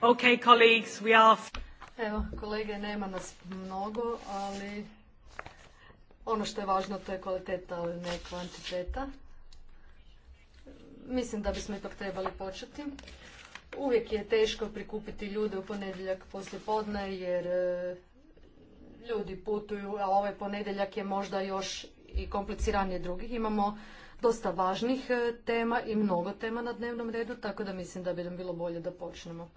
Okay, colleagues, we are... Evo, kolege, nema nas mnogo, ali ono što je važno to je kvaliteta, ali ne kvantiteta. Mislim da bismo ipak trebali početi. Uvijek je teško prikupiti ljude u ponedjeljak poslije podne, jer e, ljudi putuju, a ovaj ponedjeljak je možda još i kompliciranije drugih. Imamo dosta važnih e, tema i mnogo tema na dnevnom redu, tako da mislim da bi nam bilo bolje da počnemo.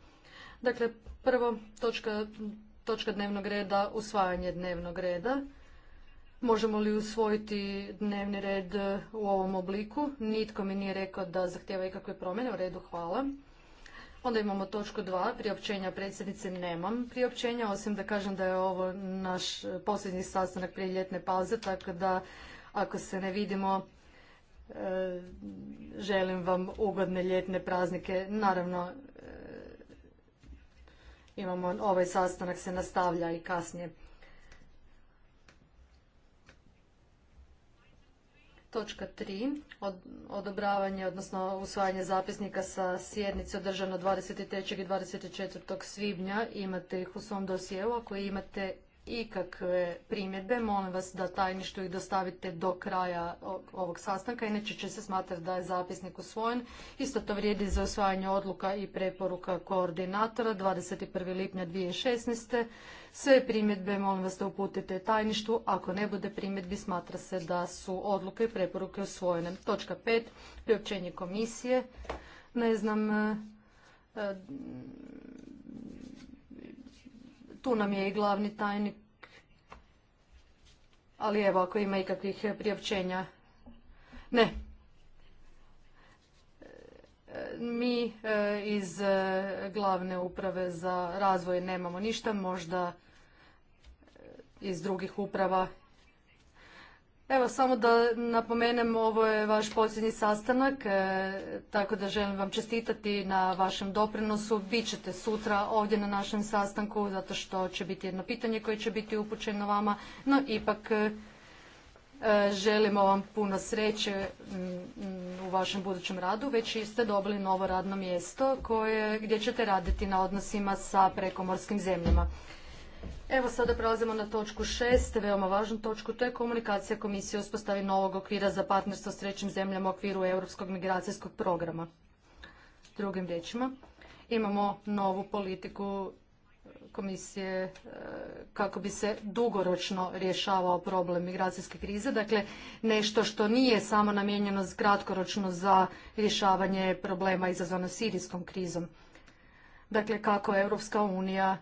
Dakle, prvo točka, točka dnevnog reda, usvajanje dnevnog reda. Možemo li usvojiti dnevni red e, u ovom obliku? Nitko mi nije rekao da zahtjeva ikakve promjene. U redu, hvala. Onda imamo točku dva, priopćenja predsjednice nemam priopćenja, osim da kažem da je ovo naš posljednji sastanak prije ljetne pauze, tako da ako se ne vidimo, e, želim vam ugodne ljetne praznike. Naravno, imamo, ovaj sastanak se nastavlja i kasnije. Točka 3. odobravanje, odnosno usvajanje zapisnika sa sjednice održano 23. i 24. svibnja. Imate ih u svom dosjeu. Ako imate ikakve primjedbe, molim vas da tajništvo ih dostavite do kraja ovog sastanka, inače će se smatrati da je zapisnik usvojen. Isto to vrijedi za osvajanje odluka i preporuka koordinatora 21. lipnja 2016. Sve primjedbe molim vas da uputite tajništvu, ako ne bude primjedbi smatra se da su odluke i preporuke usvojene. Točka 5. Priopćenje komisije. Ne znam, e, e, tu nam je i glavni tajnik. Ali evo, ako ima ikakvih priopćenja. Ne. Mi e, iz e, glavne uprave za razvoj nemamo ništa. Možda e, iz drugih uprava Evo, samo da napomenem, ovo je vaš posljednji sastanak, e, tako da želim vam čestitati na vašem doprinosu. ćete sutra ovdje na našem sastanku, zato što će biti jedno pitanje koje će biti upućeno vama, no ipak e, želimo vam puno sreće mm, u vašem budućem radu. Već ste dobili novo radno mjesto koje, gdje ćete raditi na odnosima sa prekomorskim zemljama. Evo sada prelazimo na točku šest, veoma važnu točku, to je komunikacija komisije o uspostavi novog okvira za partnerstvo s trećim zemljama u okviru Europskog migracijskog programa. Drugim riječima, imamo novu politiku komisije e, kako bi se dugoročno rješavao problem migracijske krize. Dakle, nešto što nije samo namijenjeno kratkoročno za rješavanje problema izazvano sirijskom krizom. Dakle, kako Europska unija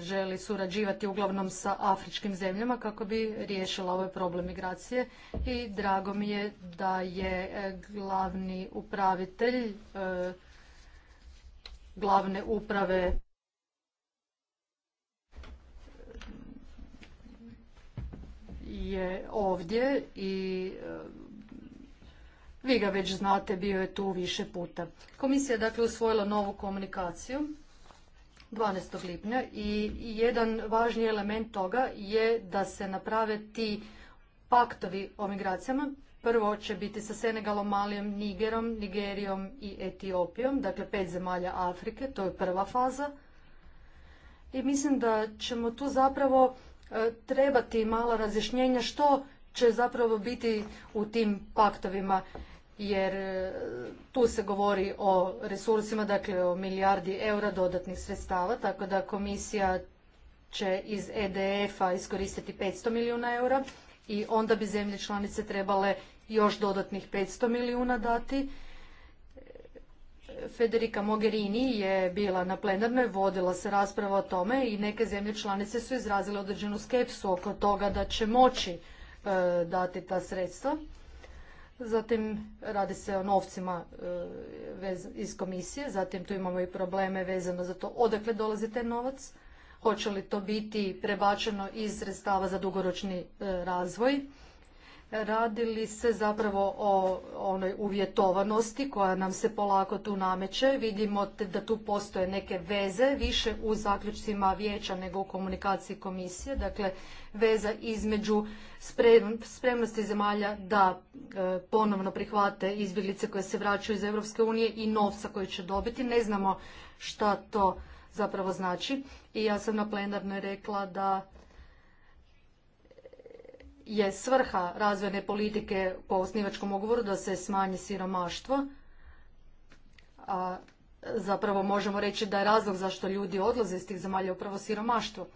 želi surađivati uglavnom sa afričkim zemljama kako bi riješila ovaj problem migracije i drago mi je da je e, glavni upravitelj e, glavne uprave je ovdje i e, vi ga već znate, bio je tu više puta. Komisija je dakle usvojila novu komunikaciju 12. lipnja i jedan važni element toga je da se naprave ti paktovi o migracijama. Prvo će biti sa Senegalom, Malijom, Nigerom, Nigerijom i Etiopijom, dakle pet zemalja Afrike, to je prva faza. I mislim da ćemo tu zapravo e, trebati mala razjašnjenja što će zapravo biti u tim paktovima jer e, tu se govori o resursima, dakle o milijardi eura dodatnih sredstava, tako da komisija će iz EDF-a iskoristiti 500 milijuna eura i onda bi zemlje članice trebale još dodatnih 500 milijuna dati. E, Federica Mogherini je bila na plenarnoj, vodila se rasprava o tome i neke zemlje članice su izrazile određenu skepsu oko toga da će moći e, dati ta sredstva. Zatim radi se o novcima e, iz komisije, zatim tu imamo i probleme vezano za to odakle dolazi taj novac, hoće li to biti prebačeno iz sredstava za dugoročni e, razvoj Radili se zapravo o onoj uvjetovanosti koja nam se polako tu nameće. Vidimo da tu postoje neke veze, više u zaključcima vijeća nego u komunikaciji komisije. Dakle, veza između spremnosti zemalja da e, ponovno prihvate izbjeglice koje se vraćaju iz Europske unije i novca koji će dobiti. Ne znamo šta to zapravo znači. I ja sam na plenarnoj rekla da je svrha razvojne politike po osnivačkom ugovoru da se smanji siromaštvo. A zapravo možemo reći da je razlog zašto ljudi odlaze iz tih zemalja upravo siromaštvo.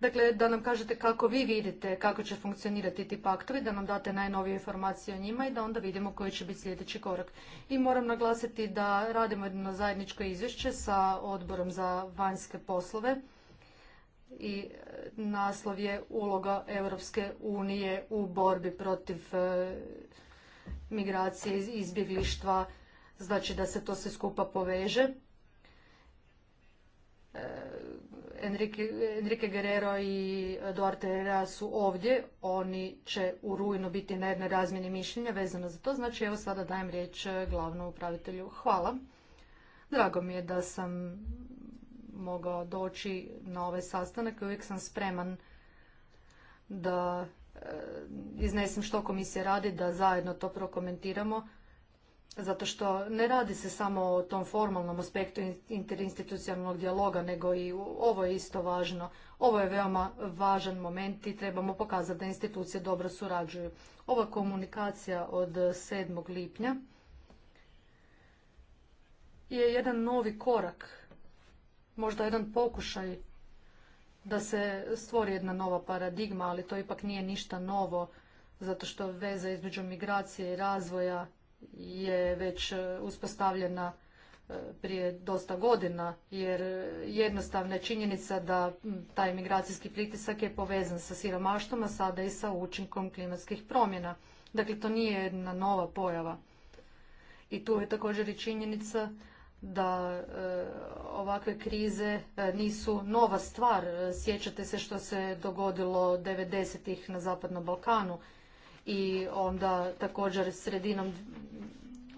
Dakle, da nam kažete kako vi vidite, kako će funkcionirati ti paktovi, da nam date najnovije informacije o njima i da onda vidimo koji će biti sljedeći korak. I moram naglasiti da radimo jedno zajedničko izvješće sa odborom za vanjske poslove i e, naslov je uloga Europske unije u borbi protiv e, migracije i izbjeglištva, znači da se to sve skupa poveže. E, Enrique, Enrique Guerrero i Duarte Herrera su ovdje, oni će u rujnu biti na jednoj razmjeni mišljenja vezano za to, znači evo sada dajem riječ glavnom upravitelju. Hvala. Drago mi je da sam mogao doći na ovaj sastanak i uvijek sam spreman da e, iznesem što komisija radi, da zajedno to prokomentiramo, zato što ne radi se samo o tom formalnom aspektu interinstitucionalnog dijaloga, nego i ovo je isto važno. Ovo je veoma važan moment i trebamo pokazati da institucije dobro surađuju. Ova komunikacija od 7. lipnja je jedan novi korak možda jedan pokušaj da se stvori jedna nova paradigma, ali to ipak nije ništa novo, zato što veza između migracije i razvoja je već e, uspostavljena e, prije dosta godina, jer jednostavna je činjenica da taj migracijski pritisak je povezan sa siromaštvom, a sada i sa učinkom klimatskih promjena. Dakle, to nije jedna nova pojava. I tu je također i činjenica da e, ovakve krize e, nisu nova stvar. Sjećate se što se dogodilo 90-ih na Zapadnom Balkanu i onda također sredinom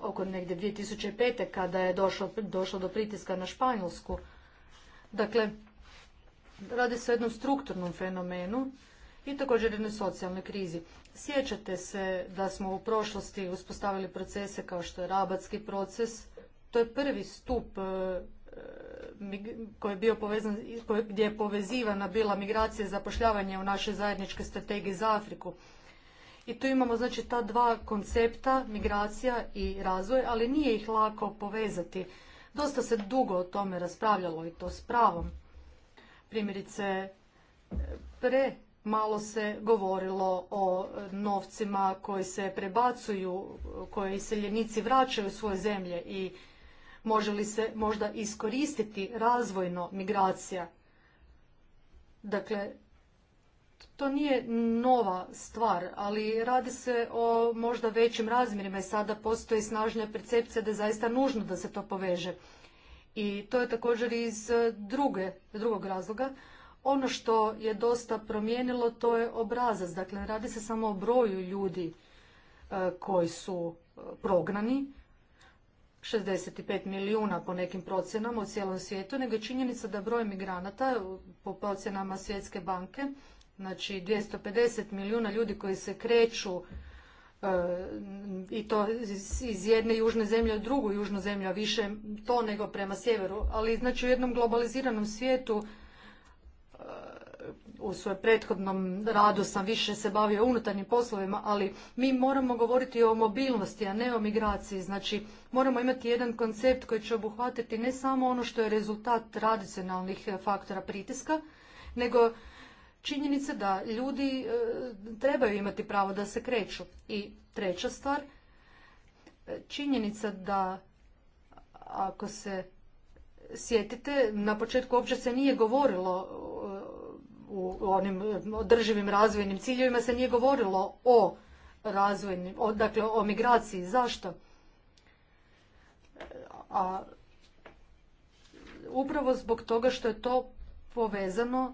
oko negdje 2005. kada je došlo, došlo do pritiska na Španjolsku. Dakle, radi se o jednom strukturnom fenomenu i također jednoj socijalnoj krizi. Sjećate se da smo u prošlosti uspostavili procese kao što je rabatski proces, to je prvi stup e, koji je bio povezan, gdje je povezivana bila migracija i zapošljavanje u našoj zajedničkoj strategiji za Afriku. I tu imamo znači ta dva koncepta, migracija i razvoj, ali nije ih lako povezati. Dosta se dugo o tome raspravljalo i to s pravom. Primjerice, e, pre malo se govorilo o novcima koji se prebacuju, koje iseljenici vraćaju u svoje zemlje i Može li se možda iskoristiti razvojno migracija? Dakle, to nije nova stvar, ali radi se o možda većim razmjerima i sada postoji snažnija percepcija da je zaista nužno da se to poveže. I to je također iz e, druge, drugog razloga. Ono što je dosta promijenilo to je obrazac. Dakle, radi se samo o broju ljudi e, koji su e, prognani, 65 milijuna po nekim procjenama u cijelom svijetu, nego je činjenica da broj migranata po procjenama Svjetske banke, znači 250 milijuna ljudi koji se kreću e, i to iz jedne južne zemlje u drugu južnu zemlju, a više to nego prema sjeveru. Ali znači u jednom globaliziranom svijetu u svojem prethodnom radu sam više se bavio unutarnjim poslovima, ali mi moramo govoriti o mobilnosti, a ne o migraciji. Znači, moramo imati jedan koncept koji će obuhvatiti ne samo ono što je rezultat tradicionalnih e, faktora pritiska, nego činjenice da ljudi e, trebaju imati pravo da se kreću. I treća stvar, e, činjenica da ako se sjetite, na početku uopće se nije govorilo u onim e, održivim razvojnim ciljevima se nije govorilo o razvojnim, dakle o migraciji. Zašto? A upravo zbog toga što je to povezano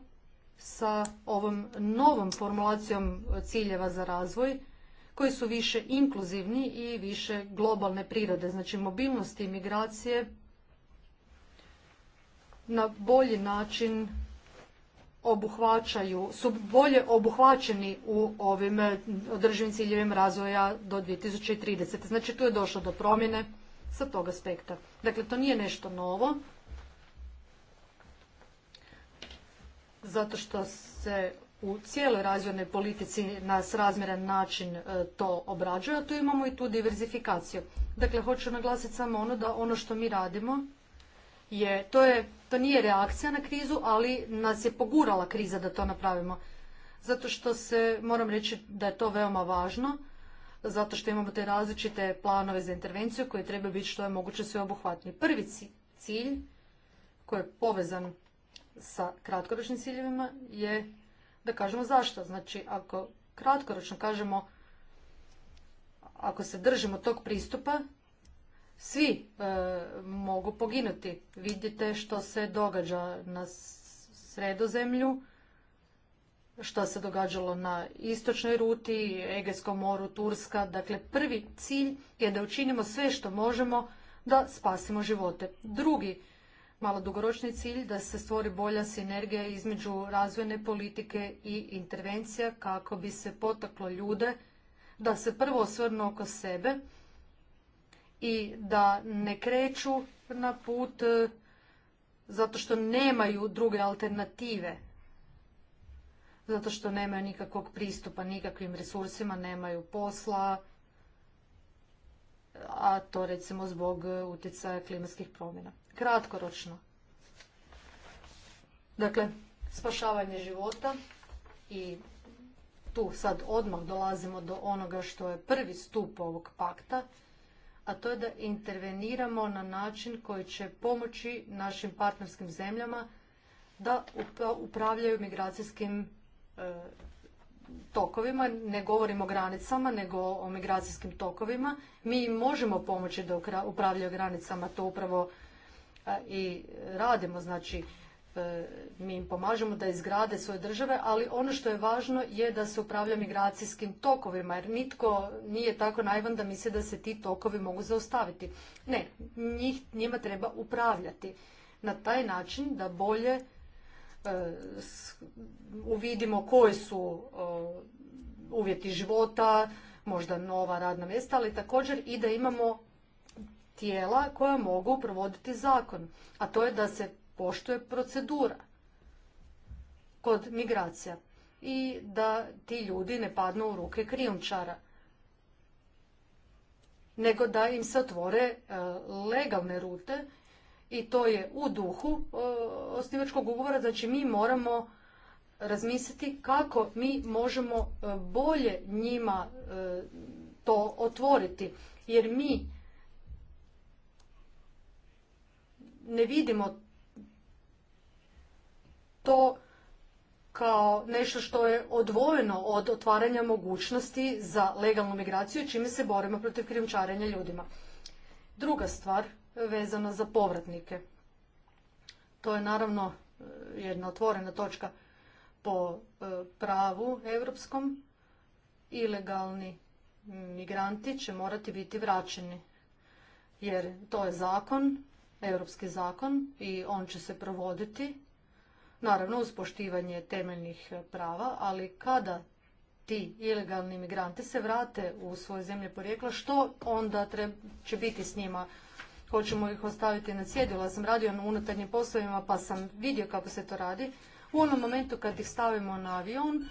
sa ovom novom formulacijom ciljeva za razvoj koji su više inkluzivni i više globalne prirode. Znači mobilnosti i migracije na bolji način obuhvaćaju, su bolje obuhvaćeni u ovim eh, održivim ciljevima razvoja do 2030. Znači tu je došlo do promjene sa tog aspekta. Dakle, to nije nešto novo, zato što se u cijeloj razvojnoj politici na srazmjeran način eh, to obrađuje, a tu imamo i tu diverzifikaciju. Dakle, hoću naglasiti samo ono da ono što mi radimo je, to je, to nije reakcija na krizu, ali nas je pogurala kriza da to napravimo. Zato što se, moram reći da je to veoma važno, zato što imamo te različite planove za intervenciju koje treba biti što je moguće sveobuhvatniji. Prvi cilj koji je povezan sa kratkoročnim ciljevima je da kažemo zašto. Znači, ako kratkoročno kažemo, ako se držimo tog pristupa, svi e, mogu poginuti. Vidite što se događa na sredozemlju, što se događalo na istočnoj ruti, Egejskom moru, Turska. Dakle, prvi cilj je da učinimo sve što možemo da spasimo živote. Drugi malo dugoročni cilj da se stvori bolja sinergija između razvojne politike i intervencija kako bi se potaklo ljude da se prvo osvrnu oko sebe, i da ne kreću na put e, zato što nemaju druge alternative. Zato što nemaju nikakvog pristupa nikakvim resursima, nemaju posla, a to recimo zbog e, utjecaja klimatskih promjena. Kratkoročno. Dakle, spašavanje života i tu sad odmah dolazimo do onoga što je prvi stup ovog pakta, a to je da interveniramo na način koji će pomoći našim partnerskim zemljama da upravljaju migracijskim e, tokovima, ne govorimo o granicama, nego o migracijskim tokovima. Mi im možemo pomoći da upravljaju granicama, to upravo e, i radimo. Znači, E, mi im pomažemo da izgrade svoje države, ali ono što je važno je da se upravlja migracijskim tokovima, jer nitko nije tako najvan da misli da se ti tokovi mogu zaustaviti. Ne, njih, njima treba upravljati na taj način da bolje e, uvidimo koji su uvjeti života, možda nova radna mjesta, ali također i da imamo tijela koja mogu provoditi zakon. A to je da se poštuje procedura kod migracija i da ti ljudi ne padnu u ruke krijumčara nego da im se otvore e, legalne rute i to je u duhu e, osnivačkog ugovora. Znači mi moramo razmisliti kako mi možemo e, bolje njima to otvoriti. Jer mi ne vidimo to kao nešto što je odvojeno od otvaranja mogućnosti za legalnu migraciju, čime se borimo protiv krijumčarenja ljudima. Druga stvar vezana za povratnike. To je naravno e, jedna otvorena točka po e, pravu europskom. Ilegalni migranti će morati biti vraćeni jer to je zakon, europski zakon i on će se provoditi naravno uz poštivanje temeljnih prava, ali kada ti ilegalni migranti se vrate u svoje zemlje porijekla, što onda će biti s njima? Hoćemo ih ostaviti na cjedilu, ja sam radio na unutarnjim poslovima pa sam vidio kako se to radi. U onom momentu kad ih stavimo na avion,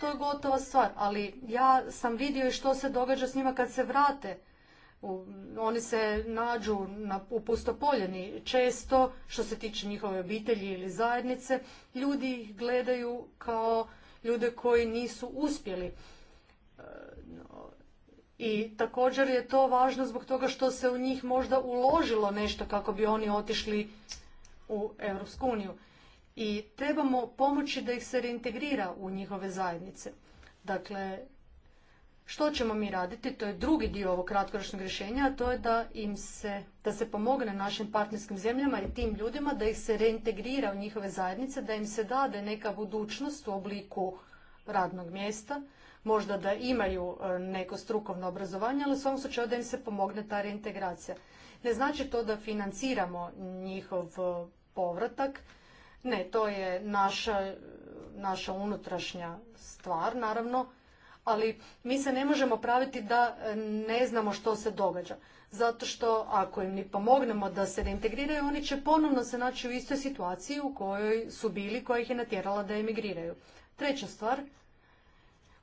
to je gotova stvar, ali ja sam vidio i što se događa s njima kad se vrate oni se nađu na, u pustopoljeni često što se tiče njihove obitelji ili zajednice. Ljudi ih gledaju kao ljude koji nisu uspjeli. E, I također je to važno zbog toga što se u njih možda uložilo nešto kako bi oni otišli u Europsku uniju. I trebamo pomoći da ih se reintegrira u njihove zajednice. Dakle, što ćemo mi raditi? To je drugi dio ovog kratkoročnog rješenja, a to je da im se, da se pomogne našim partnerskim zemljama i tim ljudima, da ih se reintegrira u njihove zajednice, da im se dade neka budućnost u obliku radnog mjesta, možda da imaju e, neko strukovno obrazovanje, ali u svom slučaju da im se pomogne ta reintegracija. Ne znači to da financiramo njihov e, povratak, ne, to je naša, naša unutrašnja stvar, naravno, ali mi se ne možemo praviti da e, ne znamo što se događa. Zato što ako im ni pomognemo da se reintegriraju, oni će ponovno se naći u istoj situaciji u kojoj su bili, koja ih je natjerala da emigriraju. Treća stvar,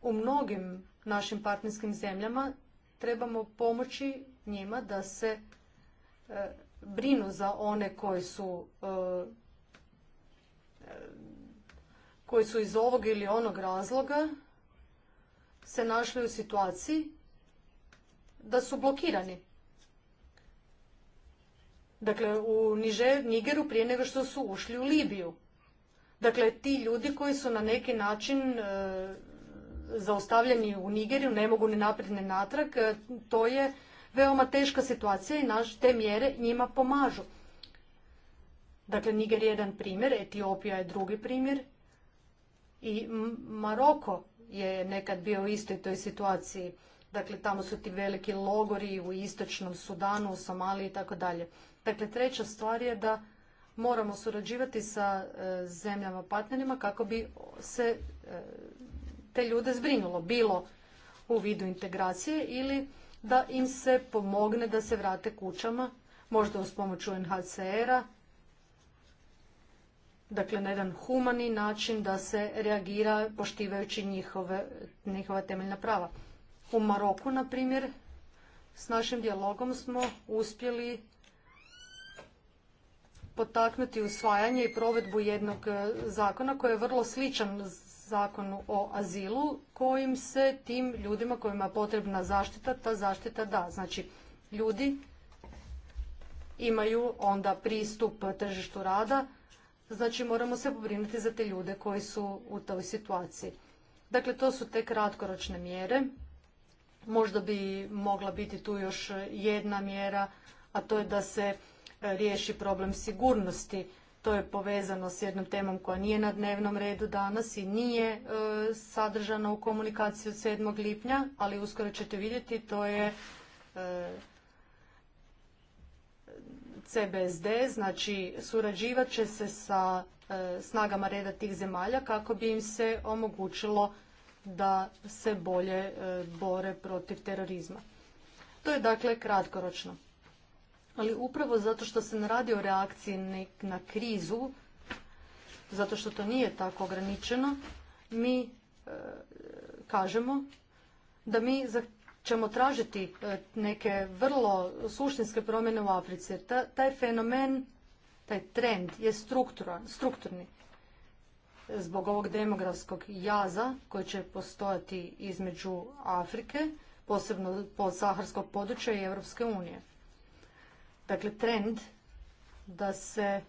u mnogim našim partnerskim zemljama trebamo pomoći njima da se e, brinu za one koji su e, koji su iz ovog ili onog razloga se našli u situaciji da su blokirani. Dakle, u Nigeru prije nego što su ušli u Libiju. Dakle, ti ljudi koji su na neki način e, zaustavljeni u Nigeriju, ne mogu ni naprijed ni natrag, e, to je veoma teška situacija i naš, te mjere njima pomažu. Dakle, Niger je jedan primjer, Etiopija je drugi primjer i Maroko je nekad bio u istoj toj situaciji. Dakle, tamo su ti veliki logori u istočnom Sudanu, u Somaliji i tako dalje. Dakle, treća stvar je da moramo surađivati sa e, zemljama partnerima kako bi se e, te ljude zbrinulo, bilo u vidu integracije ili da im se pomogne da se vrate kućama, možda uz pomoć UNHCR-a dakle na jedan humani način da se reagira poštivajući njihove, njihova temeljna prava. U Maroku, na primjer, s našim dijalogom smo uspjeli potaknuti usvajanje i provedbu jednog e, zakona koji je vrlo sličan zakonu o azilu kojim se tim ljudima kojima je potrebna zaštita, ta zaštita da. Znači, ljudi imaju onda pristup tržištu rada, Znači moramo se pobrinuti za te ljude koji su u toj situaciji. Dakle, to su te kratkoročne mjere. Možda bi mogla biti tu još jedna mjera, a to je da se e, riješi problem sigurnosti. To je povezano s jednom temom koja nije na dnevnom redu danas i nije e, sadržana u komunikaciji od 7. lipnja, ali uskoro ćete vidjeti, to je e, CBSD, znači surađivat će se sa e, snagama reda tih zemalja kako bi im se omogućilo da se bolje e, bore protiv terorizma. To je dakle kratkoročno. Ali upravo zato što se ne radi o reakciji na krizu, zato što to nije tako ograničeno, mi e, kažemo da mi ćemo tražiti e, neke vrlo suštinske promjene u Africi. Ta, taj fenomen, taj trend je strukturni. Zbog ovog demografskog jaza koji će postojati između Afrike, posebno po saharskog područja i Europske unije. Dakle, trend da se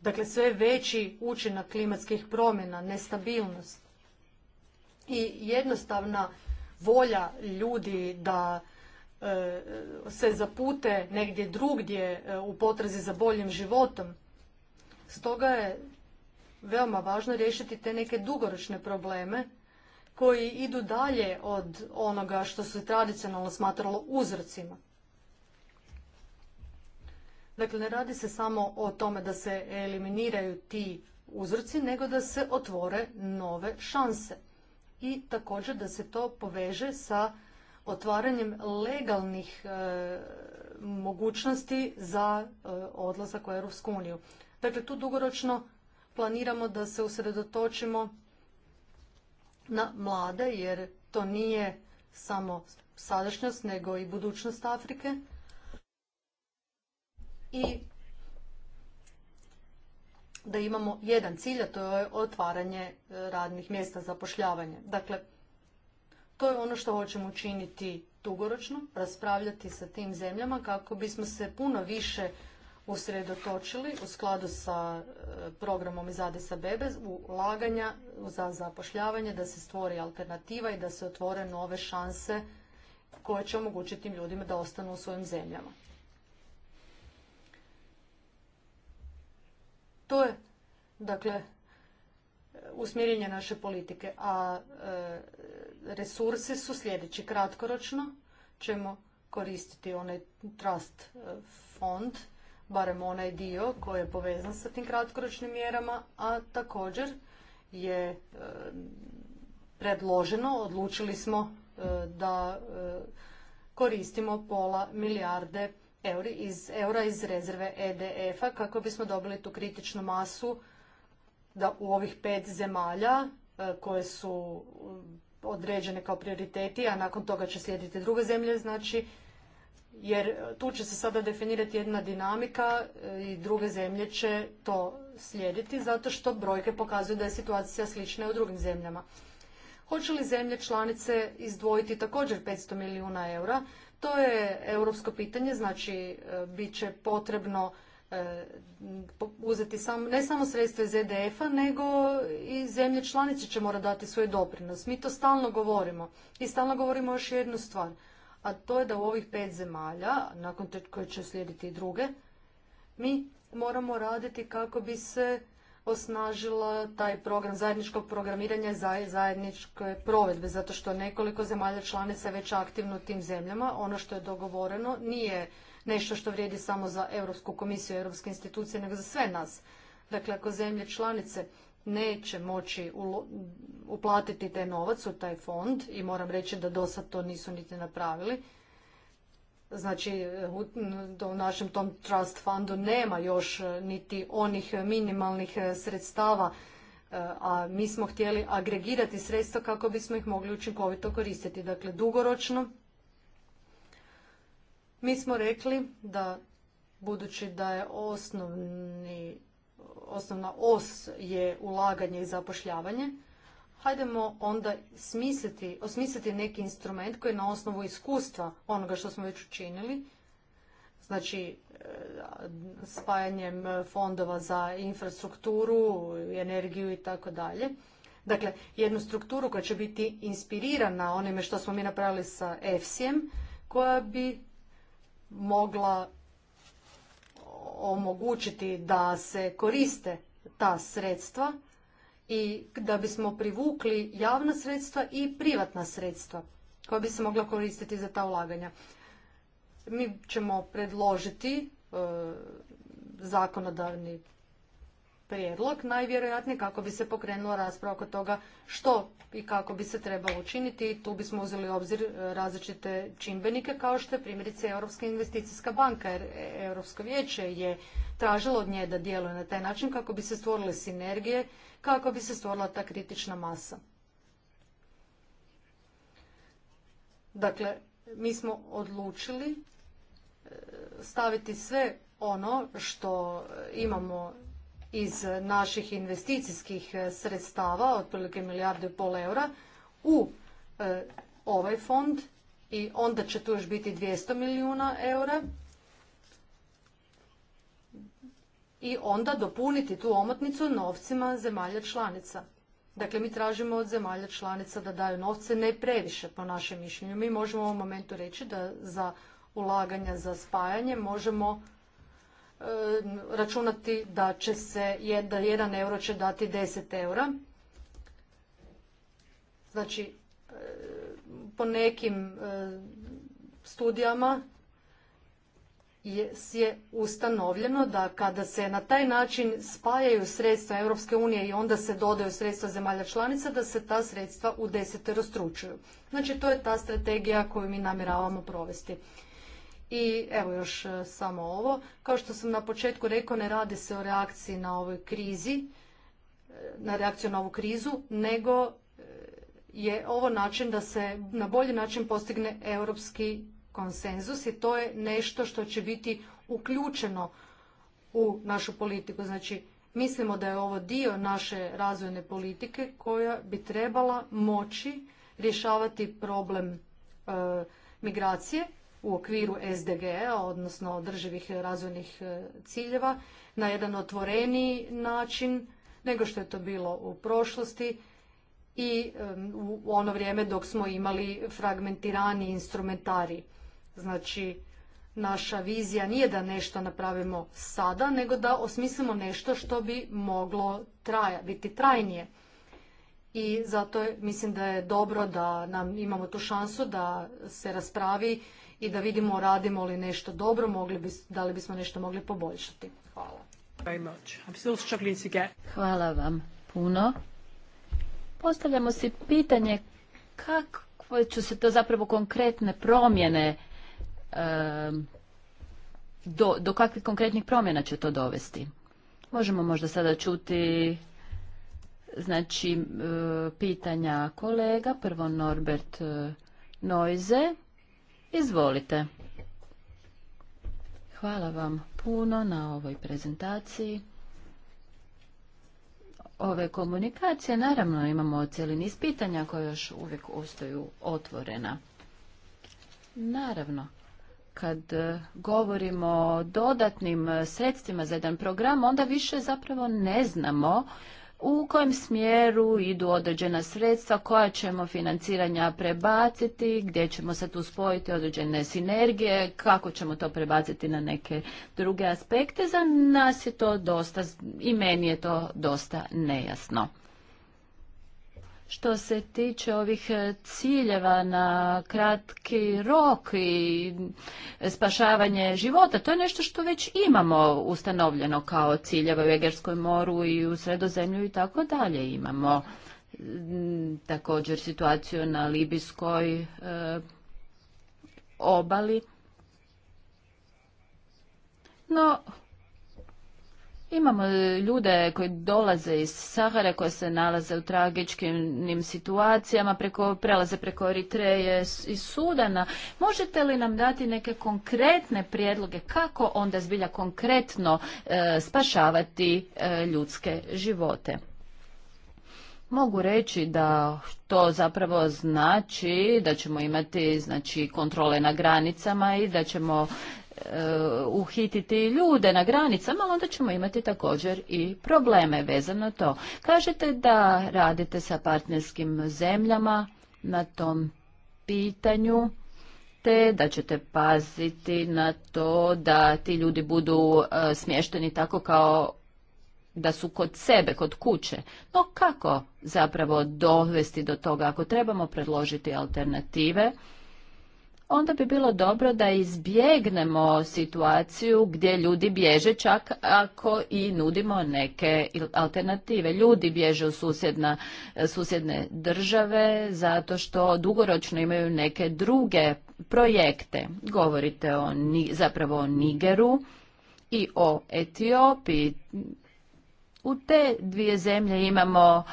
dakle sve veći učinak klimatskih promjena, nestabilnost i jednostavna volja ljudi da e, se zapute negdje drugdje e, u potrazi za boljim životom. Stoga je veoma važno riješiti te neke dugoročne probleme koji idu dalje od onoga što se tradicionalno smatralo uzrocima. Dakle, ne radi se samo o tome da se eliminiraju ti uzroci, nego da se otvore nove šanse i također da se to poveže sa otvaranjem legalnih e, mogućnosti za e, odlazak u Europsku uniju. Dakle, tu dugoročno planiramo da se usredotočimo na mlade, jer to nije samo sadašnjost, nego i budućnost Afrike. I da imamo jedan cilj, a to je otvaranje e, radnih mjesta pošljavanje. Dakle, to je ono što hoćemo učiniti dugoročno, raspravljati sa tim zemljama kako bismo se puno više usredotočili u skladu sa e, programom iz sa Bebe ulaganja za zapošljavanje, da se stvori alternativa i da se otvore nove šanse koje će omogućiti tim ljudima da ostanu u svojim zemljama. To je, dakle, usmjerenje naše politike, a e, resursi su sljedeći. Kratkoročno ćemo koristiti onaj trust e, fond, barem onaj dio koji je povezan sa tim kratkoročnim mjerama, a također je e, predloženo, odlučili smo e, da koristimo pola milijarde euri iz, eura iz rezerve EDF-a kako bismo dobili tu kritičnu masu da u ovih pet zemalja e, koje su e, određene kao prioriteti, a nakon toga će slijediti druge zemlje, znači jer tu će se sada definirati jedna dinamika e, i druge zemlje će to slijediti zato što brojke pokazuju da je situacija slična i u drugim zemljama. Hoće li zemlje članice izdvojiti također 500 milijuna eura? To je europsko pitanje, znači e, bit će potrebno e, uzeti sam, ne samo sredstva iz EDF-a, nego i zemlje članice će morati dati svoj doprinos. Mi to stalno govorimo. I stalno govorimo još jednu stvar, a to je da u ovih pet zemalja, nakon te koje će slijediti i druge, mi moramo raditi kako bi se osnažila taj program zajedničkog programiranja i zajedničke provedbe, zato što nekoliko zemalja članica je već aktivno u tim zemljama. Ono što je dogovoreno nije nešto što vrijedi samo za Europsku komisiju, i Europske institucije, nego za sve nas. Dakle, ako zemlje članice neće moći uplatiti taj novac u taj fond i moram reći da do sad to nisu niti napravili, Znači, u našem tom trust fundu nema još e, niti onih minimalnih e, sredstava, e, a mi smo htjeli agregirati sredstva kako bismo ih mogli učinkovito koristiti. Dakle, dugoročno mi smo rekli da budući da je osnovni, osnovna os je ulaganje i zapošljavanje, hajdemo onda smisliti, osmisliti neki instrument koji je na osnovu iskustva onoga što smo već učinili, znači e, spajanjem fondova za infrastrukturu, energiju i tako dalje. Dakle, jednu strukturu koja će biti inspirirana onime što smo mi napravili sa efsi koja bi mogla omogućiti da se koriste ta sredstva i da bismo privukli javna sredstva i privatna sredstva koja bi se mogla koristiti za ta ulaganja. Mi ćemo predložiti e, zakonodavni prijedlog, najvjerojatnije kako bi se pokrenula rasprava oko toga što i kako bi se trebalo učiniti tu bismo uzeli u obzir e, različite čimbenike kao što je primjerice Europska investicijska banka jer e, Europsko vijeće je tražilo od nje da djeluje na taj način kako bi se stvorile sinergije, kako bi se stvorila ta kritična masa. Dakle, mi smo odlučili e, staviti sve ono što imamo iz naših investicijskih e, sredstava, otprilike milijardu i pol eura, u e, ovaj fond i onda će tu još biti 200 milijuna eura i onda dopuniti tu omotnicu novcima zemalja članica. Dakle, mi tražimo od zemalja članica da daju novce, ne previše po našem mišljenju. Mi možemo u ovom momentu reći da za ulaganja za spajanje možemo E, računati da će se, da jedan euro će dati 10 eura. Znači, e, po nekim e, studijama je ustanovljeno da kada se na taj način spajaju sredstva Europske unije i onda se dodaju sredstva zemalja članica, da se ta sredstva u desetero stručuju. Znači to je ta strategija koju mi namiravamo provesti. I evo još e, samo ovo. Kao što sam na početku rekao, ne radi se o reakciji na ovoj krizi, e, na reakciju na ovu krizu, nego e, je ovo način da se na bolji način postigne europski konsenzus i to je nešto što će biti uključeno u našu politiku. Znači, mislimo da je ovo dio naše razvojne politike koja bi trebala moći rješavati problem migracije u okviru SDG-a, odnosno održivih razvojnih e, ciljeva, na jedan otvoreniji način nego što je to bilo u prošlosti i u ono vrijeme dok smo imali fragmentirani instrumentari. Znači, naša vizija nije da nešto napravimo sada, nego da osmislimo nešto što bi moglo traja, biti trajnije. I zato mislim da je dobro da nam imamo tu šansu da se raspravi i da vidimo radimo li nešto dobro, mogli da li bismo nešto mogli poboljšati. Hvala. Hvala vam puno. Postavljamo si pitanje kakve će se to zapravo konkretne promjene do, do kakvih konkretnih promjena će to dovesti. Možemo možda sada čuti znači e, pitanja kolega, prvo Norbert e, Noize, Izvolite. Hvala vam puno na ovoj prezentaciji. Ove komunikacije, naravno imamo cijeli niz pitanja koje još uvijek ostaju otvorena. Naravno, kad e, govorimo o dodatnim e, sredstvima za jedan program, onda više zapravo ne znamo u kojem smjeru idu određena sredstva, koja ćemo financiranja prebaciti, gdje ćemo se tu spojiti određene sinergije, kako ćemo to prebaciti na neke druge aspekte. Za nas je to dosta, i meni je to dosta nejasno. Što se tiče ovih e, ciljeva na kratki rok i spašavanje života, to je nešto što već imamo ustanovljeno kao ciljeva u Egerskoj moru i u Sredozemlju i tako dalje. Imamo također situaciju na Libijskoj e, obali. No, Imamo e, ljude koji dolaze iz Sahare, koji se nalaze u tragičkim situacijama, preko, prelaze preko Eritreje i Sudana. Možete li nam dati neke konkretne prijedloge kako onda zbilja konkretno e, spašavati e, ljudske živote? Mogu reći da to zapravo znači da ćemo imati znači kontrole na granicama i da ćemo E, uhititi ljude na granicama, ali onda ćemo imati također i probleme vezano to. Kažete da radite sa partnerskim zemljama na tom pitanju te da ćete paziti na to da ti ljudi budu e, smješteni tako kao da su kod sebe, kod kuće. No kako zapravo dovesti do toga ako trebamo predložiti alternative? onda bi bilo dobro da izbjegnemo situaciju gdje ljudi bježe čak ako i nudimo neke alternative. Ljudi bježe u susjedna, susjedne države zato što dugoročno imaju neke druge projekte. Govorite o, zapravo o Nigeru i o Etiopiji. U te dvije zemlje imamo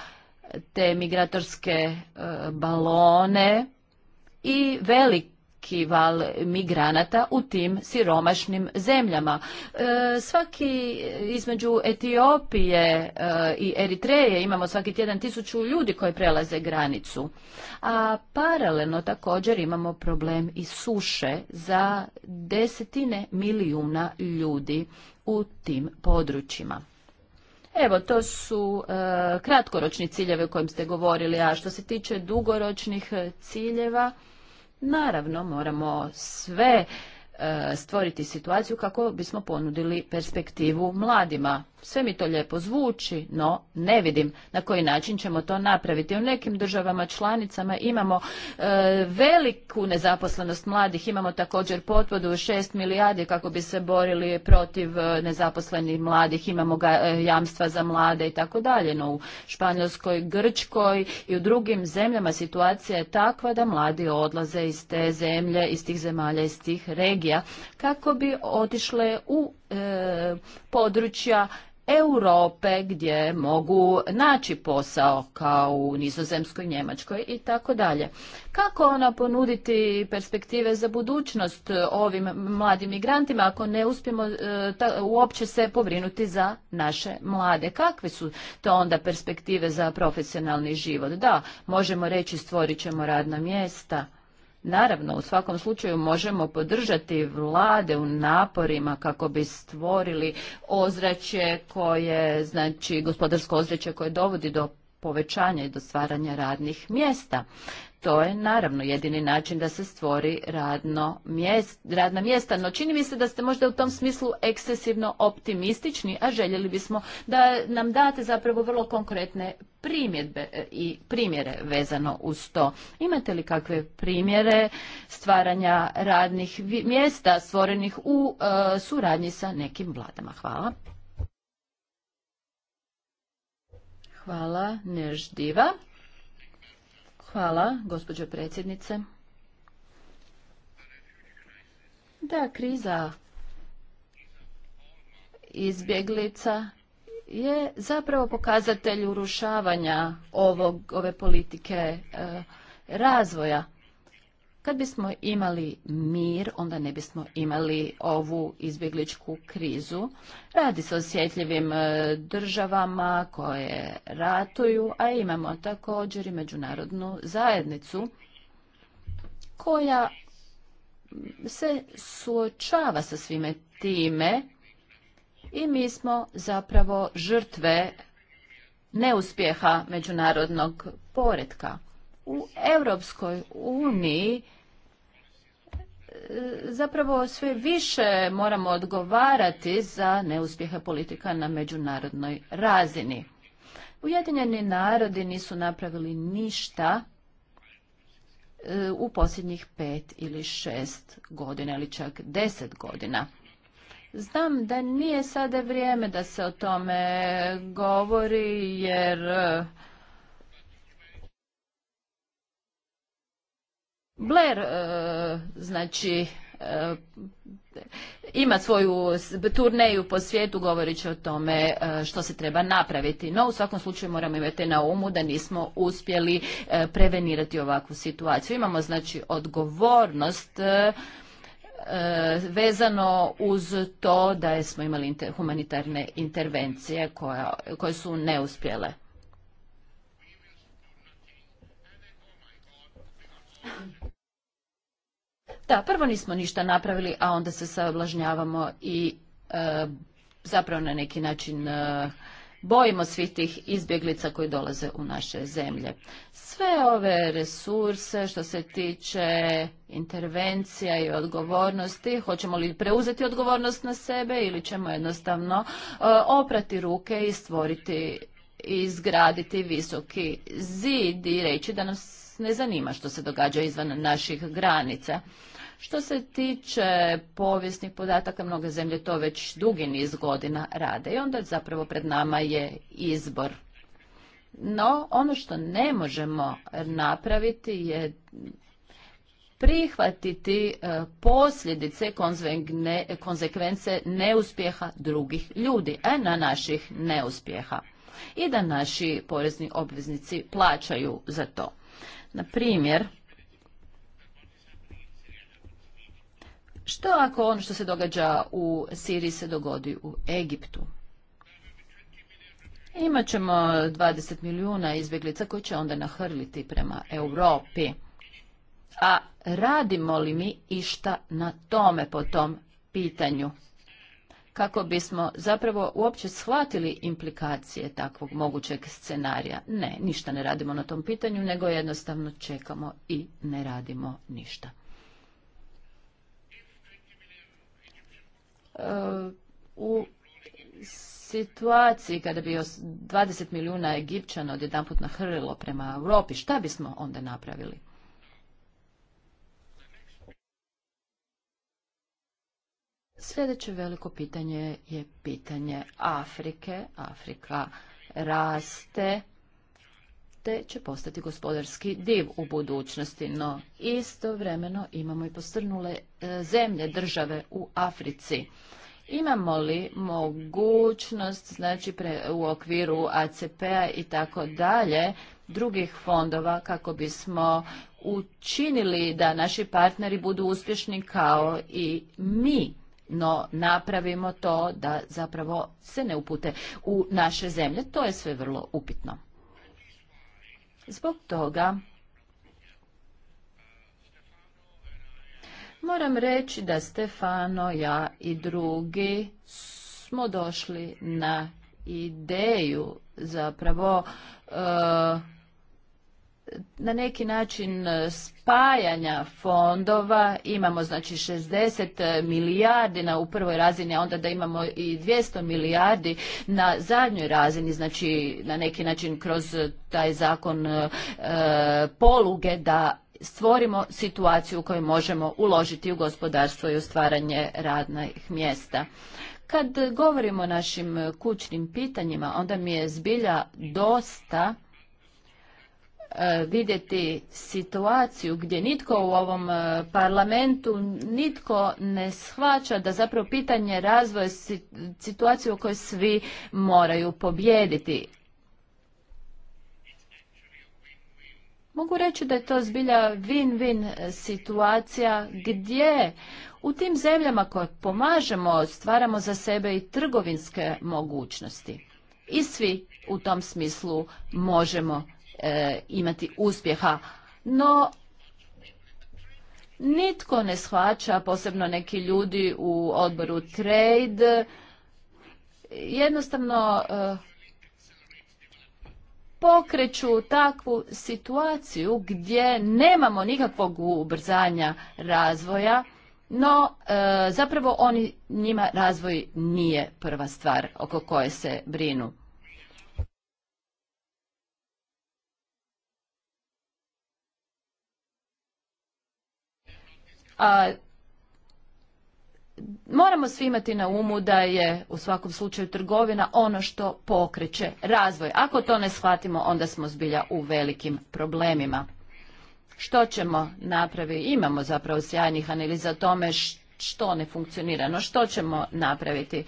te migratorske e, balone i velike veliki val migranata u tim siromašnim zemljama. E, svaki između Etiopije e, i Eritreje imamo svaki tjedan tisuću ljudi koji prelaze granicu. A paralelno također imamo problem i suše za desetine milijuna ljudi u tim područjima. Evo, to su e, kratkoročni ciljevi o kojim ste govorili, a što se tiče dugoročnih ciljeva, Naravno, moramo sve e, stvoriti situaciju kako bismo ponudili perspektivu mladima sve mi to lijepo zvuči, no ne vidim na koji način ćemo to napraviti. U nekim državama članicama imamo e, veliku nezaposlenost mladih, imamo također potvodu šest milijardi kako bi se borili protiv e, nezaposlenih mladih, imamo e, jamstva za mlade i tako dalje. No u Španjolskoj, Grčkoj i u drugim zemljama situacija je takva da mladi odlaze iz te zemlje, iz tih zemalja, iz tih regija kako bi otišle u područja Europe gdje mogu naći posao kao u Nizozemskoj, Njemačkoj i tako dalje. Kako ona ponuditi perspektive za budućnost ovim mladim migrantima ako ne uspijemo e, uopće se pobrinuti za naše mlade? Kakve su to onda perspektive za profesionalni život? Da, možemo reći stvorit ćemo radna mjesta, Naravno, u svakom slučaju možemo podržati vlade u naporima kako bi stvorili ozračje koje, znači gospodarsko ozračje koje dovodi do povećanja i do stvaranja radnih mjesta. To je naravno jedini način da se stvori radno radna mjesta, no čini mi se da ste možda u tom smislu ekscesivno optimistični, a željeli bismo da nam date zapravo vrlo konkretne primjedbe e, i primjere vezano uz to. Imate li kakve primjere stvaranja radnih mjesta stvorenih u e, suradnji sa nekim vladama? Hvala. Hvala, Neždiva. Hvala, gospođo predsjednice. Da, kriza izbjeglica je zapravo pokazatelj urušavanja ove politike e, razvoja kad bismo imali mir, onda ne bismo imali ovu izbjegličku krizu. Radi se o osjetljivim e, državama koje ratuju, a imamo također i međunarodnu zajednicu koja se suočava sa svime time i mi smo zapravo žrtve neuspjeha međunarodnog poretka u Europskoj uniji e, zapravo sve više moramo odgovarati za neuspjehe politika na međunarodnoj razini. Ujedinjeni narodi nisu napravili ništa e, u posljednjih pet ili šest godina ili čak deset godina. Znam da nije sada vrijeme da se o tome govori jer e, Blair, e, znači, e, ima svoju turneju po svijetu govoreći o tome e, što se treba napraviti. No u svakom slučaju moramo imati na umu da nismo uspjeli prevenirati ovakvu situaciju. Imamo znači odgovornost vezano uz to da smo imali humanitarne intervencije koje su neuspjele. Da, prvo nismo ništa napravili, a onda se sablažnjavamo i e, zapravo na neki način e, bojimo svih tih izbjeglica koji dolaze u naše zemlje. Sve ove resurse što se tiče intervencija i odgovornosti, hoćemo li preuzeti odgovornost na sebe ili ćemo jednostavno e, oprati ruke i stvoriti i izgraditi visoki zid i reći da nas ne zanima što se događa izvan naših granica. Što se tiče povijesnih podataka, mnoge zemlje to već dugi niz godina rade i onda zapravo pred nama je izbor. No, ono što ne možemo napraviti je prihvatiti e, posljedice, konsekvence neuspjeha drugih ljudi, a na naših neuspjeha. I da naši porezni obveznici plaćaju za to. Na primjer, Što ako ono što se događa u Siriji se dogodi u Egiptu? Imat ćemo 20 milijuna izbjeglica koji će onda nahrliti prema Europi. A radimo li mi išta na tome po tom pitanju? Kako bismo zapravo uopće shvatili implikacije takvog mogućeg scenarija? Ne, ništa ne radimo na tom pitanju, nego jednostavno čekamo i ne radimo ništa. u situaciji kada bi 20 milijuna Egipćana odjedanput nahrlilo prema Europi, šta bismo onda napravili? Sljedeće veliko pitanje je pitanje Afrike. Afrika raste te će postati gospodarski div u budućnosti. No istovremeno imamo i postrnule e, zemlje, države u Africi. Imamo li mogućnost, znači u okviru ACP-a i tako dalje, drugih fondova kako bismo učinili da naši partneri budu uspješni kao i mi, no napravimo to da zapravo se ne upute u naše zemlje. To je sve vrlo upitno. Zbog toga moram reći da Stefano, ja i drugi smo došli na ideju zapravo e, na neki način e, spajanja fondova, imamo znači 60 e, milijardi na u prvoj razini, a onda da imamo i 200 milijardi na zadnjoj razini, znači na neki način kroz taj zakon e, poluge da stvorimo situaciju u kojoj možemo uložiti u gospodarstvo i u stvaranje radnih mjesta. Kad govorimo o našim kućnim pitanjima, onda mi je zbilja dosta E, vidjeti situaciju gdje nitko u ovom e, parlamentu, nitko ne shvaća da zapravo pitanje razvoja situacije u kojoj svi moraju pobjediti. Mogu reći da je to zbilja win-win situacija gdje u tim zemljama koje pomažemo stvaramo za sebe i trgovinske mogućnosti. I svi u tom smislu možemo E, imati uspjeha. No, nitko ne shvaća, posebno neki ljudi u odboru trade, jednostavno e, pokreću takvu situaciju gdje nemamo nikakvog ubrzanja razvoja, no e, zapravo oni njima razvoj nije prva stvar oko koje se brinu. moramo svi imati na umu da je u svakom slučaju trgovina ono što pokreće razvoj. Ako to ne shvatimo, onda smo zbilja u velikim problemima. Što ćemo napraviti? Imamo zapravo sjajnih analiza tome što ne funkcionira, no što ćemo napraviti?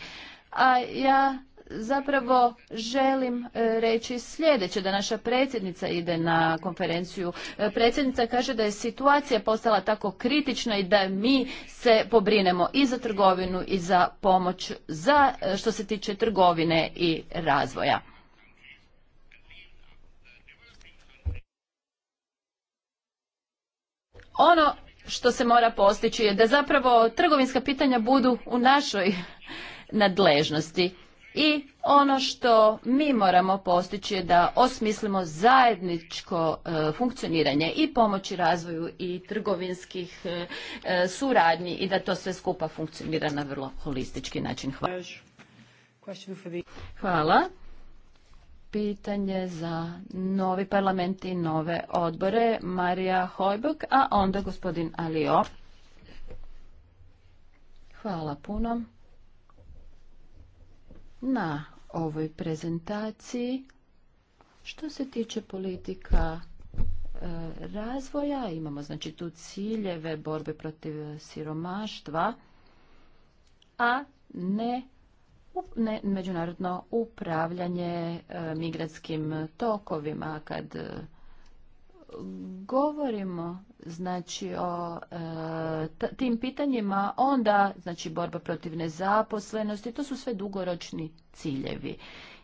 A ja zapravo želim e, reći sljedeće, da naša predsjednica ide na konferenciju. E, predsjednica kaže da je situacija postala tako kritična i da mi se pobrinemo i za trgovinu i za pomoć za e, što se tiče trgovine i razvoja. Ono što se mora postići je da zapravo trgovinska pitanja budu u našoj nadležnosti i ono što mi moramo postići je da osmislimo zajedničko e, funkcioniranje i pomoći razvoju i trgovinskih e, e, suradnji i da to sve skupa funkcionira na vrlo holistički način. Hvala. Hvala. Pitanje za novi parlament i nove odbore. Marija Hojbog, a onda gospodin Alio. Hvala puno na ovoj prezentaciji. Što se tiče politika e, razvoja, imamo znači tu ciljeve borbe protiv siromaštva, a ne, međunarodno upravljanje e, migratskim tokovima kad e, govorimo znači o e, tim pitanjima onda znači borba protiv nezaposlenosti to su sve dugoročni ciljevi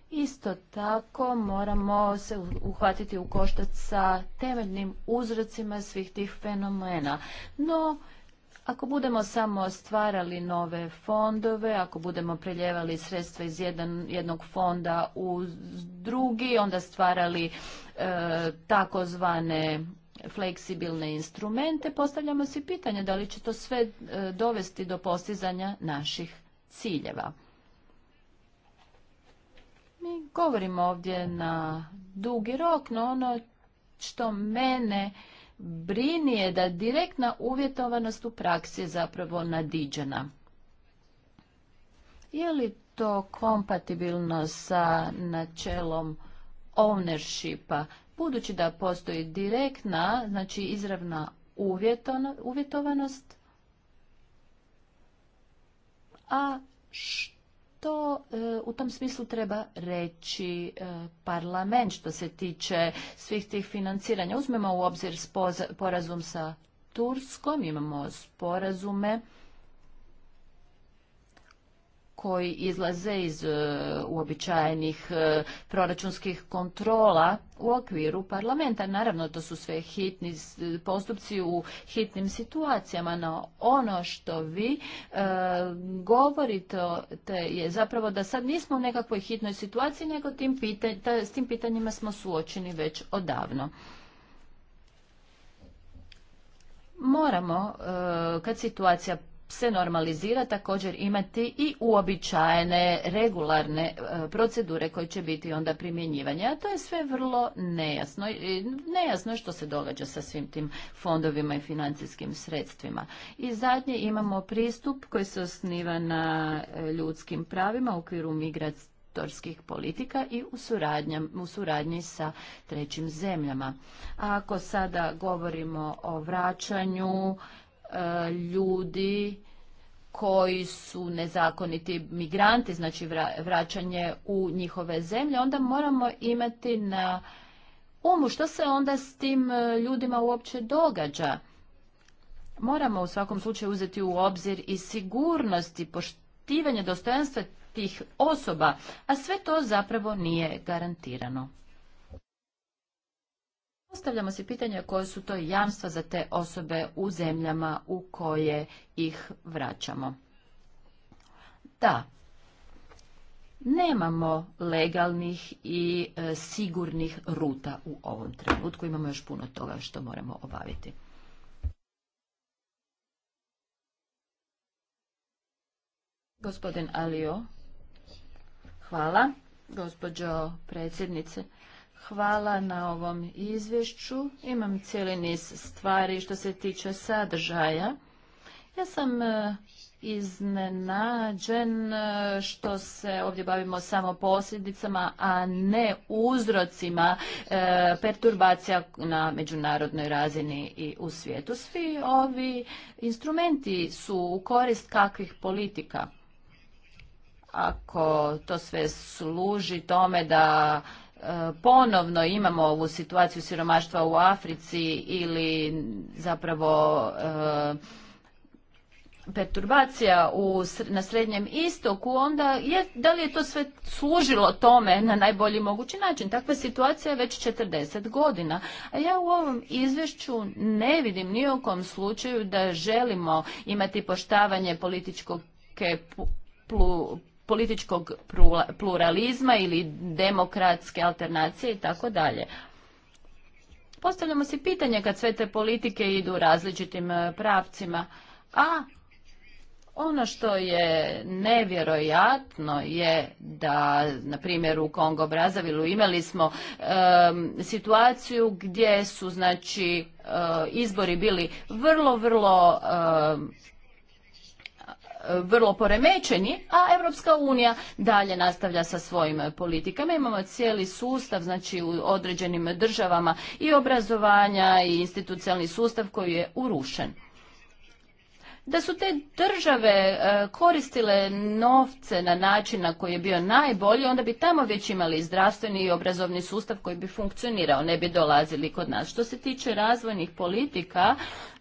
isto tako moramo se uhvatiti u koštac sa temeljnim uzrocima svih tih fenomena no ako budemo samo stvarali nove fondove, ako budemo preljevali sredstva iz jedan, jednog fonda u drugi, onda stvarali e, takozvane fleksibilne instrumente, postavljamo si pitanje da li će to sve e, dovesti do postizanja naših ciljeva. Mi govorimo ovdje na dugi rok, no ono što mene brini je da direktna uvjetovanost u praksi je zapravo nadiđena. Je li to kompatibilno sa načelom ownershipa? Budući da postoji direktna, znači izravna uvjetovanost, a što to e, u tom smislu treba reći e, parlament što se tiče svih tih financiranja. Uzmemo u obzir sporazum sa Turskom, imamo sporazume koji izlaze iz e, uobičajenih e, proračunskih kontrola u okviru parlamenta. Naravno, to su sve hitni postupci u hitnim situacijama, no ono što vi e, govorite je zapravo da sad nismo u nekakvoj hitnoj situaciji, nego s tim pitanjima smo suočeni već odavno. Moramo, kad situacija se normalizira također imati i uobičajene regularne e, procedure koje će biti onda primjenjivanje. A to je sve vrlo nejasno. nejasno što se događa sa svim tim fondovima i financijskim sredstvima. I zadnje imamo pristup koji se osniva na e, ljudskim pravima u okviru migratorskih politika i u, u suradnji sa trećim zemljama. A ako sada govorimo o vraćanju E, ljudi koji su nezakoniti migranti, znači vraćanje u njihove zemlje, onda moramo imati na umu što se onda s tim e, ljudima uopće događa. Moramo u svakom slučaju uzeti u obzir i sigurnost i poštivanje dostojanstva tih osoba, a sve to zapravo nije garantirano. Postavljamo si pitanje koje su to jamstva za te osobe u zemljama u koje ih vraćamo. Da, nemamo legalnih i e, sigurnih ruta u ovom trenutku. Imamo još puno toga što moramo obaviti. Gospodin Alio, hvala. Gospođo predsjednice, Hvala na ovom izvješću. Imam cijeli niz stvari što se tiče sadržaja. Ja sam e, iznenađen e, što se ovdje bavimo samo posljedicama, a ne uzrocima e, perturbacija na međunarodnoj razini i u svijetu. Svi ovi instrumenti su u korist kakvih politika. Ako to sve služi tome da ponovno imamo ovu situaciju siromaštva u Africi ili zapravo e, perturbacija u, na Srednjem istoku, onda je, da li je to sve služilo tome na najbolji mogući način? Takva situacija je već 40 godina. A ja u ovom izvješću ne vidim ni u kom slučaju da želimo imati poštavanje političkog političkog pluralizma ili demokratske alternacije i tako dalje. Postavljamo si pitanje kad sve te politike idu različitim e, pravcima, a ono što je nevjerojatno je da, na primjer, u Kongo Brazavilu imali smo situaciju gdje su, znači, e, izbori bili vrlo, vrlo vrlo poremećeni, a Europska unija dalje nastavlja sa svojim politikama. Imamo cijeli sustav, znači u određenim državama i obrazovanja i institucionalni sustav koji je urušen da su te države e, koristile novce na način na koji je bio najbolji, onda bi tamo već imali zdravstveni i obrazovni sustav koji bi funkcionirao, ne bi dolazili kod nas. Što se tiče razvojnih politika,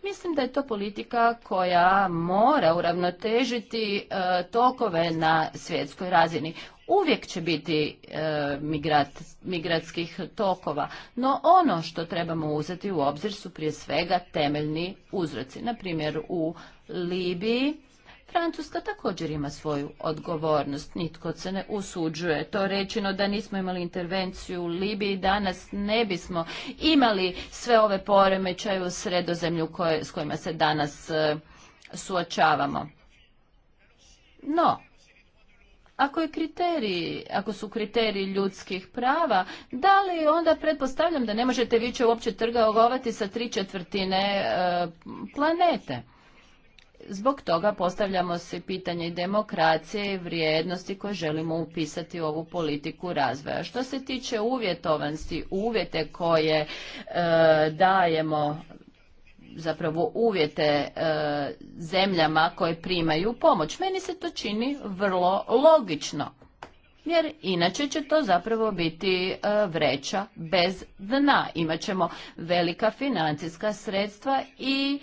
mislim da je to politika koja mora uravnotežiti e, tokove na svjetskoj razini. Uvijek će biti e, migratskih tokova, no ono što trebamo uzeti u obzir su prije svega temeljni uzroci. Na primjer, u Libiji. Francuska također ima svoju odgovornost, nitko se ne usuđuje. To rečeno da nismo imali intervenciju u Libiji, danas ne bismo imali sve ove poremećaje u sredozemlju s kojima se danas e, suočavamo. No, ako je kriterij, ako su kriteriji ljudskih prava, da li onda pretpostavljam da ne možete više uopće trgovati sa tri četvrtine e, planete? Zbog toga postavljamo se pitanje demokracije i vrijednosti koje želimo upisati u ovu politiku razvoja. Što se tiče uvjetovanosti, uvjete koje e, dajemo zapravo uvjete e, zemljama koje primaju pomoć. Meni se to čini vrlo logično, jer inače će to zapravo biti e, vreća bez dna. Imaćemo velika financijska sredstva i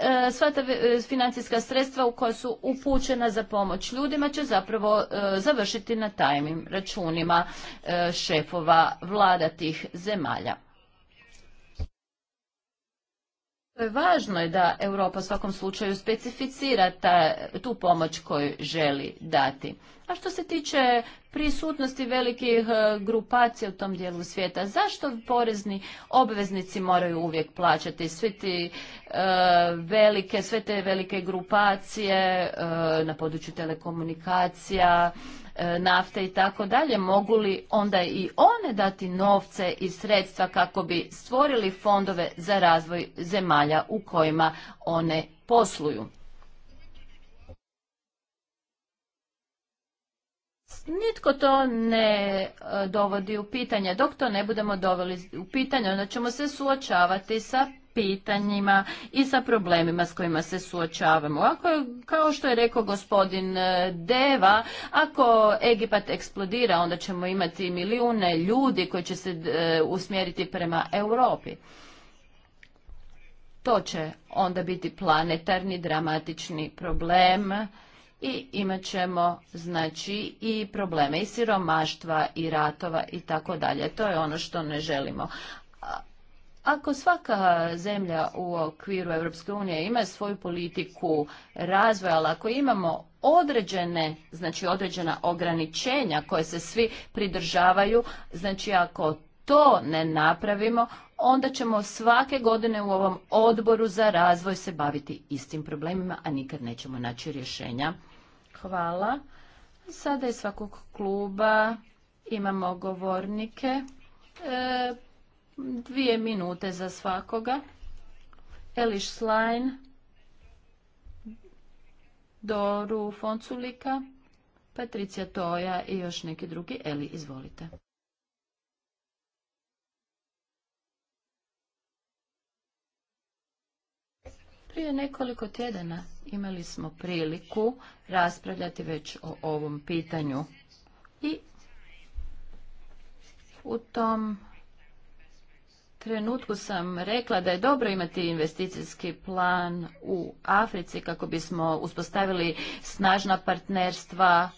E, sva ta e, financijska sredstva u koja su upućena za pomoć ljudima će zapravo e, završiti na tajnim računima šefova vlada tih zemalja. Važno je da Europa u svakom slučaju specificira ta, tu pomoć koju želi dati. A što se tiče prisutnosti velikih e, grupacija u tom dijelu svijeta, zašto porezni obveznici moraju uvijek plaćati sve velike, sve te velike grupacije e, na području telekomunikacija, E, nafte i tako dalje, mogu li onda i one dati novce i sredstva kako bi stvorili fondove za razvoj zemalja u kojima one posluju? Nitko to ne e, dovodi u pitanje. Dok to ne budemo doveli u pitanje, onda ćemo se suočavati sa pitanjima i sa problemima s kojima se suočavamo. Ako, kao što je rekao gospodin e, Deva, ako Egipat eksplodira, onda ćemo imati milijune ljudi koji će se e, usmjeriti prema Europi. To će onda biti planetarni, dramatični problem i imat ćemo znači i probleme i siromaštva i ratova i tako dalje. To je ono što ne želimo. Ako svaka zemlja u okviru Europske unije ima svoju politiku razvoja, ali ako imamo određene, znači određena ograničenja koje se svi pridržavaju, znači ako to ne napravimo, onda ćemo svake godine u ovom odboru za razvoj se baviti istim problemima, a nikad nećemo naći rješenja. Hvala. Sada je svakog kluba imamo govornike. E, Dvije minute za svakoga. Eliš Slajn, Doru Fonculika, Patricija Toja i još neki drugi. Eli, izvolite. Prije nekoliko tjedana imali smo priliku raspravljati već o ovom pitanju i u tom trenutku sam rekla da je dobro imati investicijski plan u Africi kako bismo uspostavili snažna partnerstva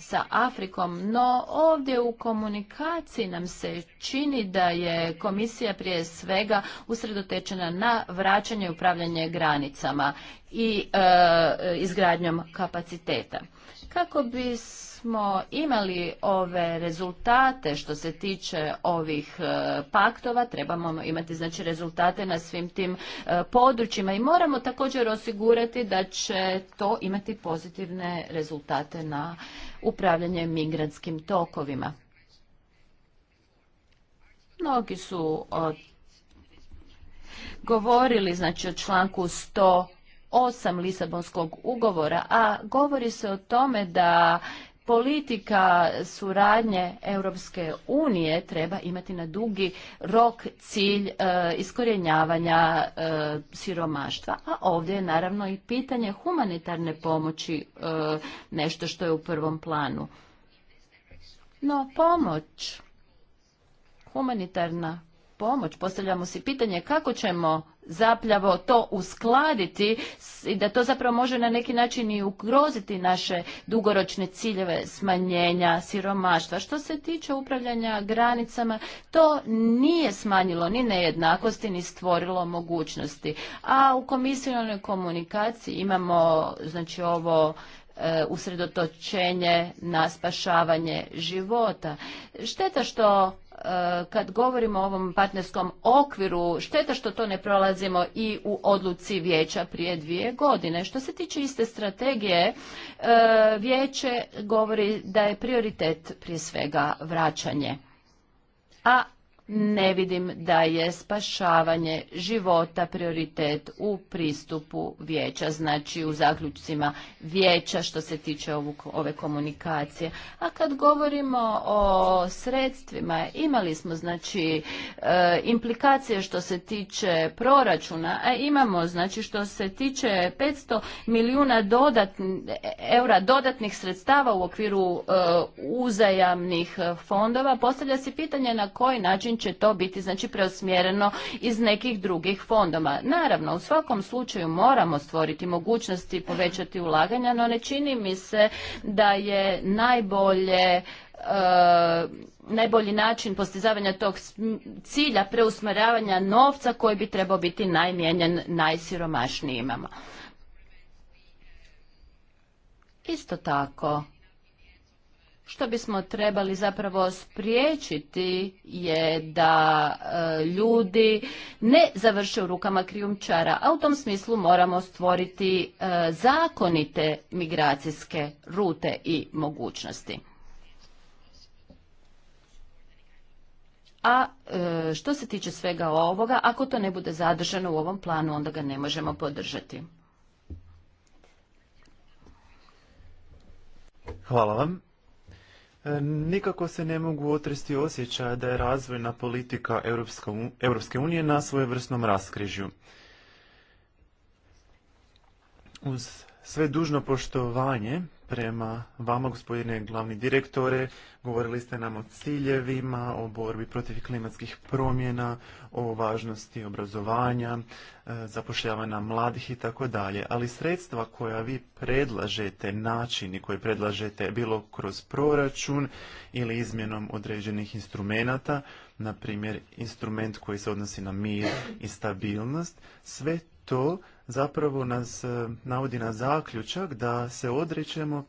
sa Afrikom, no ovdje u komunikaciji nam se čini da je komisija prije svega usredotečena na vraćanje i upravljanje granicama i e, izgradnjom kapaciteta. Kako bismo imali ove rezultate što se tiče ovih e, paktova, trebamo imati znači rezultate na svim tim e, područjima i moramo također osigurati da će to imati pozitivne rezultate na upravljanje migrantskim tokovima. Mnogi su govorili znači o članku 100 osam Lisabonskog ugovora, a govori se o tome da politika suradnje Europske unije treba imati na dugi rok cilj e, iskorjenjavanja e, siromaštva. A ovdje je naravno i pitanje humanitarne pomoći e, nešto što je u prvom planu. No pomoć, humanitarna pomoć, postavljamo si pitanje kako ćemo zapravo to uskladiti i da to zapravo može na neki način i ugroziti naše dugoročne ciljeve smanjenja siromaštva. Što se tiče upravljanja granicama, to nije smanjilo ni nejednakosti, ni stvorilo mogućnosti. A u komisionalnoj komunikaciji imamo znači ovo Eh, usredotočenje na spašavanje života. Šteta što eh, kad govorimo o ovom partnerskom okviru, šteta što to ne prolazimo i u odluci vijeća prije dvije godine. Što se tiče iste strategije, eh, vijeće govori da je prioritet prije svega vraćanje. A ne vidim da je spašavanje života prioritet u pristupu vijeća, znači u zaključcima vijeća što se tiče ove komunikacije. A kad govorimo o sredstvima, imali smo znači e, implikacije što se tiče proračuna, a imamo znači što se tiče 500 milijuna eura dodatnih sredstava u okviru e, uzajamnih e, fondova, postavlja se pitanje na koji način će to biti znači preusmjereno iz nekih drugih fondova. Naravno, u svakom slučaju moramo stvoriti mogućnosti povećati ulaganja, no ne čini mi se da je najbolje eh, najbolji način postizavanja tog cilja preusmjeravanja novca koji bi trebao biti najmijenjen najsiromašnijima. Isto tako, što bismo trebali zapravo spriječiti je da e, ljudi ne završe u rukama krijumčara, a u tom smislu moramo stvoriti e, zakonite migracijske rute i mogućnosti. A e, što se tiče svega ovoga, ako to ne bude zadržano u ovom planu, onda ga ne možemo podržati. Hvala vam. E, nikako se ne mogu otresti osjećaja da je razvojna politika Europske unije na svojevrsnom raskrižju. Uz sve dužno poštovanje prema vama, gospodine glavni direktore. Govorili ste nam o ciljevima, o borbi protiv klimatskih promjena, o važnosti obrazovanja, e, zapošljavanja mladih i tako dalje. Ali sredstva koja vi predlažete, načini koje predlažete, bilo kroz proračun ili izmjenom određenih instrumenata, na primjer instrument koji se odnosi na mir i stabilnost, sve to zapravo nas e, navodi na zaključak da se odrećemo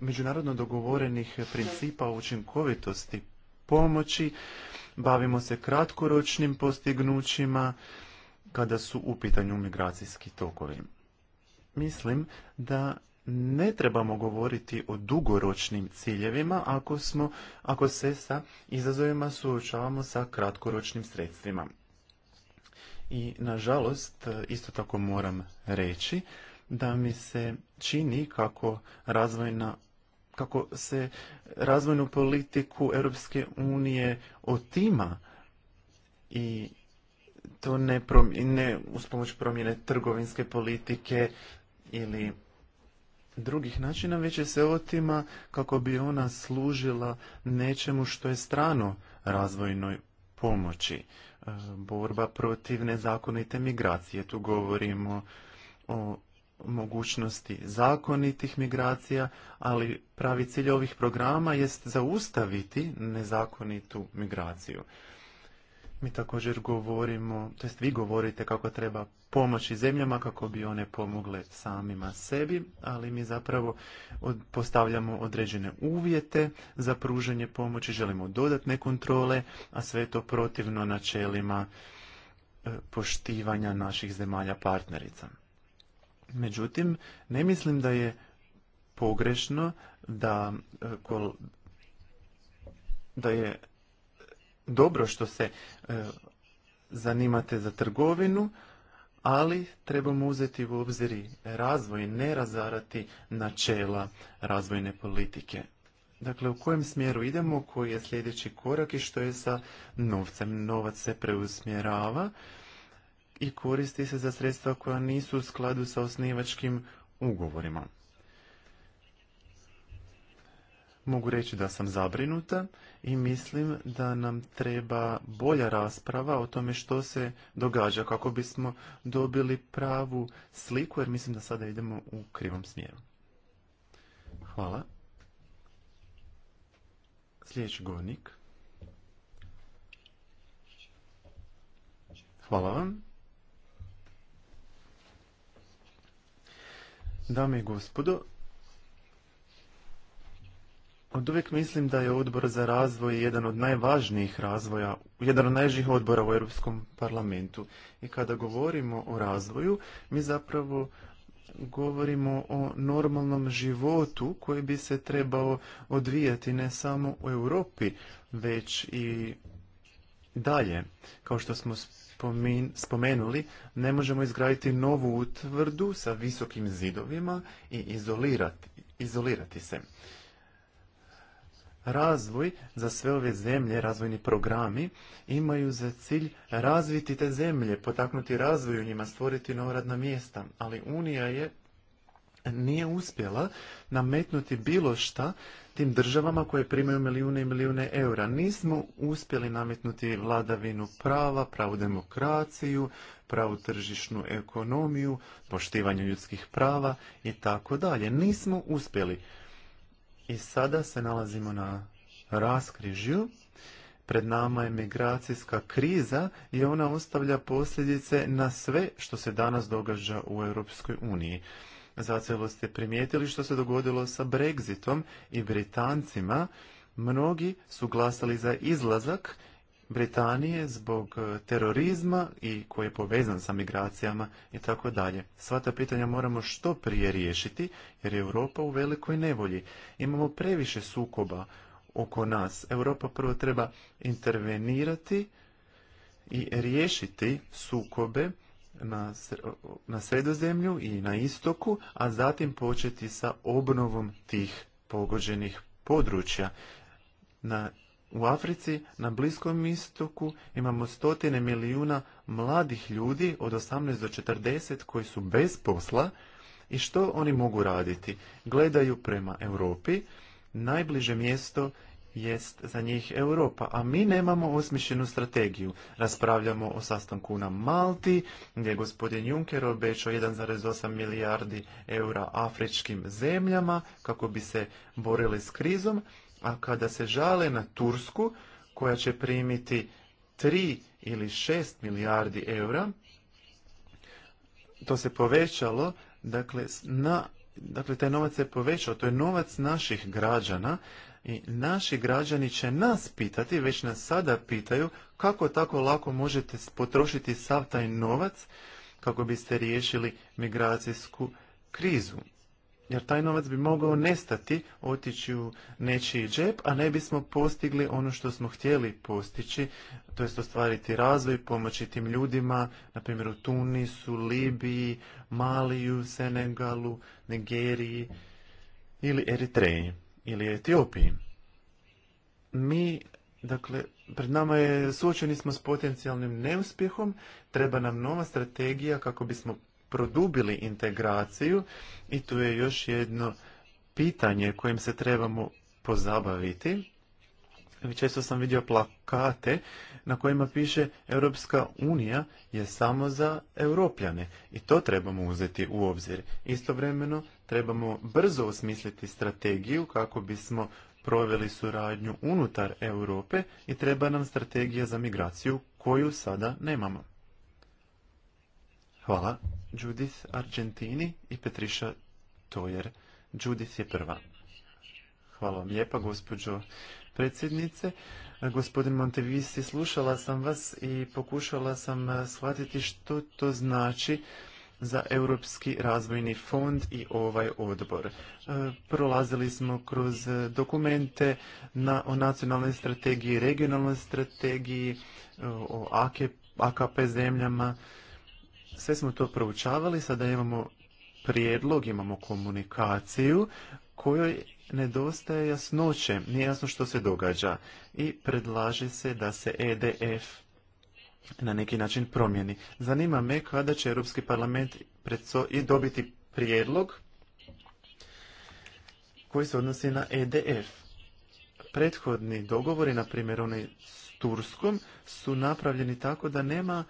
međunarodno dogovorenih principa učinkovitosti pomoći, bavimo se kratkoročnim postignućima kada su u pitanju migracijski tokovi. Mislim da ne trebamo govoriti o dugoročnim ciljevima ako, smo, ako se sa izazovima suočavamo sa kratkoročnim sredstvima. I nažalost, isto tako moram reći da mi se čini kako razvojna kako se razvojnu politiku Europske unije otima i to ne, ne uz pomoć promjene trgovinske politike ili drugih načina, već je se otima kako bi ona služila nečemu što je strano razvojnoj pomoći borba protiv nezakonite migracije. Tu govorimo o mogućnosti zakonitih migracija, ali pravi cilj ovih programa jest zaustaviti nezakonitu migraciju. Mi također govorimo, to jest vi govorite kako treba pomoći zemljama kako bi one pomogle samima sebi, ali mi zapravo postavljamo određene uvjete za pružanje pomoći, želimo dodatne kontrole, a sve to protivno načelima e, poštivanja naših zemalja partnerica. Međutim, ne mislim da je pogrešno da, e, da je dobro što se e, zanimate za trgovinu, ali trebamo uzeti u obzir razvoj, ne razarati načela razvojne politike. Dakle, u kojem smjeru idemo, koji je sljedeći korak i što je sa novcem. Novac se preusmjerava i koristi se za sredstva koja nisu u skladu sa osnivačkim ugovorima mogu reći da sam zabrinuta i mislim da nam treba bolja rasprava o tome što se događa kako bismo dobili pravu sliku jer mislim da sada idemo u krivom smjeru. Hvala. Sljedeći govornik. Hvala vam. Dame i gospodo, od uvijek mislim da je odbor za razvoj jedan od najvažnijih razvoja, jedan od najžih odbora u Europskom parlamentu. I kada govorimo o razvoju, mi zapravo govorimo o normalnom životu koji bi se trebao odvijati ne samo u Europi, već i dalje. Kao što smo spomenuli, ne možemo izgraditi novu utvrdu sa visokim zidovima i izolirati, izolirati se razvoj za sve ove zemlje, razvojni programi, imaju za cilj razviti te zemlje, potaknuti razvoj u njima, stvoriti nova radna mjesta. Ali Unija je nije uspjela nametnuti bilo šta tim državama koje primaju milijune i milijune eura. Nismo uspjeli nametnuti vladavinu prava, pravu demokraciju, pravu tržišnu ekonomiju, poštivanje ljudskih prava i tako dalje. Nismo uspjeli. I sada se nalazimo na raskrižju. Pred nama je migracijska kriza i ona ostavlja posljedice na sve što se danas događa u Europskoj uniji. Zacijelo ste primijetili što se dogodilo sa Brexitom i Britancima. Mnogi su glasali za izlazak Britanije zbog e, terorizma i koji je povezan sa migracijama i tako dalje. Sva ta pitanja moramo što prije riješiti jer je Europa u velikoj nevolji. Imamo previše sukoba oko nas. Europa prvo treba intervenirati i riješiti sukobe na sredozemlju i na istoku, a zatim početi sa obnovom tih pogođenih područja. Na u Africi, na Bliskom istoku, imamo stotine milijuna mladih ljudi od 18 do 40 koji su bez posla i što oni mogu raditi? Gledaju prema Europi, najbliže mjesto jest za njih Europa, a mi nemamo osmišljenu strategiju. Raspravljamo o sastanku na Malti, gdje je gospodin Juncker obećao 1,8 milijardi eura afričkim zemljama kako bi se borili s krizom, a kada se žale na Tursku, koja će primiti 3 ili 6 milijardi eura, to se povećalo, dakle, na, dakle, taj novac se povećao, to je novac naših građana i naši građani će nas pitati, već nas sada pitaju, kako tako lako možete potrošiti sav taj novac kako biste riješili migracijsku krizu jer taj novac bi mogao nestati, otići u nečiji džep, a ne bismo postigli ono što smo htjeli postići, to jest ostvariti razvoj, pomoći tim ljudima, na primjer u Tunisu, Libiji, Maliju, Senegalu, Nigeriji ili Eritreji ili Etiopiji. Mi, dakle, pred nama je, suočeni smo s potencijalnim neuspjehom, treba nam nova strategija kako bismo produbili integraciju i tu je još jedno pitanje kojim se trebamo pozabaviti. Često sam vidio plakate na kojima piše Europska unija je samo za europljane i to trebamo uzeti u obzir. Istovremeno trebamo brzo osmisliti strategiju kako bismo proveli suradnju unutar Europe i treba nam strategija za migraciju koju sada nemamo. Hvala. Judith Argentini i Petriša Tojer. Judith je prva. Hvala vam lijepa, gospođo predsjednice. Gospodin Montevisi, slušala sam vas i pokušala sam eh, shvatiti što to znači za Europski razvojni fond i ovaj odbor. Eh, prolazili smo kroz eh, dokumente na, o nacionalnoj strategiji, regionalnoj strategiji, o AKP zemljama, sve smo to proučavali, sada imamo prijedlog, imamo komunikaciju kojoj nedostaje jasnoće, nije jasno što se događa i predlaže se da se EDF na neki način promijeni. Zanima me kada će Europski parlament i dobiti prijedlog koji se odnosi na EDF. Prethodni dogovori, na primjer onaj s Turskom, su napravljeni tako da nema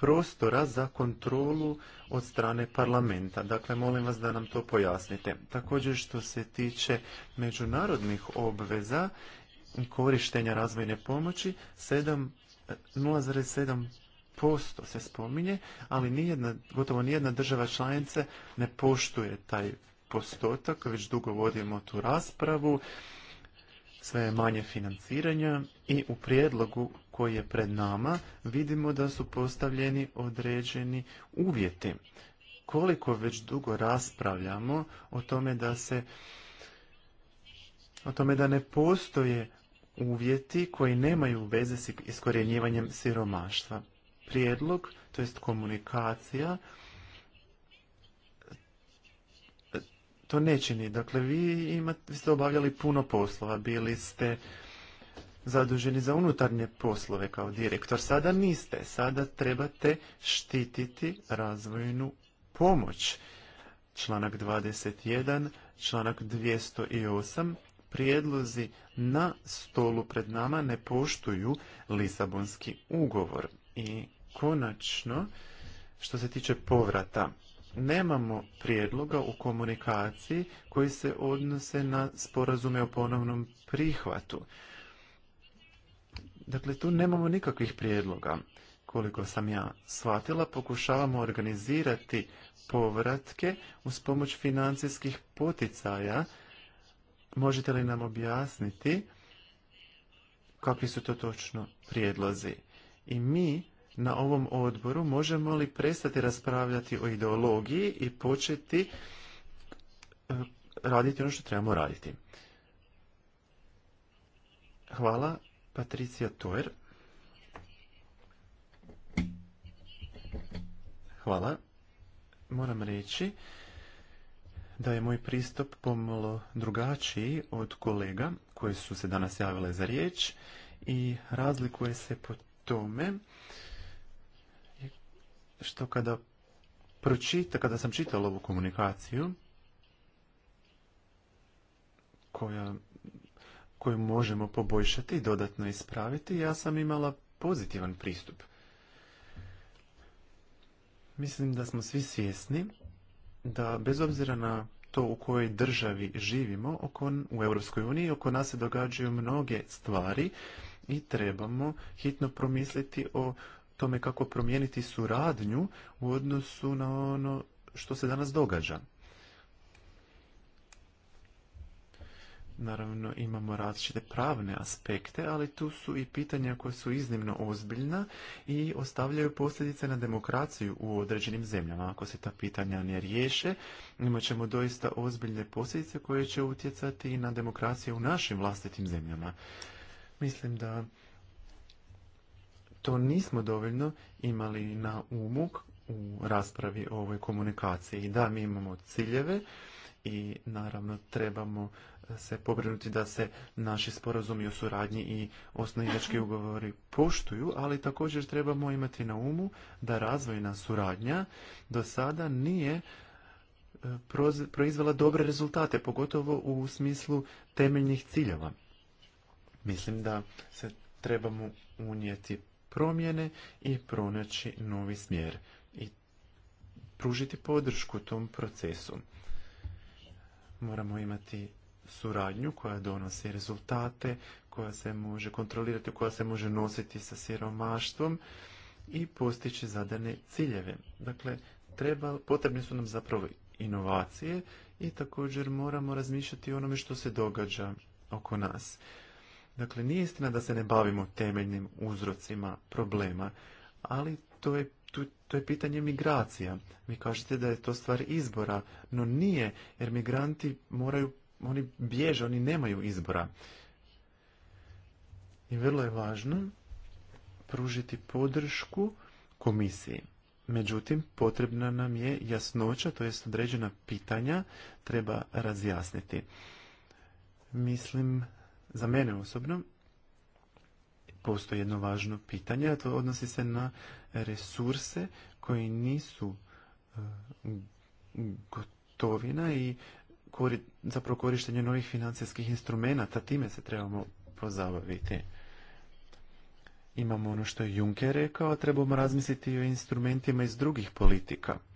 prostora za kontrolu od strane parlamenta. Dakle, molim vas da nam to pojasnite. Također što se tiče međunarodnih obveza i korištenja razvojne pomoći, 0,7% posto se spominje, ali nijedna, gotovo nijedna država članice ne poštuje taj postotak, već dugo vodimo tu raspravu sve je manje financiranja i u prijedlogu koji je pred nama vidimo da su postavljeni određeni uvjeti. Koliko već dugo raspravljamo o tome da se o tome da ne postoje uvjeti koji nemaju veze s iskorjenjivanjem siromaštva. Prijedlog, to jest komunikacija, to ne čini. Dakle, vi, vi ste obavljali puno poslova, bili ste zaduženi za unutarnje poslove kao direktor. Sada niste, sada trebate štititi razvojnu pomoć. Članak 21, članak 208, prijedlozi na stolu pred nama ne poštuju Lisabonski ugovor. I konačno, što se tiče povrata nemamo prijedloga u komunikaciji koji se odnose na sporazume o ponovnom prihvatu. Dakle, tu nemamo nikakvih prijedloga. Koliko sam ja shvatila, pokušavamo organizirati povratke uz pomoć financijskih poticaja. Možete li nam objasniti kakvi su to točno prijedlozi? I mi na ovom odboru možemo li prestati raspravljati o ideologiji i početi e, raditi ono što trebamo raditi. Hvala, Patricija Toer. Hvala. Moram reći da je moj pristup pomalo drugačiji od kolega koje su se danas javile za riječ i razlikuje se po tome što kada pročita, kada sam čitala ovu komunikaciju, koja, koju možemo poboljšati i dodatno ispraviti, ja sam imala pozitivan pristup. Mislim da smo svi svjesni da bez obzira na to u kojoj državi živimo, oko, u Europskoj uniji oko nas se događaju mnoge stvari i trebamo hitno promisliti o tome kako promijeniti suradnju u odnosu na ono što se danas događa. Naravno imamo različite pravne aspekte, ali tu su i pitanja koja su iznimno ozbiljna i ostavljaju posljedice na demokraciju u određenim zemljama. Ako se ta pitanja ne riješe, imat ćemo doista ozbiljne posljedice koje će utjecati na demokraciju u našim vlastitim zemljama. Mislim da to nismo dovoljno imali na umu u raspravi o ovoj komunikaciji. Da, mi imamo ciljeve i naravno trebamo se pobrinuti da se naši sporazumi o suradnji i osnivački ugovori poštuju, ali također trebamo imati na umu da razvojna suradnja do sada nije e, proizvela dobre rezultate, pogotovo u smislu temeljnih ciljeva. Mislim da se trebamo unijeti promjene i pronaći novi smjer i pružiti podršku tom procesu. Moramo imati suradnju koja donosi rezultate, koja se može kontrolirati, koja se može nositi sa siromaštvom i postići zadane ciljeve. Dakle, treba, potrebne su nam zapravo inovacije i također moramo razmišljati o onome što se događa oko nas. Dakle, nije istina da se ne bavimo temeljnim uzrocima problema, ali to je, to, je pitanje migracija. Vi kažete da je to stvar izbora, no nije, jer migranti moraju, oni bježe, oni nemaju izbora. I vrlo je važno pružiti podršku komisiji. Međutim, potrebna nam je jasnoća, to jest određena pitanja treba razjasniti. Mislim za mene osobno postoji jedno važno pitanje, a to odnosi se na resurse koji nisu eh, gotovina i zapravo korištenje novih financijskih instrumenata, time se trebamo pozabaviti. Imamo ono što je Juncker rekao, trebamo razmisliti o instrumentima iz drugih politika –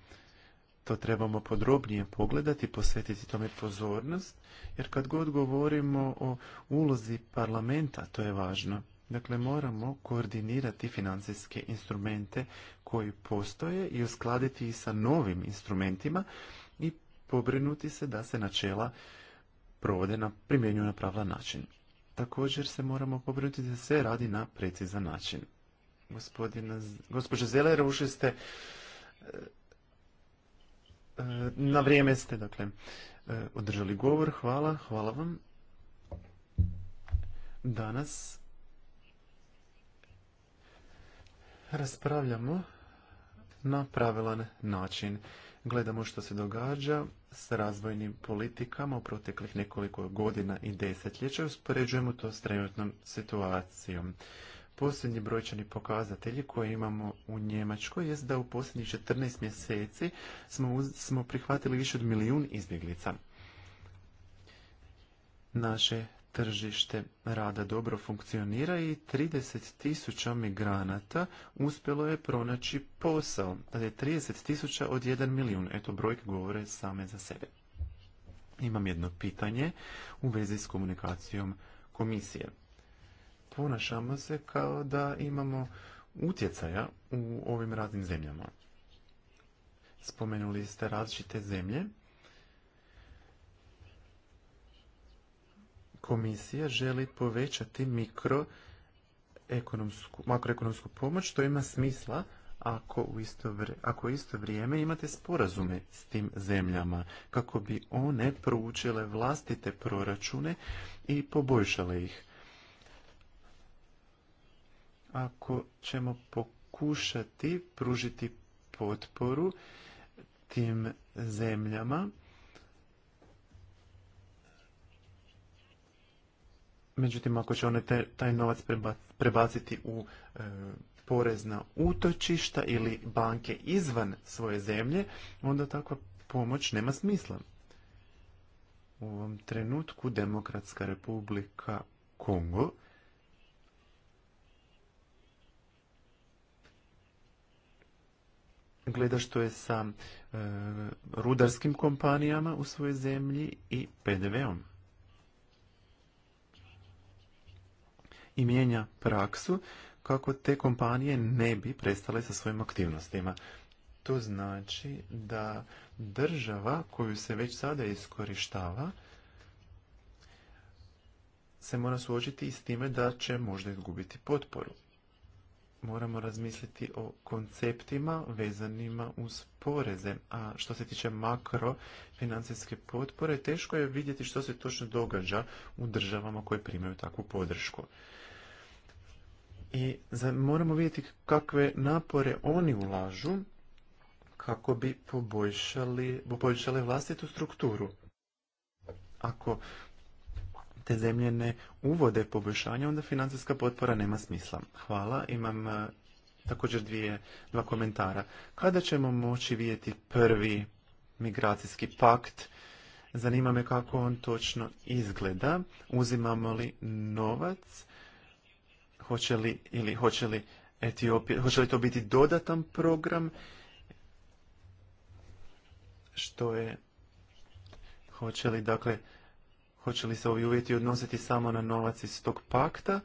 to trebamo podrobnije pogledati, posvetiti tome pozornost, jer kad god govorimo o ulozi parlamenta, to je važno. Dakle, moramo koordinirati financijske instrumente koji postoje i uskladiti ih sa novim instrumentima i pobrinuti se da se načela provode na primjenju na pravilan način. Također se moramo pobrinuti da se radi na precizan način. Gospodina, gospođa Zelera, ušli ste E, na vrijeme ste, dakle, e, održali govor. Hvala, hvala vam. Danas raspravljamo na pravilan način. Gledamo što se događa s razvojnim politikama u proteklih nekoliko godina i desetljeća. Uspoređujemo to s trenutnom situacijom. Posljednji brojčani pokazatelji koje imamo u Njemačkoj jest da u posljednjih 14 mjeseci smo, smo prihvatili više od milijun izbjeglica. Naše tržište rada dobro funkcionira i 30 tisuća migranata uspjelo je pronaći posao. Dakle, 30 tisuća od 1 milijun. Eto, brojke govore same za sebe. Imam jedno pitanje u vezi s komunikacijom komisije ponašamo se kao da imamo utjecaja u ovim raznim zemljama. Spomenuli ste različite zemlje. Komisija želi povećati mikro makroekonomsku pomoć, što ima smisla ako u ako isto vrijeme imate sporazume s tim zemljama kako bi one proučile vlastite proračune i poboljšale ih ako ćemo pokušati pružiti potporu tim zemljama, međutim ako će one te, taj novac prebaciti u e, porezna utočišta ili banke izvan svoje zemlje, onda takva pomoć nema smisla. U ovom trenutku Demokratska republika Kongo gleda što je sa e, rudarskim kompanijama u svojoj zemlji i PDV-om. I mijenja praksu kako te kompanije ne bi prestale sa svojim aktivnostima. To znači da država koju se već sada iskorištava se mora suočiti i s time da će možda izgubiti potporu moramo razmisliti o konceptima vezanima uz poreze. A što se tiče makro financijske potpore, teško je vidjeti što se točno događa u državama koje primaju takvu podršku. I moramo vidjeti kakve napore oni ulažu kako bi poboljšali, poboljšali vlastitu strukturu. Ako te zemlje ne uvode poboljšanja, onda financijska potpora nema smisla. Hvala, imam e, također dvije, dva komentara. Kada ćemo moći vidjeti prvi migracijski pakt? Zanima me kako on točno izgleda. Uzimamo li novac? Hoće li, ili hoće li, Etiopija, hoće li to biti dodatan program? Što je, hoće li, dakle, Hoće li se ovi uvjeti odnositi samo na novac iz tog pakta?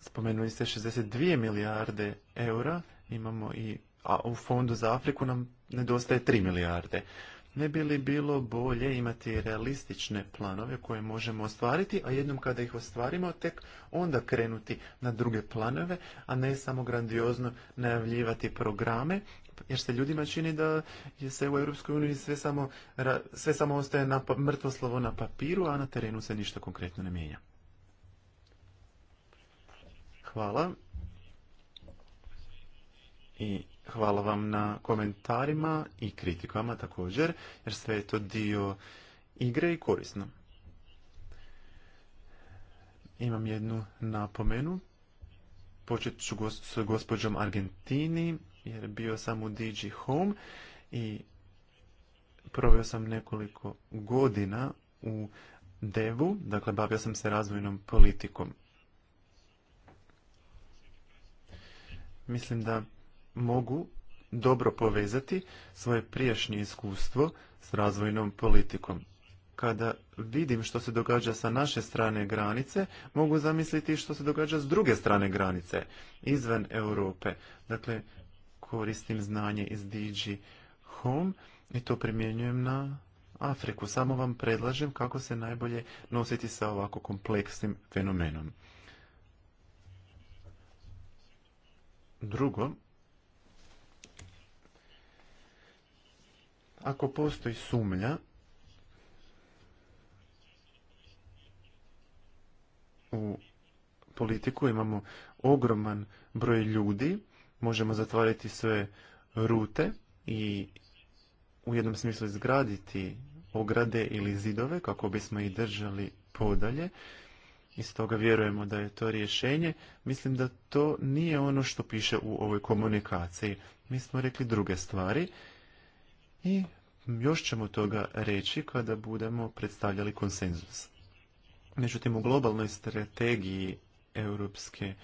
Spomenuli ste 62 milijarde eura, imamo i, a u fondu za Afriku nam nedostaje 3 milijarde. Ne bi li bilo bolje imati realistične planove koje možemo ostvariti, a jednom kada ih ostvarimo, tek onda krenuti na druge planove, a ne samo grandiozno najavljivati programe jer se ljudima čini da se u Europskoj uniji sve samo, sve samo ostaje na, pa, mrtvo slovo na papiru, a na terenu se ništa konkretno ne mijenja. Hvala. I hvala vam na komentarima i kritikama također, jer sve je to dio igre i korisno. Imam jednu napomenu. Počet ću s gospođom Argentini jer bio sam u Digi Home i proveo sam nekoliko godina u Devu, dakle bavio sam se razvojnom politikom. Mislim da mogu dobro povezati svoje prijašnje iskustvo s razvojnom politikom. Kada vidim što se događa sa naše strane granice, mogu zamisliti što se događa s druge strane granice, izvan Europe. Dakle, koristim znanje iz DG Home i to primjenjujem na Afriku. Samo vam predlažem kako se najbolje nositi sa ovako kompleksnim fenomenom. Drugo, ako postoji sumlja u politiku imamo ogroman broj ljudi možemo zatvoriti sve rute i u jednom smislu izgraditi ograde ili zidove kako bismo ih držali podalje i stoga vjerujemo da je to rješenje, mislim da to nije ono što piše u ovoj komunikaciji. Mi smo rekli druge stvari i još ćemo toga reći kada budemo predstavljali konsenzus. Međutim, u globalnoj strategiji Europske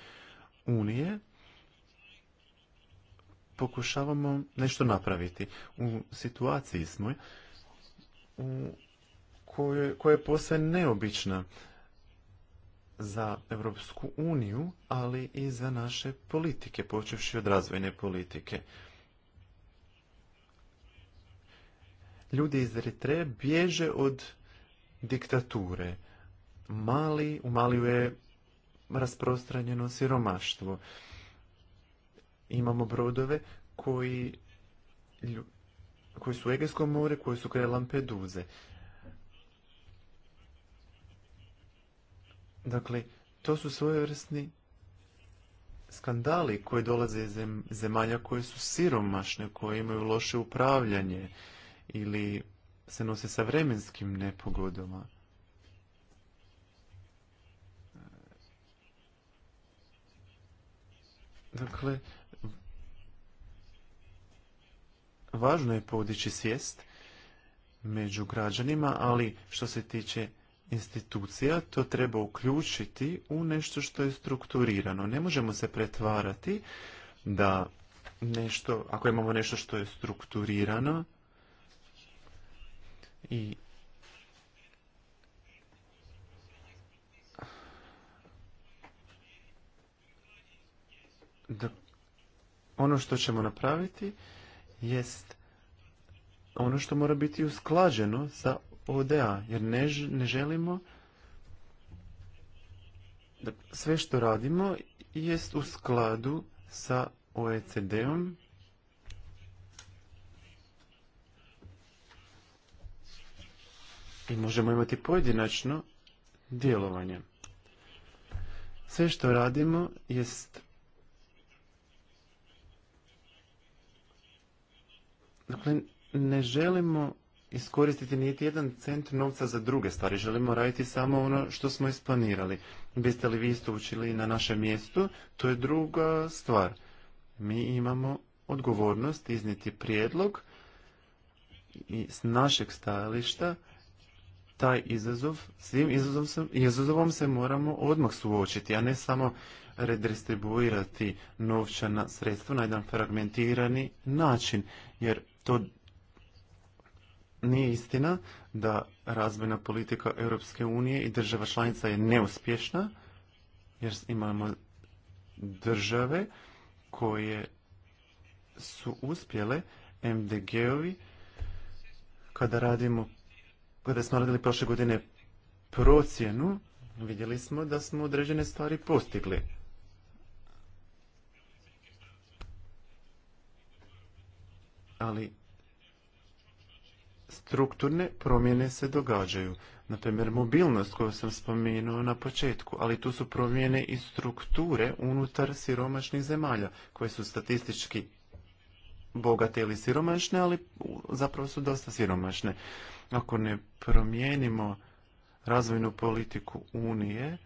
unije pokušavamo nešto napraviti. U situaciji smo u koja je posve neobična za Europsku uniju, ali i za naše politike, počevši od razvojne politike. Ljudi iz Eritreje bježe od diktature. Mali, u Maliju je rasprostranjeno siromaštvo. Imamo brodove koji, koji su u Egejskom more, koji su kraj Lampeduze. Dakle, to su svojevrsni skandali koji dolaze iz zemalja koje su siromašne, koje imaju loše upravljanje ili se nose sa vremenskim nepogodama. Dakle, Važno je podići svijest među građanima, ali što se tiče institucija, to treba uključiti u nešto što je strukturirano. Ne možemo se pretvarati da nešto, ako imamo nešto što je strukturirano i da ono što ćemo napraviti jest ono što mora biti usklađeno sa ODA, jer ne, ne želimo da sve što radimo jest u skladu sa OECD-om i možemo imati pojedinačno djelovanje. Sve što radimo jest Dakle, ne želimo iskoristiti niti jedan cent novca za druge stvari. Želimo raditi samo ono što smo isplanirali. Biste li vi isto učili na našem mjestu, to je druga stvar. Mi imamo odgovornost izniti prijedlog i s našeg stajališta taj izazov, svim se, izazovom se moramo odmah suočiti, a ne samo redistribuirati novčana sredstva na jedan fragmentirani način, jer to nije istina da razvojna politika Europske unije i država članica je neuspješna, jer imamo države koje su uspjele MDG-ovi kada radimo kada smo radili prošle godine procjenu vidjeli smo da smo određene stvari postigli ali strukturne promjene se događaju. primjer mobilnost koju sam spomenuo na početku, ali tu su promjene i strukture unutar siromašnih zemalja, koje su statistički bogate ili siromašne, ali zapravo su dosta siromašne. Ako ne promijenimo razvojnu politiku Unije,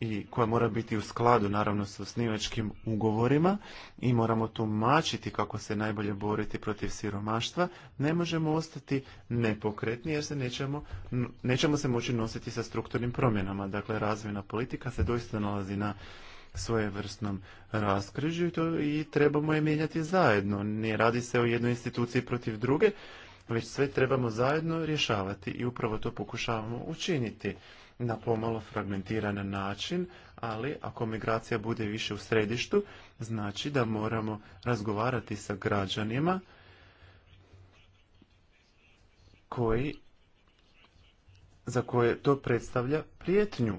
i koja mora biti u skladu naravno s osnivačkim ugovorima i moramo tumačiti kako se najbolje boriti protiv siromaštva, ne možemo ostati nepokretni jer se nećemo, se moći nositi sa strukturnim promjenama. Dakle, razvojna politika se doista nalazi na svojevrsnom raskrižju i, i trebamo je mijenjati zajedno. Ne radi se o jednoj instituciji protiv druge, već sve trebamo zajedno rješavati i upravo to pokušavamo učiniti na pomalo fragmentiran način, ali ako migracija bude više u središtu, znači da moramo razgovarati sa građanima koji za koje to predstavlja prijetnju.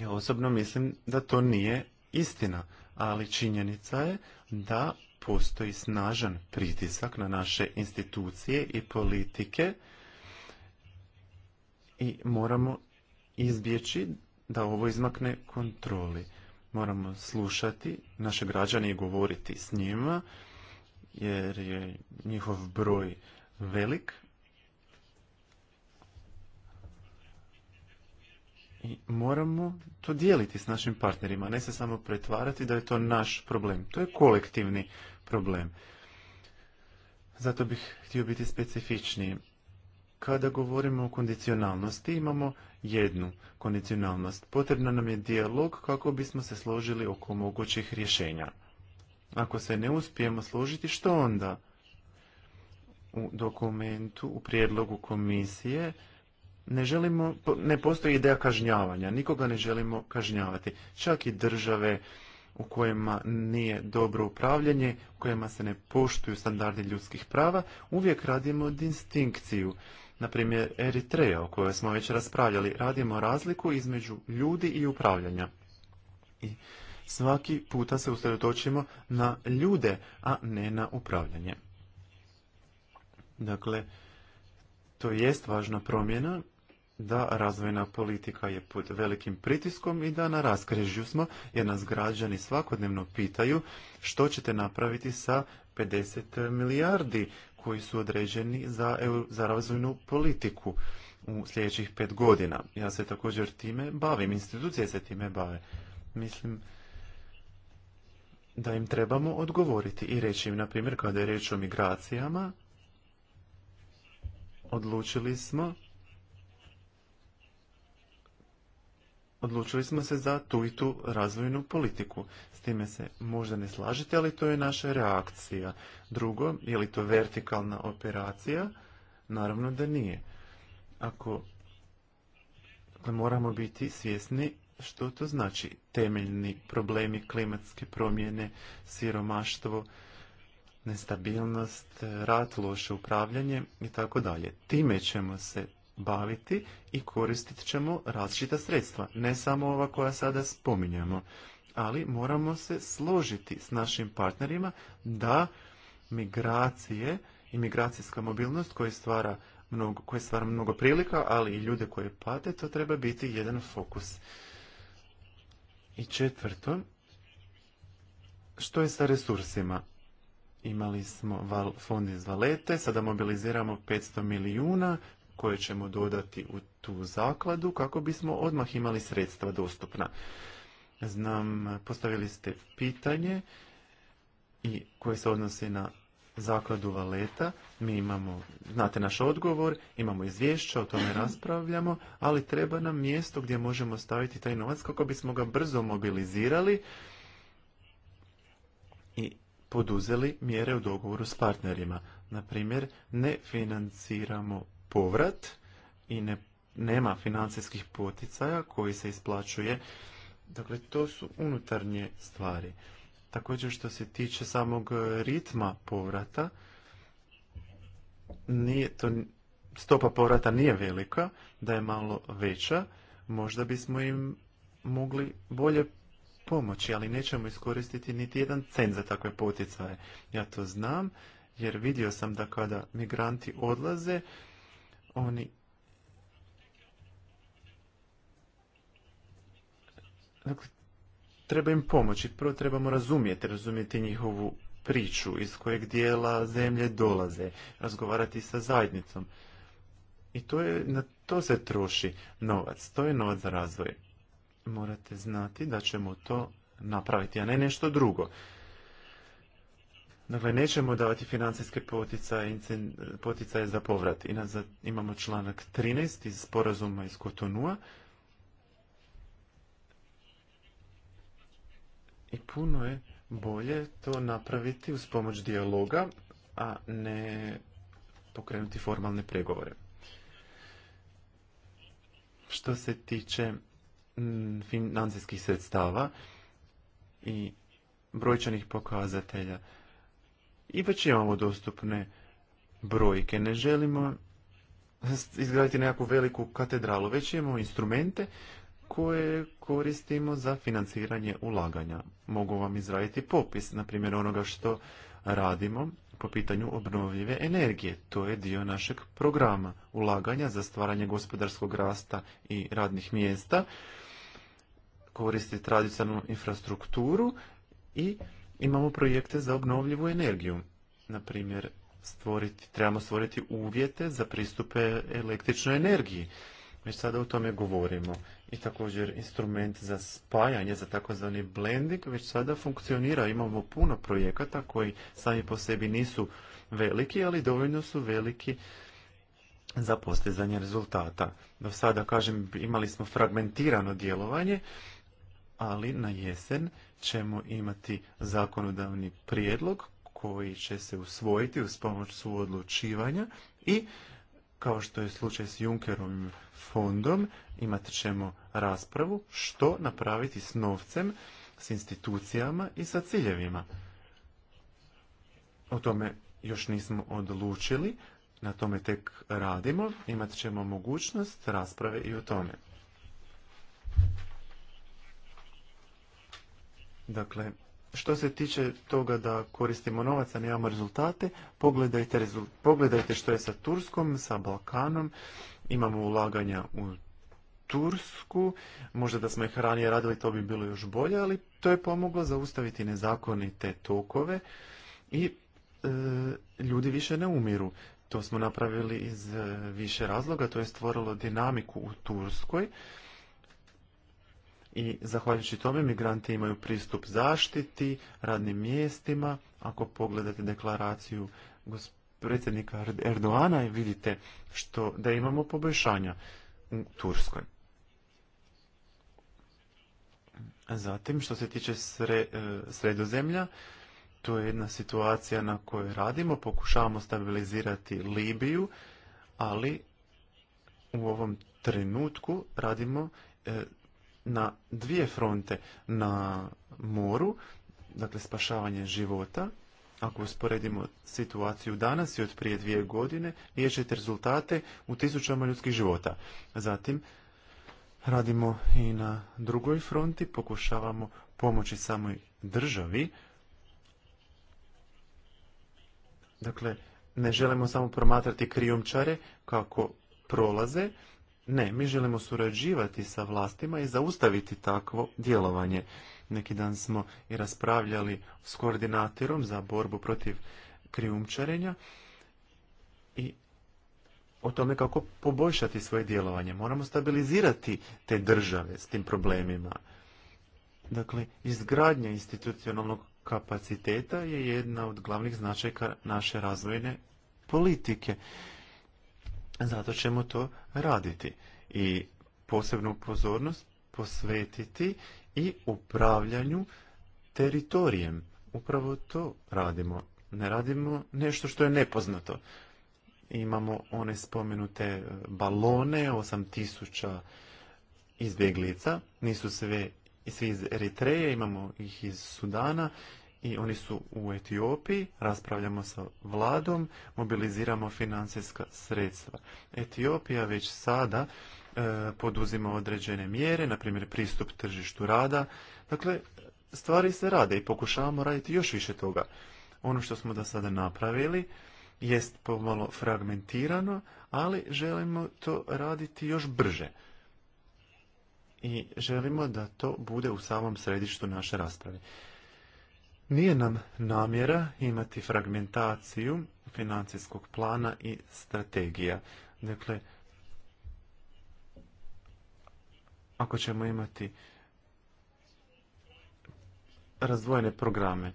Ja osobno mislim da to nije istina, ali činjenica je da postoji snažan pritisak na naše institucije i politike i moramo izbjeći da ovo izmakne kontroli. Moramo slušati naše građane i govoriti s njima, jer je njihov broj velik. I moramo to dijeliti s našim partnerima, ne se samo pretvarati da je to naš problem. To je kolektivni problem. Zato bih htio biti specifičniji. Kada govorimo o kondicionalnosti, imamo jednu kondicionalnost. Potrebna nam je dijalog kako bismo se složili oko mogućih rješenja. Ako se ne uspijemo složiti, što onda? U dokumentu, u prijedlogu komisije, ne želimo, ne postoji ideja kažnjavanja, nikoga ne želimo kažnjavati. Čak i države u kojima nije dobro upravljanje, u kojima se ne poštuju standardi ljudskih prava, uvijek radimo distinkciju na primjer Eritreja o kojoj smo već raspravljali. Radimo razliku između ljudi i upravljanja. I svaki puta se usredotočimo na ljude, a ne na upravljanje. Dakle, to jest važna promjena da razvojna politika je pod velikim pritiskom i da na raskrižju smo, jer nas građani svakodnevno pitaju što ćete napraviti sa 50 milijardi koji su određeni za, za razvojnu politiku u sljedećih pet godina. Ja se također time bavim, institucije se time bave. Mislim da im trebamo odgovoriti i reći im, na primjer, kada je reč o migracijama, odlučili smo odlučili smo se za tu i tu razvojnu politiku. S time se možda ne slažete, ali to je naša reakcija. Drugo, je li to vertikalna operacija? Naravno da nije. Ako dakle, moramo biti svjesni što to znači temeljni problemi klimatske promjene, siromaštvo, nestabilnost, rat, loše upravljanje i tako dalje. Time ćemo se baviti i koristit ćemo različita sredstva, ne samo ova koja sada spominjemo. Ali moramo se složiti s našim partnerima da migracije i migracijska mobilnost koja stvara mnogo, koje stvara mnogo prilika, ali i ljude koje pate, to treba biti jedan fokus. I četvrto, što je sa resursima? Imali smo fond iz Valete, sada mobiliziramo 500 milijuna koje ćemo dodati u tu zakladu kako bismo odmah imali sredstva dostupna. Znam, postavili ste pitanje i koje se odnosi na zakladu Valeta. Mi imamo, znate naš odgovor, imamo izvješća, o tome raspravljamo, ali treba nam mjesto gdje možemo staviti taj novac kako bismo ga brzo mobilizirali i poduzeli mjere u dogovoru s partnerima. Na ne financiramo povrat i nema financijskih poticaja koji se isplaćuje. Dakle, to su unutarnje stvari. Također što se tiče samog ritma povrata, to, stopa povrata nije velika, da je malo veća, možda bismo im mogli bolje pomoći, ali nećemo iskoristiti niti jedan cent za takve poticaje. Ja to znam, jer vidio sam da kada migranti odlaze, oni Dakle, treba im pomoći. Prvo trebamo razumjeti, razumjeti njihovu priču, iz kojeg dijela zemlje dolaze, razgovarati sa zajednicom. I to je, na to se troši novac, to je novac za razvoj. Morate znati da ćemo to napraviti, a ne nešto drugo. Dakle, nećemo davati financijske poticaje, za povrat. I nazad imamo članak 13 iz sporazuma iz Kotonua. I puno je bolje to napraviti uz pomoć dijaloga, a ne pokrenuti formalne pregovore. Što se tiče mm, financijskih sredstava i brojčanih pokazatelja, i već imamo dostupne brojke. Ne želimo izgraditi nekakvu veliku katedralu, već imamo instrumente koje koristimo za financiranje ulaganja. Mogu vam izraditi popis, na primjer onoga što radimo po pitanju obnovljive energije. To je dio našeg programa ulaganja za stvaranje gospodarskog rasta i radnih mjesta, koristi tradicionalnu infrastrukturu i imamo projekte za obnovljivu energiju. Na primjer, stvoriti, trebamo stvoriti uvjete za pristupe električnoj energiji. Već sada o tome govorimo. I također instrument za spajanje, za takozvani blending, već sada funkcionira. Imamo puno projekata koji sami po sebi nisu veliki, ali dovoljno su veliki za postizanje rezultata. Do sada, kažem, imali smo fragmentirano djelovanje, ali na jesen ćemo imati zakonodavni prijedlog koji će se usvojiti uz pomoć suodlučivanja i kao što je slučaj s Junckerovim fondom, imat ćemo raspravu što napraviti s novcem, s institucijama i sa ciljevima. O tome još nismo odlučili, na tome tek radimo, imat ćemo mogućnost rasprave i o tome. Dakle, što se tiče toga da koristimo novac, a nemamo rezultate, pogledajte, pogledajte što je sa Turskom, sa Balkanom. Imamo ulaganja u Tursku. Možda da smo ih ranije radili, to bi bilo još bolje, ali to je pomoglo zaustaviti nezakonite tokove i e, ljudi više ne umiru. To smo napravili iz e, više razloga, to je stvorilo dinamiku u Turskoj i zahvaljujući tome migranti imaju pristup zaštiti, radnim mjestima. Ako pogledate deklaraciju predsjednika Erdoana i vidite što, da imamo poboljšanja u Turskoj. Zatim, što se tiče e, sredozemlja, to je jedna situacija na kojoj radimo, pokušavamo stabilizirati Libiju, ali u ovom trenutku radimo e, na dvije fronte na moru, dakle spašavanje života, ako usporedimo situaciju danas i od prije dvije godine, liječite rezultate u tisućama ljudskih života. Zatim, radimo i na drugoj fronti, pokušavamo pomoći samoj državi. Dakle, ne želimo samo promatrati krijumčare kako prolaze, ne, mi želimo surađivati sa vlastima i zaustaviti takvo djelovanje. Neki dan smo i raspravljali s koordinatorom za borbu protiv krijumčarenja i o tome kako poboljšati svoje djelovanje. Moramo stabilizirati te države s tim problemima. Dakle, izgradnja institucionalnog kapaciteta je jedna od glavnih značajka naše razvojne politike zato ćemo to raditi i posebnu pozornost posvetiti i upravljanju teritorijem. Upravo to radimo. Ne radimo nešto što je nepoznato. Imamo one spomenute e, balone, 8000 izbjeglica, nisu sve svi iz Eritreje, imamo ih iz Sudana i oni su u Etiopiji, raspravljamo sa vladom, mobiliziramo financijska sredstva. Etiopija već sada e, poduzima određene mjere, na primjer pristup tržištu rada. Dakle, stvari se rade i pokušavamo raditi još više toga. Ono što smo do sada napravili jest pomalo fragmentirano, ali želimo to raditi još brže. I želimo da to bude u samom središtu naše rasprave. Nije nam namjera imati fragmentaciju financijskog plana i strategija. Dakle, ako ćemo imati razdvojene programe,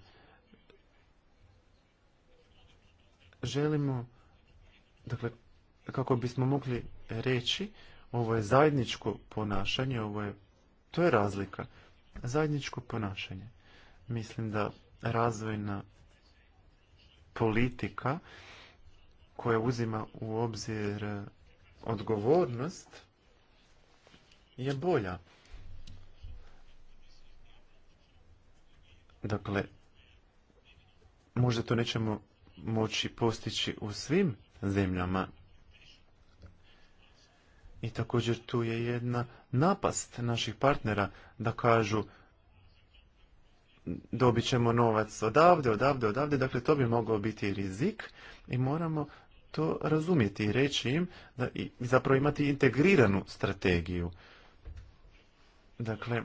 želimo, dakle, kako bismo mogli reći, ovo je zajedničko ponašanje, ovo je, to je razlika, zajedničko ponašanje. Mislim da razvojna politika koja uzima u obzir odgovornost je bolja. Dakle, možda to nećemo moći postići u svim zemljama. I također tu je jedna napast naših partnera da kažu dobit ćemo novac odavde, odavde, odavde, dakle to bi mogao biti rizik i moramo to razumjeti i reći im da i zapravo imati integriranu strategiju. Dakle,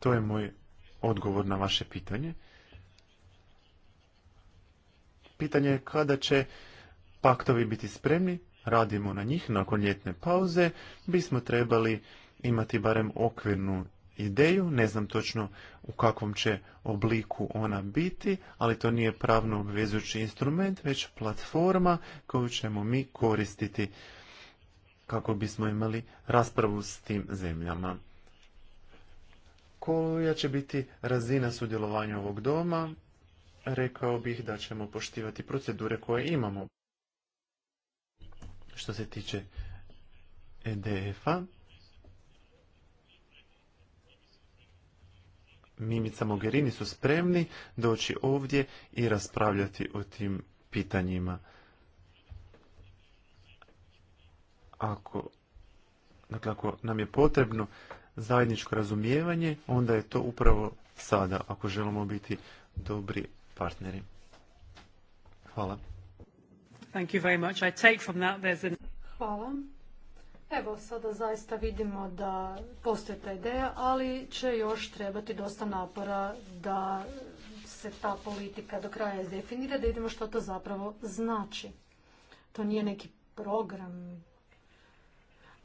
to je moj odgovor na vaše pitanje. Pitanje je kada će paktovi biti spremni, radimo na njih nakon ljetne pauze, bismo trebali imati barem okvirnu ideju, ne znam točno u kakvom će obliku ona biti, ali to nije pravno obvezujući instrument, već platforma koju ćemo mi koristiti kako bismo imali raspravu s tim zemljama. Koja će biti razina sudjelovanja ovog doma? Rekao bih da ćemo poštivati procedure koje imamo. Što se tiče EDF-a, Mimica Mogherini su spremni doći ovdje i raspravljati o tim pitanjima. Ako, dakle, ako nam je potrebno zajedničko razumijevanje, onda je to upravo sada, ako želimo biti dobri partneri. Hvala. Thank you very much. I take from that there's Hvala. Evo, sada zaista vidimo da postoji ta ideja, ali će još trebati dosta napora da se ta politika do kraja izdefinira, da vidimo što to zapravo znači. To nije neki program.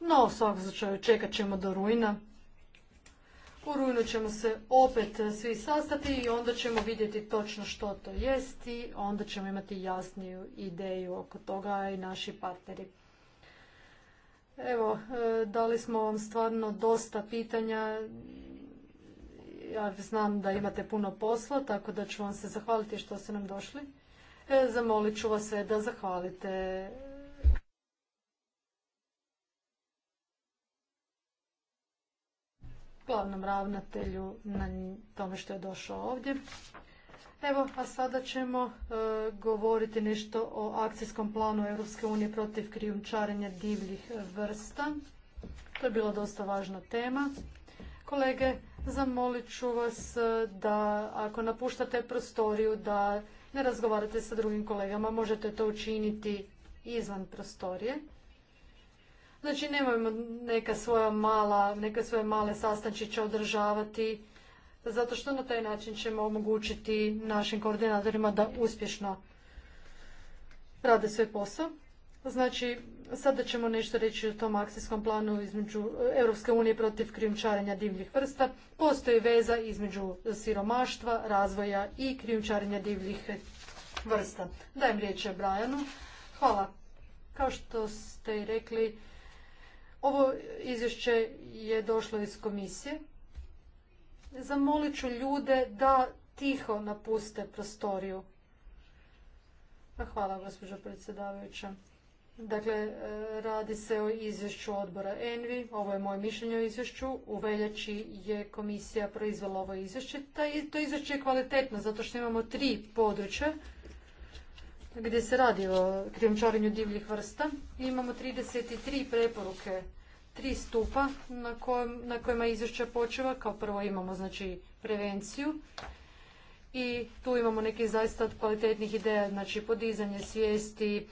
No, u svakom slučaju čekat ćemo do rujna u rujnu ćemo se opet eh, svi sastati i onda ćemo vidjeti točno što to jest i onda ćemo imati jasniju ideju oko toga i naši partneri. Evo, eh, dali smo vam stvarno dosta pitanja. Ja znam da imate puno posla, tako da ću vam se zahvaliti što ste nam došli. Eh, zamolit ću vas sve da zahvalite glavnom ravnatelju na tome što je došao ovdje. Evo, a sada ćemo e, govoriti nešto o akcijskom planu Europske unije protiv krijumčarenja divljih vrsta. To je bila dosta važna tema. Kolege, zamolit ću vas e, da ako napuštate prostoriju, da ne razgovarate sa drugim kolegama, možete to učiniti izvan prostorije. Znači nemojmo neka svoja mala, neke svoje male sastančiće održavati, zato što na taj način ćemo omogućiti našim koordinatorima da uspješno rade svoj posao. Znači, sada ćemo nešto reći o tom akcijskom planu između Europske unije protiv krijumčarenja divljih vrsta. Postoji veza između siromaštva, razvoja i krijumčarenja divljih vrsta. Dajem riječ Brajanu. Hvala. Kao što ste i rekli, ovo izvješće je došlo iz komisije. Zamolit ću ljude da tiho napuste prostoriju. Hvala, gospođo predsjedavajuća. Dakle, e, radi se o izvješću odbora ENVI. Ovo je moje mišljenje o izvješću. U veljači je komisija proizvela ovo izvješće. to izvješće je kvalitetno zato što imamo tri područja gdje se radi o krijumčarenju divljih vrsta. Imamo 33 preporuke, tri stupa na, kojima izvješće počeva. Kao prvo imamo znači prevenciju i tu imamo nekih zaista kvalitetnih ideja, znači podizanje svijesti, e,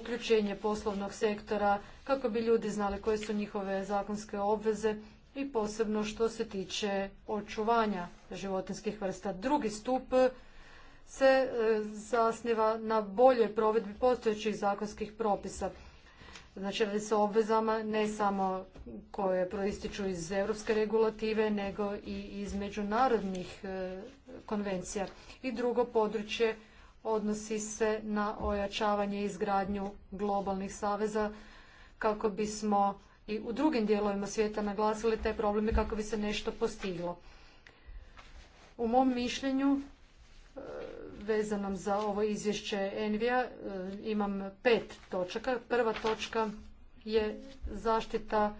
uključenje poslovnog sektora, kako bi ljudi znali koje su njihove zakonske obveze i posebno što se tiče očuvanja životinskih vrsta. Drugi stup se e, zasniva na boljoj provedbi postojećih zakonskih propisa. Znači radi se o obvezama ne samo koje proističu iz europske regulative, nego i iz međunarodnih e, konvencija. I drugo područje odnosi se na ojačavanje i izgradnju globalnih saveza kako bismo i u drugim dijelovima svijeta naglasili te probleme kako bi se nešto postiglo. U mom mišljenju vezanom za ovo izvješće Envija e, imam pet točaka. Prva točka je zaštita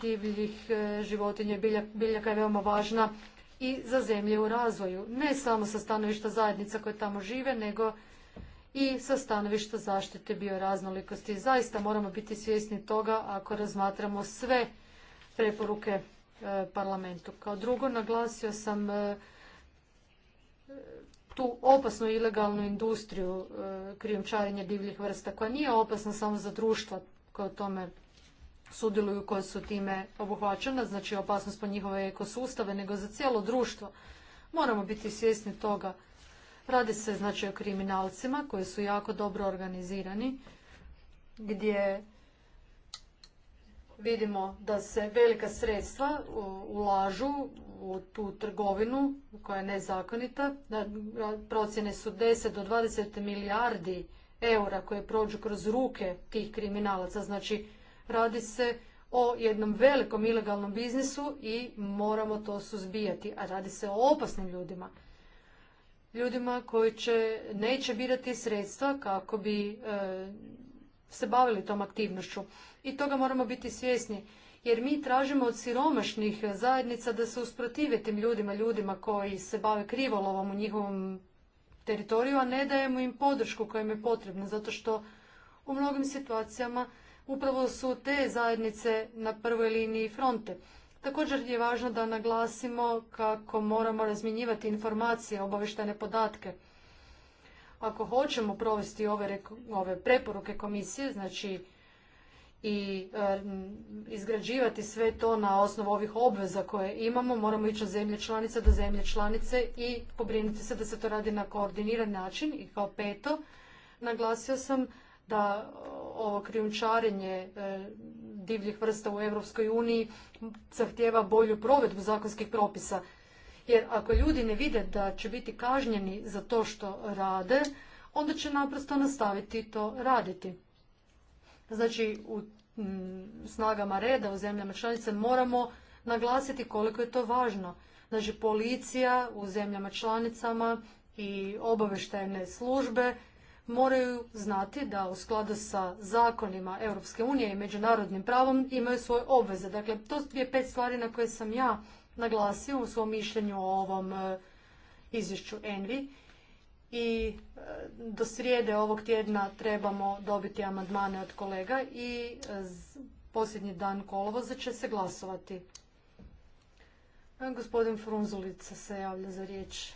divljih e, životinja i biljaka je veoma važna i za zemlje u razvoju. Ne samo sa stanovišta zajednica koje tamo žive, nego i sa stanovišta zaštite bioraznolikosti. Zaista moramo biti svjesni toga ako razmatramo sve preporuke e, parlamentu. Kao drugo, naglasio sam tu opasnu ilegalnu industriju e, krijumčarenja divljih vrsta koja nije opasna samo za društva koja u tome sudjeluju, koja su time obuhvaćena, znači opasnost po njihove ekosustave, nego za cijelo društvo. Moramo biti svjesni toga. Radi se znači o kriminalcima koji su jako dobro organizirani, gdje Vidimo da se velika sredstva ulažu u tu trgovinu koja je nezakonita. Procjene su 10 do 20 milijardi eura koje prođu kroz ruke tih kriminalaca. Znači, radi se o jednom velikom ilegalnom biznisu i moramo to suzbijati. A radi se o opasnim ljudima. Ljudima koji će, neće birati sredstva kako bi e, se bavili tom aktivnošću i toga moramo biti svjesni jer mi tražimo od siromašnih zajednica da se usprotive tim ljudima, ljudima koji se bave krivolovom u njihovom teritoriju, a ne dajemo im podršku koja im je potrebna, zato što u mnogim situacijama upravo su te zajednice na prvoj liniji fronte. Također je važno da naglasimo kako moramo razmjenjivati informacije, obavještajne podatke. Ako hoćemo provesti ove, ove preporuke komisije, znači i izgrađivati sve to na osnovu ovih obveza koje imamo. Moramo ići od zemlje članice do zemlje članice i pobrinuti se da se to radi na koordiniran način. I kao peto, naglasio sam da ovo krijumčarenje divljih vrsta u Europskoj uniji zahtjeva bolju provedbu zakonskih propisa. Jer ako ljudi ne vide da će biti kažnjeni za to što rade, onda će naprosto nastaviti to raditi znači u snagama reda u zemljama članice moramo naglasiti koliko je to važno. Znači policija u zemljama članicama i obavještajne službe moraju znati da u skladu sa zakonima Europske unije i međunarodnim pravom imaju svoje obveze. Dakle, to dvije pet stvari na koje sam ja naglasio u svom mišljenju o ovom e, izvješću Envi i e, do srijede ovog tjedna trebamo dobiti amandmane od kolega i e, posljednji dan kolovoza će se glasovati. E, gospodin Frunzulica se javlja za riječ.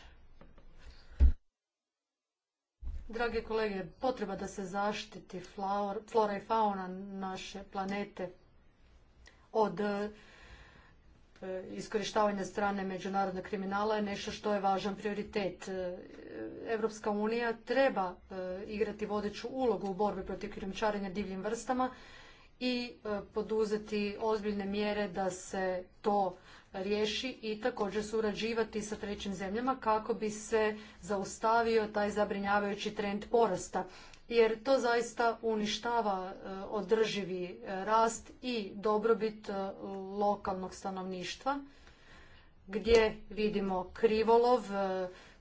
Drage kolege, potreba da se zaštiti flora i fauna naše planete od E, iskorištavanja strane međunarodnog kriminala je nešto što je važan prioritet. Europska unija treba e, igrati vodeću ulogu u borbi protiv krijumčarenja divljim vrstama i e, poduzeti ozbiljne mjere da se to riješi i također surađivati sa trećim zemljama kako bi se zaustavio taj zabrinjavajući trend porasta jer to zaista uništava e, održivi e, rast i dobrobit e, lokalnog stanovništva gdje vidimo krivolov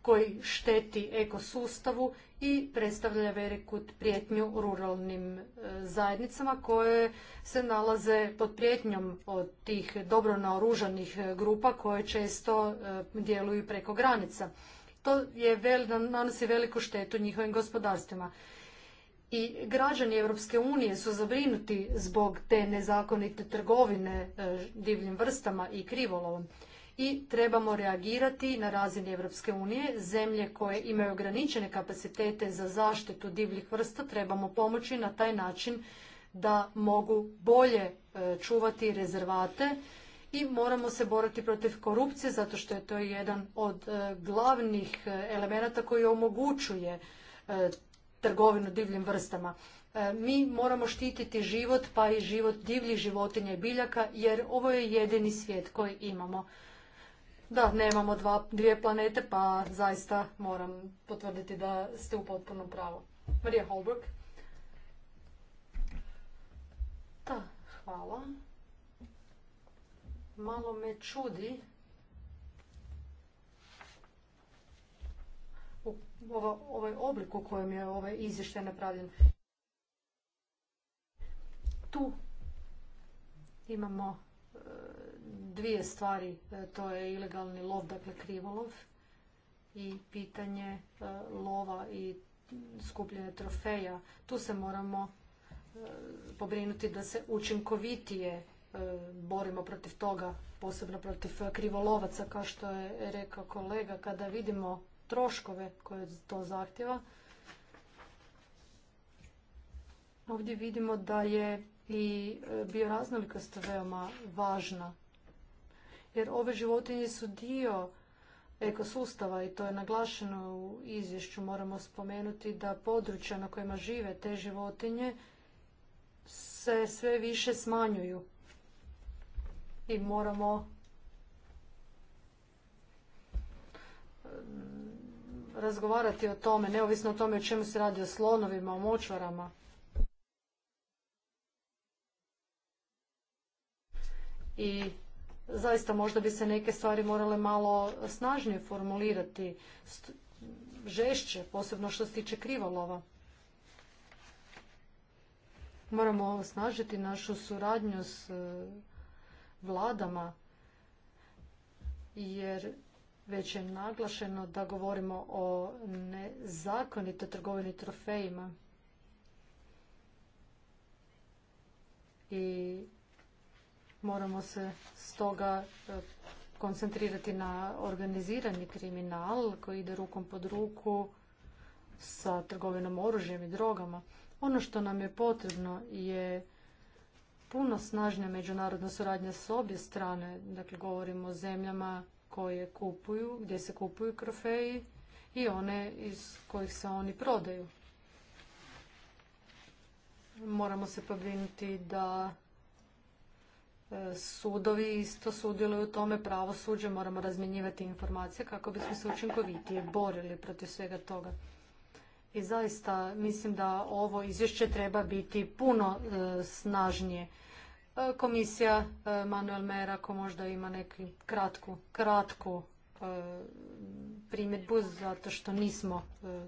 koji šteti ekosustavu i predstavlja veliku prijetnju ruralnim zajednicama koje se nalaze pod prijetnjom od tih dobro naoružanih grupa koje često djeluju preko granica. To je, nanosi veliku štetu njihovim gospodarstvima i građani Europske unije su zabrinuti zbog te nezakonite trgovine e, divljim vrstama i krivolovom. I trebamo reagirati na razini Europske unije. Zemlje koje imaju ograničene kapacitete za zaštitu divljih vrsta trebamo pomoći na taj način da mogu bolje e, čuvati rezervate i moramo se boriti protiv korupcije zato što je to jedan od e, glavnih elemenata koji omogućuje trgovinu divljim vrstama. E, mi moramo štititi život pa i život divljih životinja i biljaka jer ovo je jedini svijet koji imamo. Da, nemamo dva, dvije planete pa zaista moram potvrditi da ste u potpunom pravu. Marija Holbrook. Da, hvala. Malo me čudi u ovaj oblik u kojem je ovaj izvještaj napravljen. Tu imamo e, dvije stvari, e, to je ilegalni lov, dakle krivolov i pitanje e, lova i skupljene trofeja. Tu se moramo pobrinuti da se učinkovitije borimo protiv toga, posebno protiv krivolovaca, kao što je rekao kolega, kada vidimo troškove koje to zahtjeva. Ovdje vidimo da je i e, bioraznolikost veoma važna. Jer ove životinje su dio ekosustava i to je naglašeno u izvješću. Moramo spomenuti da područja na kojima žive te životinje se sve više smanjuju. I moramo razgovarati o tome, neovisno o tome o čemu se radi o slonovima, o močvarama. I zaista možda bi se neke stvari morale malo snažnije formulirati, žešće, posebno što se tiče krivolova. Moramo osnažiti našu suradnju s eh, vladama, jer već je naglašeno da govorimo o nezakonitoj trgovini trofejima. I moramo se stoga e, koncentrirati na organizirani kriminal koji ide rukom pod ruku sa trgovinom oružjem i drogama. Ono što nam je potrebno je puno snažnija međunarodna suradnja s obje strane, dakle govorimo o zemljama koje kupuju, gdje se kupuju krofeji i one iz kojih se oni prodaju. Moramo se pobrinuti da e, sudovi isto sudjeluju u tome, pravosuđe, moramo razmjenjivati informacije kako bismo se učinkovitije borili protiv svega toga. I zaista mislim da ovo izvješće treba biti puno e, snažnije Komisija e, Manuel Mera, ako možda ima neku kratku, kratku e, primjedbu, zato što nismo e,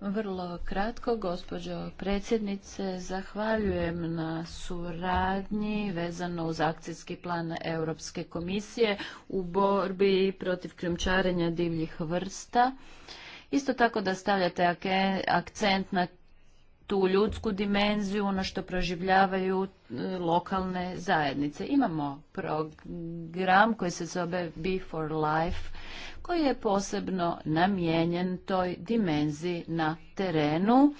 vrlo kratko, gospođo predsjednice, zahvaljujem na suradnji vezano uz akcijski plan Europske komisije u borbi protiv krijumčarenja divljih vrsta. Isto tako da stavljate akcent na tu ljudsku dimenziju, ono što proživljavaju e, lokalne zajednice. Imamo program koji se zove for Life, koji je posebno namijenjen toj dimenziji na terenu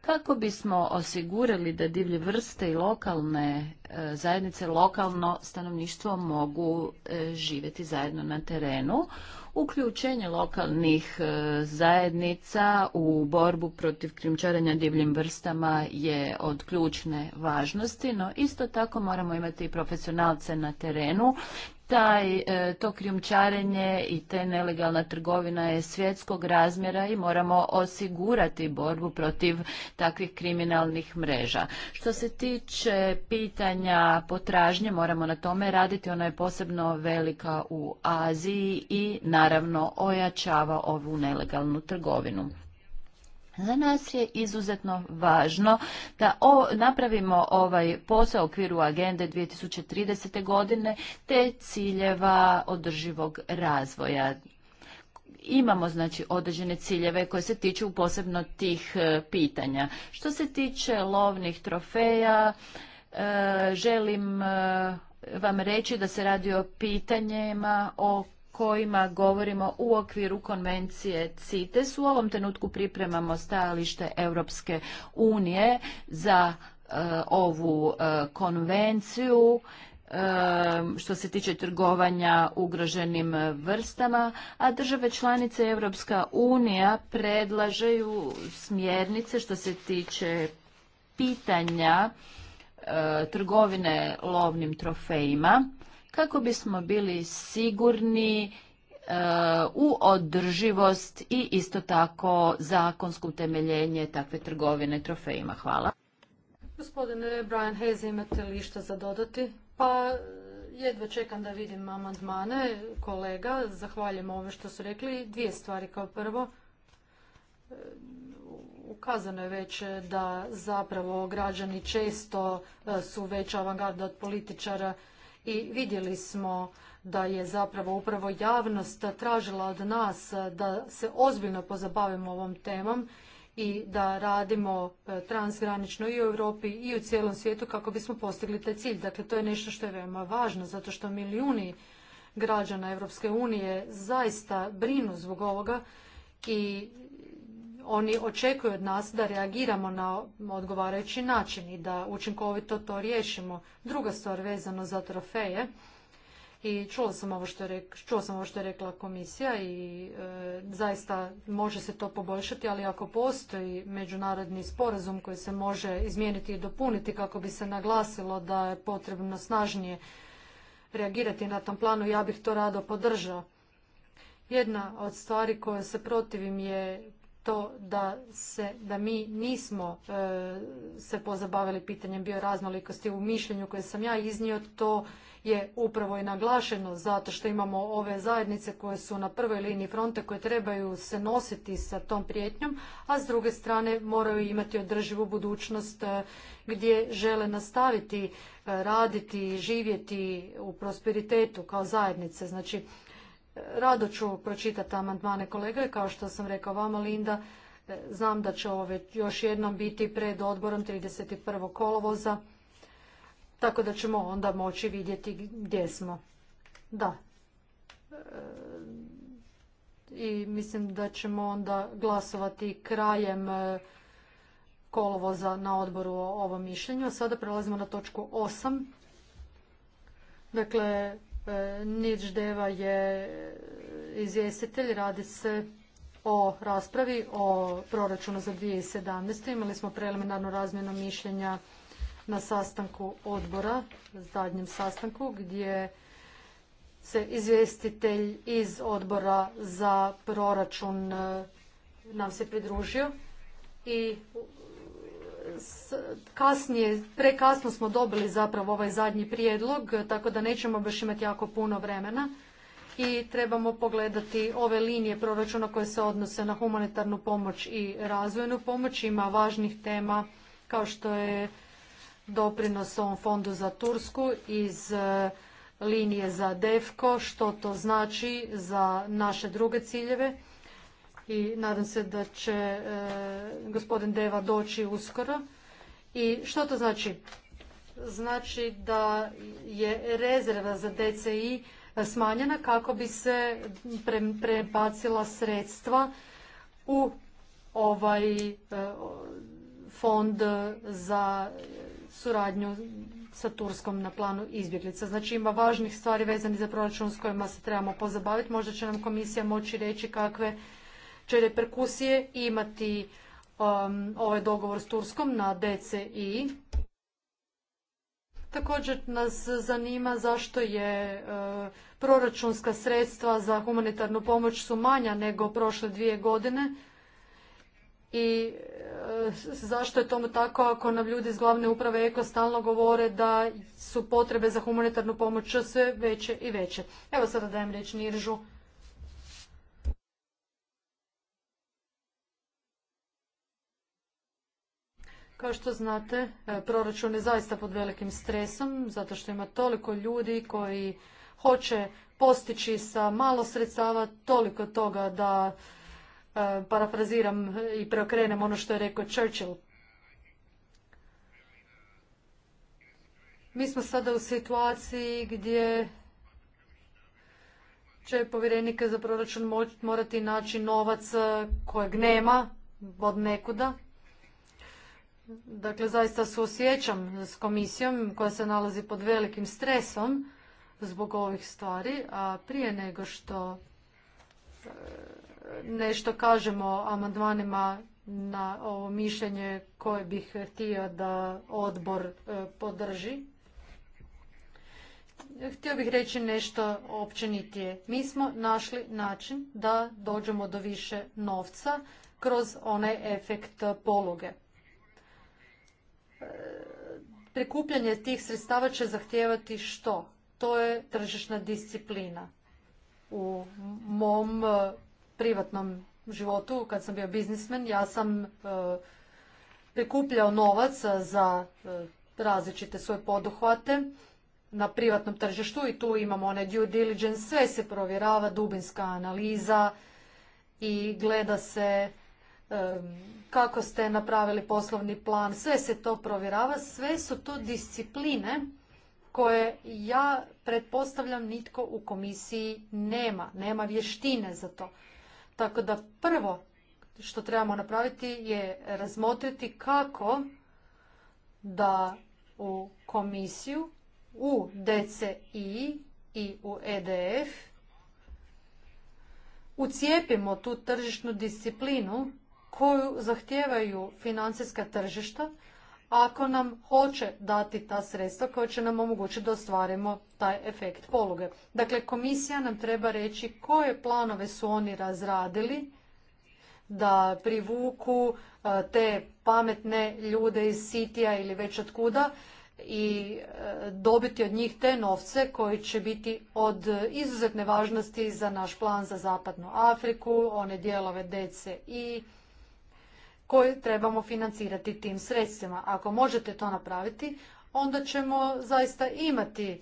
kako bismo osigurali da divlje vrste i lokalne e, zajednice, lokalno stanovništvo mogu e, živjeti zajedno na terenu uključenje lokalnih e, zajednica u borbu protiv krimčarenja divljim vrstama je od ključne važnosti, no isto tako moramo imati i profesionalce na terenu taj, e, to krijumčarenje i te nelegalna trgovina je svjetskog razmjera i moramo osigurati borbu protiv takvih kriminalnih mreža. Što se tiče pitanja potražnje, moramo na tome raditi. Ona je posebno velika u Aziji i naravno ojačava ovu nelegalnu trgovinu. Za nas je izuzetno važno da napravimo ovaj posao u okviru agende 2030. godine te ciljeva održivog razvoja imamo znači određene ciljeve koje se tiču posebno tih e, pitanja. Što se tiče lovnih trofeja, e, želim e, vam reći da se radi o pitanjima o kojima govorimo u okviru konvencije CITES. U ovom trenutku pripremamo stajalište Europske unije za eh, ovu eh, konvenciju eh, što se tiče trgovanja ugroženim vrstama, a države članice Europska unija predlažaju smjernice što se tiče pitanja trgovine lovnim trofejima kako bismo bili sigurni e, u održivost i isto tako zakonsko utemeljenje takve trgovine trofejima. Hvala. Gospodine Brian Hayes, imate li što za dodati? Pa jedva čekam da vidim amandmane kolega. Zahvaljujem ove što su rekli. Dvije stvari kao prvo. E, ukazano je već da zapravo građani često e, su već avangarda od političara i vidjeli smo da je zapravo upravo javnost tražila od nas da se ozbiljno pozabavimo ovom temom i da radimo e, transgranično i u Europi i u cijelom svijetu kako bismo postigli taj cilj. Dakle, to je nešto što je veoma važno zato što milijuni građana Europske unije zaista brinu zbog ovoga i oni očekuju od nas da reagiramo na odgovarajući način i da učinkovito to riješimo. Druga stvar vezano za trofeje i čula sam ovo što je, rekla komisija i e, zaista može se to poboljšati, ali ako postoji međunarodni sporazum koji se može izmijeniti i dopuniti kako bi se naglasilo da je potrebno snažnije reagirati na tom planu, ja bih to rado podržao. Jedna od stvari koje se protivim je to da, se, da mi nismo e, se pozabavili pitanjem bioraznolikosti u mišljenju koje sam ja iznio, to je upravo i naglašeno zato što imamo ove zajednice koje su na prvoj liniji fronte koje trebaju se nositi sa tom prijetnjom, a s druge strane moraju imati održivu budućnost e, gdje žele nastaviti e, raditi, živjeti u prosperitetu kao zajednice. Znači, Rado ću pročitati amandmane kolege. kao što sam rekao vama Linda, e, znam da će ovo još jednom biti pred odborom 31. kolovoza, tako da ćemo onda moći vidjeti gdje smo. Da. E, I mislim da ćemo onda glasovati krajem e, kolovoza na odboru o ovom mišljenju. Sada prelazimo na točku 8. Dakle, E, Nič Deva je izvjestitelj, radi se o raspravi o proračunu za 2017. Imali smo preliminarnu razmjenu mišljenja na sastanku odbora, zadnjem sastanku, gdje se izvjestitelj iz odbora za proračun e, nam se pridružio i kasnije, prekasno smo dobili zapravo ovaj zadnji prijedlog, tako da nećemo baš imati jako puno vremena i trebamo pogledati ove linije proračuna koje se odnose na humanitarnu pomoć i razvojnu pomoć. Ima važnih tema kao što je doprinos ovom fondu za Tursku iz e, linije za DEFKO, što to znači za naše druge ciljeve i nadam se da će e, gospodin Deva doći uskoro. I što to znači? Znači da je rezerva za DCI smanjena kako bi se prebacila sredstva u ovaj e, fond za suradnju sa Turskom na planu izbjeglica. Znači ima važnih stvari vezanih za proračun s kojima se trebamo pozabaviti. Možda će nam komisija moći reći kakve će reperkusije imati um, ovaj dogovor s Turskom na DCI. Također nas zanima zašto je uh, proračunska sredstva za humanitarnu pomoć su manja nego prošle dvije godine i uh, zašto je tomu tako ako nam ljudi iz glavne uprave Eko stalno govore da su potrebe za humanitarnu pomoć sve veće i veće. Evo sada dajem riječ Niržu Kao što znate, e, proračun je zaista pod velikim stresom, zato što ima toliko ljudi koji hoće postići sa malo sredstava toliko toga da e, parafraziram i preokrenem ono što je rekao Churchill. Mi smo sada u situaciji gdje će povjerenike za proračun morati naći novac kojeg nema od nekuda Dakle, zaista se osjećam s komisijom koja se nalazi pod velikim stresom zbog ovih stvari, a prije nego što e, nešto kažemo o amandmanima na ovo mišljenje koje bih htio da odbor e, podrži. Htio bih reći nešto općenitije. Mi smo našli način da dođemo do više novca kroz onaj efekt poluge prikupljanje tih sredstava će zahtijevati što? To je tržišna disciplina. U mom e, privatnom životu, kad sam bio biznismen, ja sam e, prikupljao novac za e, različite svoje poduhvate na privatnom tržištu i tu imamo one due diligence, sve se provjerava, dubinska analiza i gleda se kako ste napravili poslovni plan, sve se to provjerava, sve su to discipline koje ja pretpostavljam nitko u komisiji nema, nema vještine za to. Tako da prvo što trebamo napraviti je razmotriti kako da u komisiju, u DCI i u EDF ucijepimo tu tržišnu disciplinu koju zahtijevaju financijska tržišta ako nam hoće dati ta sredstva koja će nam omogućiti da ostvarimo taj efekt poluge. Dakle, komisija nam treba reći koje planove su oni razradili da privuku e, te pametne ljude iz Sitija ili već otkuda i e, dobiti od njih te novce koji će biti od izuzetne važnosti za naš plan za Zapadnu Afriku, one dijelove DCI, koje trebamo financirati tim sredstvima. Ako možete to napraviti, onda ćemo zaista imati e,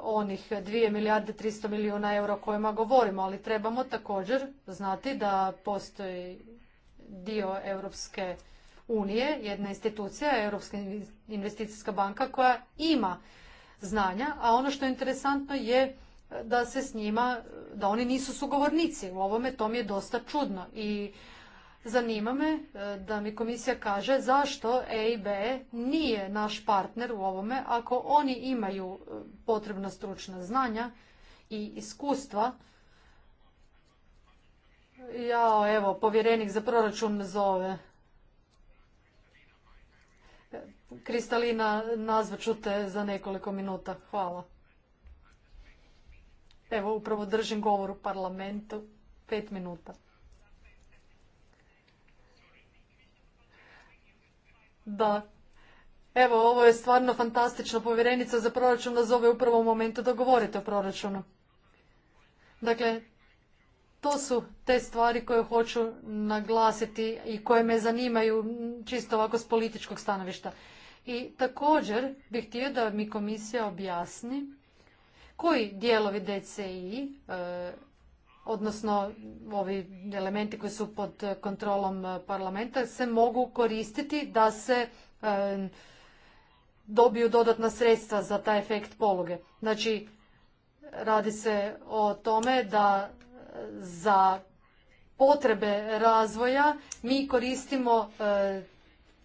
onih 2 milijarde 300 milijuna eura o kojima govorimo, ali trebamo također znati da postoji dio Europske unije, jedna institucija, Europska investicijska banka koja ima znanja, a ono što je interesantno je da se s njima, da oni nisu sugovornici. U ovome tom je dosta čudno i Zanima me e, da mi komisija kaže zašto EIB nije naš partner u ovome ako oni imaju e, potrebna stručna znanja i iskustva. Jao, evo, povjerenik za proračun me zove. E, Kristalina, ću te za nekoliko minuta. Hvala. Evo, upravo držim govor u parlamentu. Pet minuta. Da. Evo, ovo je stvarno fantastično. Povjerenica za proračun nazove zove upravo u momentu da govorite o proračunu. Dakle, to su te stvari koje hoću naglasiti i koje me zanimaju čisto ovako s političkog stanovišta. I također bih htio da mi komisija objasni koji dijelovi DCI, e, odnosno ovi elementi koji su pod kontrolom e, parlamenta se mogu koristiti da se e, dobiju dodatna sredstva za taj efekt poluge. Znači, radi se o tome da e, za potrebe razvoja mi koristimo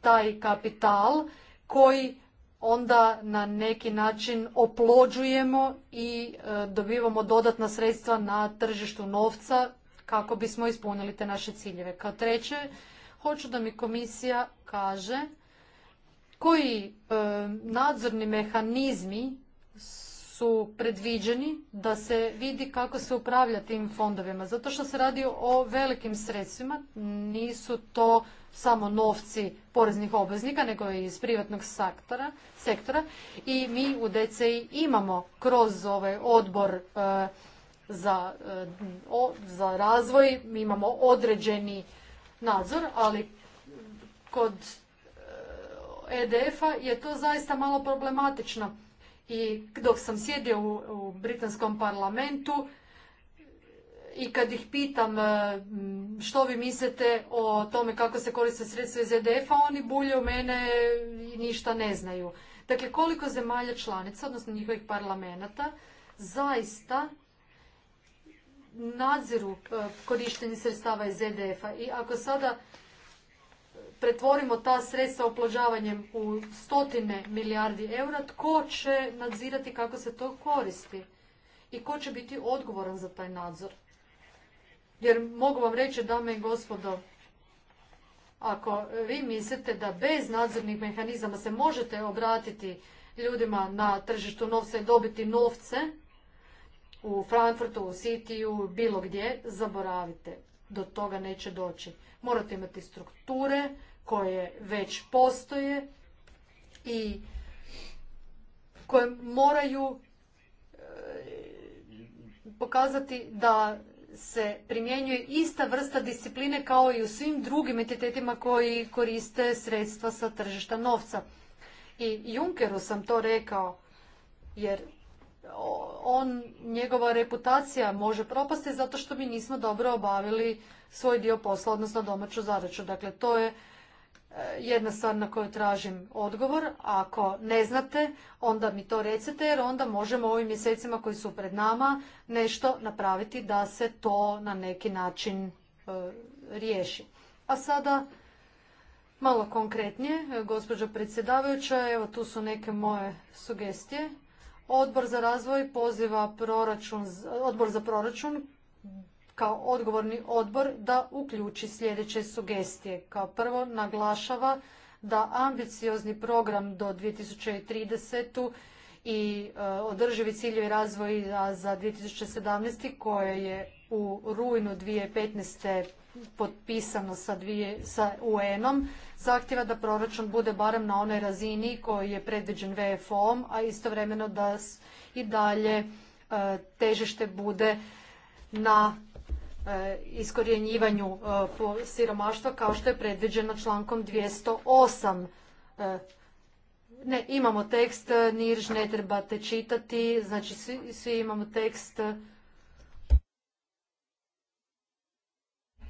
taj kapital koji onda na neki način oplođujemo i e, dobivamo dodatna sredstva na tržištu novca kako bismo ispunili te naše ciljeve. Kao treće, hoću da mi komisija kaže koji e, nadzorni mehanizmi su predviđeni da se vidi kako se upravlja tim fondovima. Zato što se radi o velikim sredstvima, nisu to samo novci poreznih obveznika, nego i iz privatnog sektora. I mi u DCI imamo kroz ovaj odbor e, za, e, za razvoj, mi imamo određeni nadzor, ali kod EDF-a e je to zaista malo problematično. I dok sam sjedio u britanskom parlamentu, i kad ih pitam e, što vi mislite o tome kako se koriste sredstva iz EDF-a, oni bulje u mene i ništa ne znaju. Dakle, koliko zemalja članica, odnosno njihovih parlamenta, zaista nadziru e, korištenje sredstava iz EDF-a. I ako sada pretvorimo ta sredstva oplođavanjem u stotine milijardi eura, tko će nadzirati kako se to koristi? I ko će biti odgovoran za taj nadzor? Jer mogu vam reći, dame i gospodo, ako vi mislite da bez nadzornih mehanizama se možete obratiti ljudima na tržištu novca i dobiti novce u Frankfurtu, u u bilo gdje, zaboravite. Do toga neće doći. Morate imati strukture koje već postoje i koje moraju e, pokazati da se primjenjuje ista vrsta discipline kao i u svim drugim entitetima koji koriste sredstva sa tržišta novca. I Junkeru sam to rekao, jer on, njegova reputacija može propasti zato što mi nismo dobro obavili svoj dio posla, odnosno domaću zadaću. Dakle, to je Eh, jedna stvar na koju tražim odgovor. Ako ne znate, onda mi to recite jer onda možemo ovim mjesecima koji su pred nama nešto napraviti da se to na neki način eh, riješi. A sada malo konkretnije, eh, gospođo predsjedavajuća, evo tu su neke moje sugestije. Odbor za razvoj poziva proračun, odbor za proračun kao odgovorni odbor da uključi sljedeće sugestije. Kao prvo naglašava da ambiciozni program do 2030 i e, održivi ciljevi razvoja za 2017. koje je u rujnu 2015. potpisano sa, sa UN-om, zahtjeva da proračun bude barem na onoj razini koji je predviđen VFO-om, a istovremeno da i dalje e, težište bude na E, iskorjenjivanju e, siromaštva kao što je predviđeno člankom 208. E, ne, imamo tekst, Nirž ne trebate čitati, znači svi, svi imamo tekst.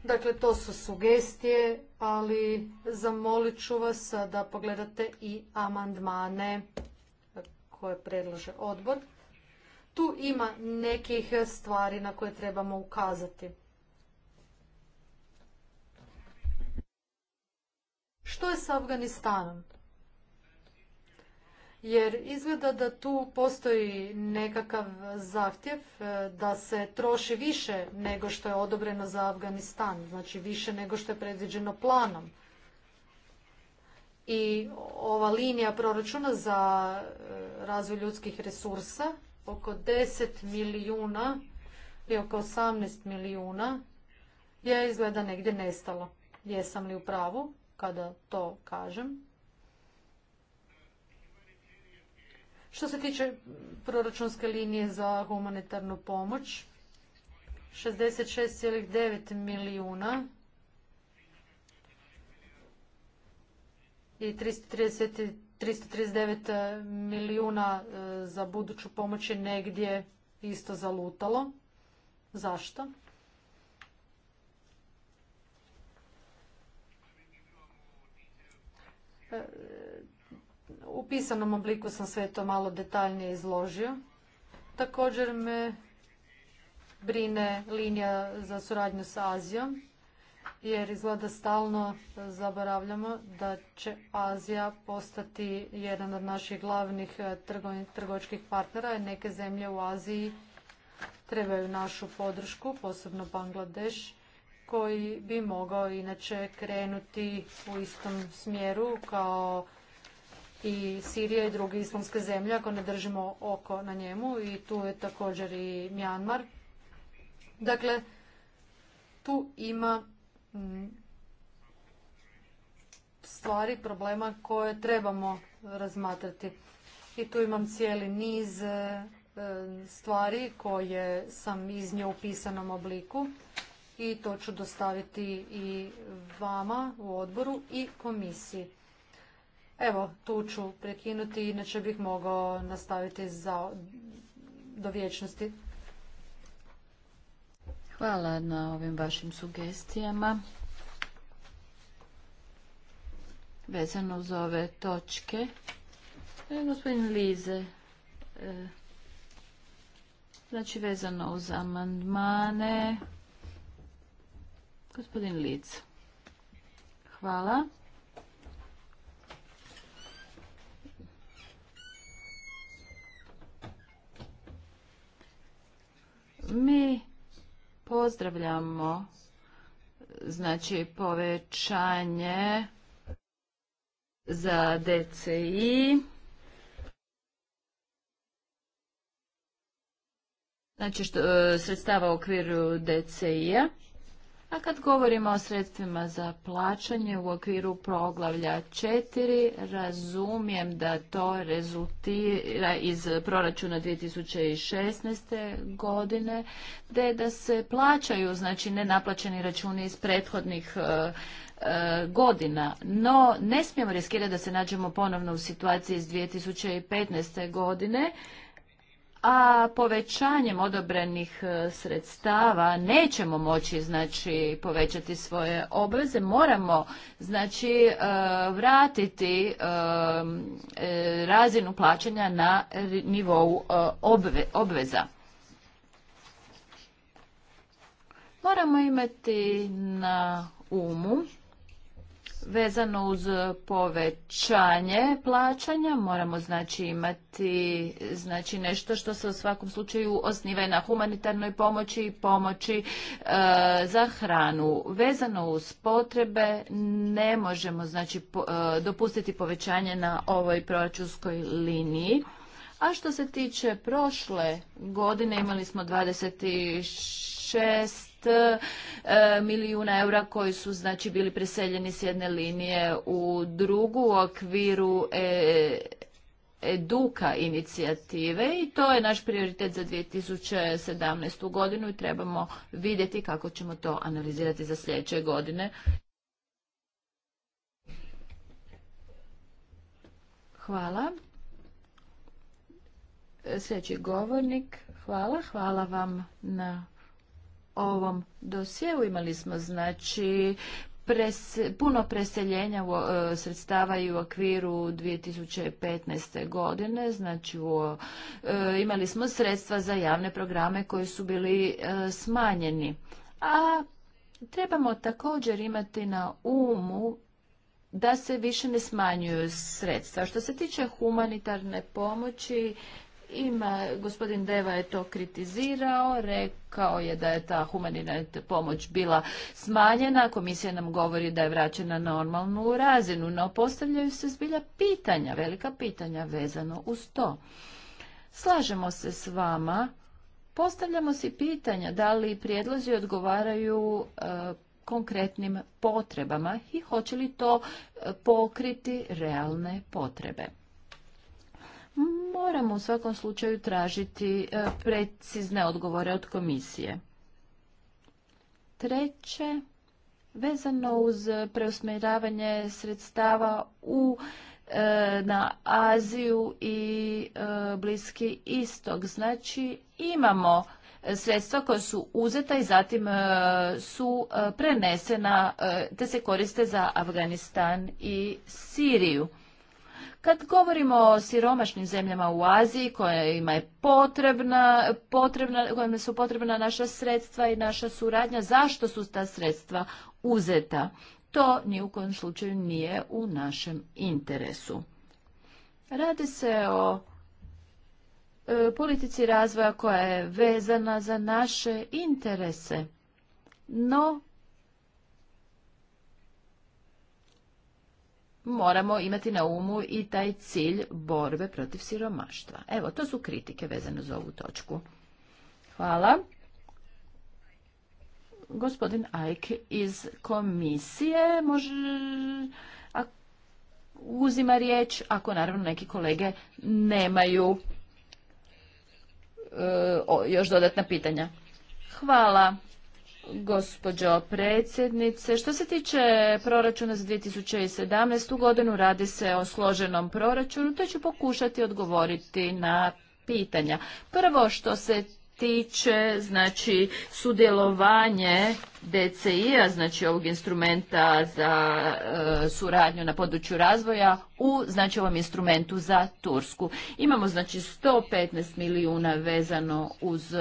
Dakle, to su sugestije, ali zamolit ću vas da pogledate i amandmane koje predlaže odbor. Tu ima nekih stvari na koje trebamo ukazati. Što je sa Afganistanom? Jer izgleda da tu postoji nekakav zahtjev e, da se troši više nego što je odobreno za Afganistan, znači više nego što je predviđeno planom. I ova linija proračuna za e, razvoj ljudskih resursa, oko 10 milijuna i oko 18 milijuna je izgleda negdje nestalo. Jesam li u pravu? kada to kažem. Što se tiče proračunske linije za humanitarnu pomoć, 66,9 milijuna i 339 milijuna e, za buduću pomoć je negdje isto zalutalo. Zašto? U pisanom obliku sam sve to malo detaljnije izložio. Također me brine linija za suradnju sa Azijom, jer izgleda stalno zaboravljamo da će Azija postati jedan od naših glavnih e, trgovačkih partnera. Neke zemlje u Aziji trebaju našu podršku, posebno Bangladeš, koji bi mogao inače krenuti u istom smjeru kao i Sirija i druge islamske zemlje ako ne držimo oko na njemu i tu je također i Mjanmar. Dakle, tu ima mm, stvari, problema koje trebamo razmatrati. I tu imam cijeli niz e, stvari koje sam iznio u pisanom obliku i to ću dostaviti i vama u odboru i komisiji. Evo, tu ću prekinuti, inače bih mogao nastaviti za, do vječnosti. Hvala na ovim vašim sugestijama. Vezano uz ove točke. E, gospodin Lize, e, znači vezano uz amandmane, Gospodin Lic. Hvala. Mi pozdravljamo znači povećanje za DCI. Znači što, e, sredstava u okviru DCI-a. A kad govorimo o sredstvima za plaćanje u okviru proglavlja 4, razumijem da to rezultira iz proračuna 2016. godine, gdje da se plaćaju, znači nenaplaćeni računi iz prethodnih e, e, godina, no ne smijemo riskirati da se nađemo ponovno u situaciji iz 2015. godine, a povećanjem odobrenih e, sredstava nećemo moći znači povećati svoje obveze moramo znači e, vratiti e, razinu plaćanja na nivou obveza moramo imati na umu vezano uz povećanje plaćanja moramo znači imati znači nešto što se u svakom slučaju osniva na humanitarnoj pomoći i pomoći e, za hranu vezano uz potrebe ne možemo znači e, dopustiti povećanje na ovoj proračunskoj liniji a što se tiče prošle godine imali smo 26 E, milijuna eura koji su znači bili preseljeni s jedne linije u drugu u okviru e, eduka inicijative i to je naš prioritet za 2017. godinu i trebamo vidjeti kako ćemo to analizirati za sljedeće godine. Hvala. Sljedeći govornik, hvala, hvala vam na ovom dosjeu imali smo znači puno preseljenja u, e, sredstava i u okviru 2015. godine znači u, e, imali smo sredstva za javne programe koji su bili e, smanjeni a trebamo također imati na umu da se više ne smanjuju sredstva. Što se tiče humanitarne pomoći, ima, gospodin Deva je to kritizirao, rekao je da je ta humanitarna pomoć bila smanjena, komisija nam govori da je vraćena na normalnu razinu, no postavljaju se zbilja pitanja, velika pitanja vezano uz to. Slažemo se s vama, postavljamo si pitanja da li prijedlozi odgovaraju e, konkretnim potrebama i hoće li to e, pokriti realne potrebe moramo u svakom slučaju tražiti e, precizne odgovore od komisije. Treće, vezano uz preusmjeravanje sredstava u e, na Aziju i e, Bliski istok. Znači imamo sredstva koja su uzeta i zatim su prenesena te se koriste za Afganistan i Siriju. Kad govorimo o siromašnim zemljama u Aziji kojima je potrebna, potrebna, kojima su potrebna naša sredstva i naša suradnja, zašto su ta sredstva uzeta? To ni u kojem slučaju nije u našem interesu. Radi se o e, politici razvoja koja je vezana za naše interese. No, moramo imati na umu i taj cilj borbe protiv siromaštva. Evo, to su kritike vezane za ovu točku. Hvala. Gospodin Ajk iz komisije može uzima riječ, ako naravno neki kolege nemaju e, još dodatna pitanja. Hvala gospođo predsjednice. Što se tiče proračuna za 2017. godinu, radi se o složenom proračunu, to ću pokušati odgovoriti na pitanja. Prvo što se tiče znači sudjelovanje DCI-a, znači ovog instrumenta za e, suradnju na području razvoja u znači ovom instrumentu za Tursku. Imamo znači 115 milijuna vezano uz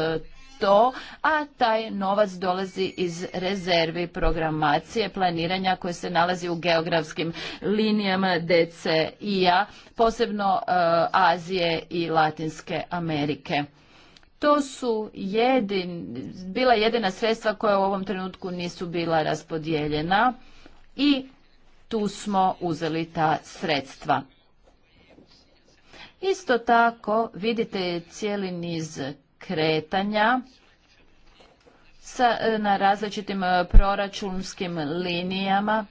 to, a taj novac dolazi iz rezervi programacije planiranja koje se nalazi u geografskim linijama DCI-a, posebno e, Azije i Latinske Amerike. To su bila jedina sredstva koja u ovom trenutku nisu bila raspodijeljena i tu smo uzeli ta sredstva. Isto tako vidite cijeli niz kretanja e, na različitim e, proračunskim linijama.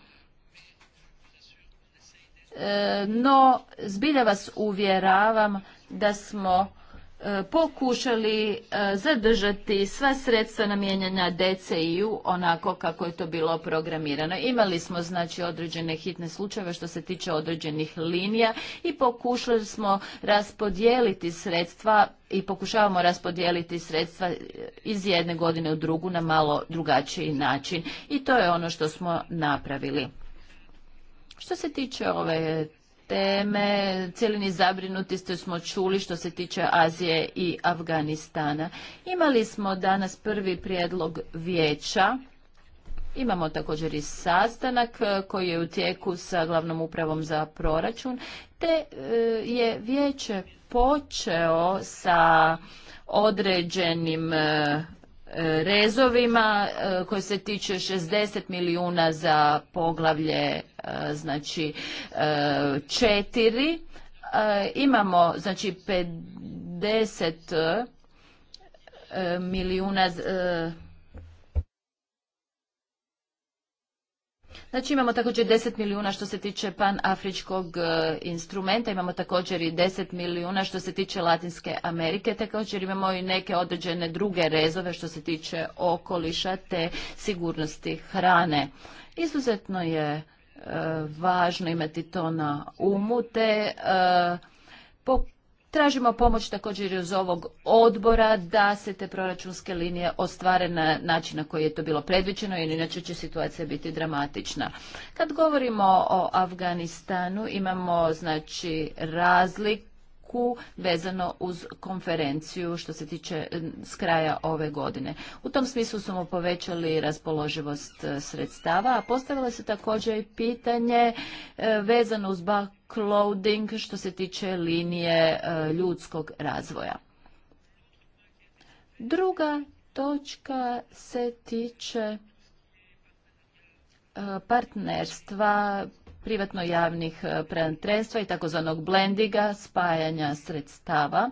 E, no, zbilja vas uvjeravam da smo pokušali e, zadržati sva sredstva namijenjena DCI-u onako kako je to bilo programirano. Imali smo znači određene hitne slučajeve što se tiče određenih linija i pokušali smo raspodijeliti sredstva i pokušavamo raspodijeliti sredstva iz jedne godine u drugu na malo drugačiji način i to je ono što smo napravili. Što se tiče ove teme, cijeli niz ste smo čuli što se tiče Azije i Afganistana. Imali smo danas prvi prijedlog vijeća Imamo također i sastanak e, koji je u tijeku sa glavnom upravom za proračun, te e, je vijeće počeo sa određenim e, E, rezovima e, koji se tiče 60 milijuna za poglavlje e, znači 4 imamo znači 50 milijuna Znači imamo također 10 milijuna što se tiče panafričkog e, instrumenta, imamo također i 10 milijuna što se tiče Latinske Amerike, također imamo i neke određene druge rezove što se tiče okoliša te sigurnosti hrane. Izuzetno je e, važno imati to na umu te e, po Tražimo pomoć također iz ovog odbora da se te proračunske linije ostvare na način na koji je to bilo predviđeno jer inače će situacija biti dramatična. Kad govorimo o Afganistanu imamo znači razliku vezano uz konferenciju što se tiče s kraja ove godine. U tom smislu smo povećali raspoloživost e, sredstava, a postavilo se također i pitanje e, vezano uz clouding što se tiče linije e, ljudskog razvoja. Druga točka se tiče e, partnerstva privatno-javnih e, prijateljstva i takozvanog blendiga, spajanja sredstava.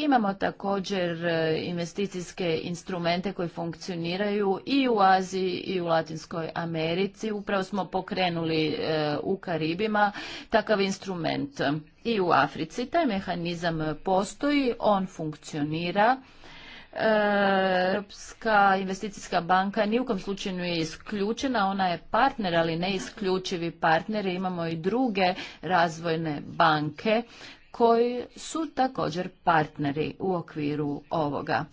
Imamo također e, investicijske instrumente koji funkcioniraju i u Aziji i u Latinskoj Americi. Upravo smo pokrenuli e, u Karibima takav instrument i u Africi. Taj mehanizam postoji, on funkcionira. E, Europska investicijska banka ni u kom slučaju nije isključena, ona je partner, ali ne isključivi partner. Imamo i druge razvojne banke koji su također partneri u okviru ovoga.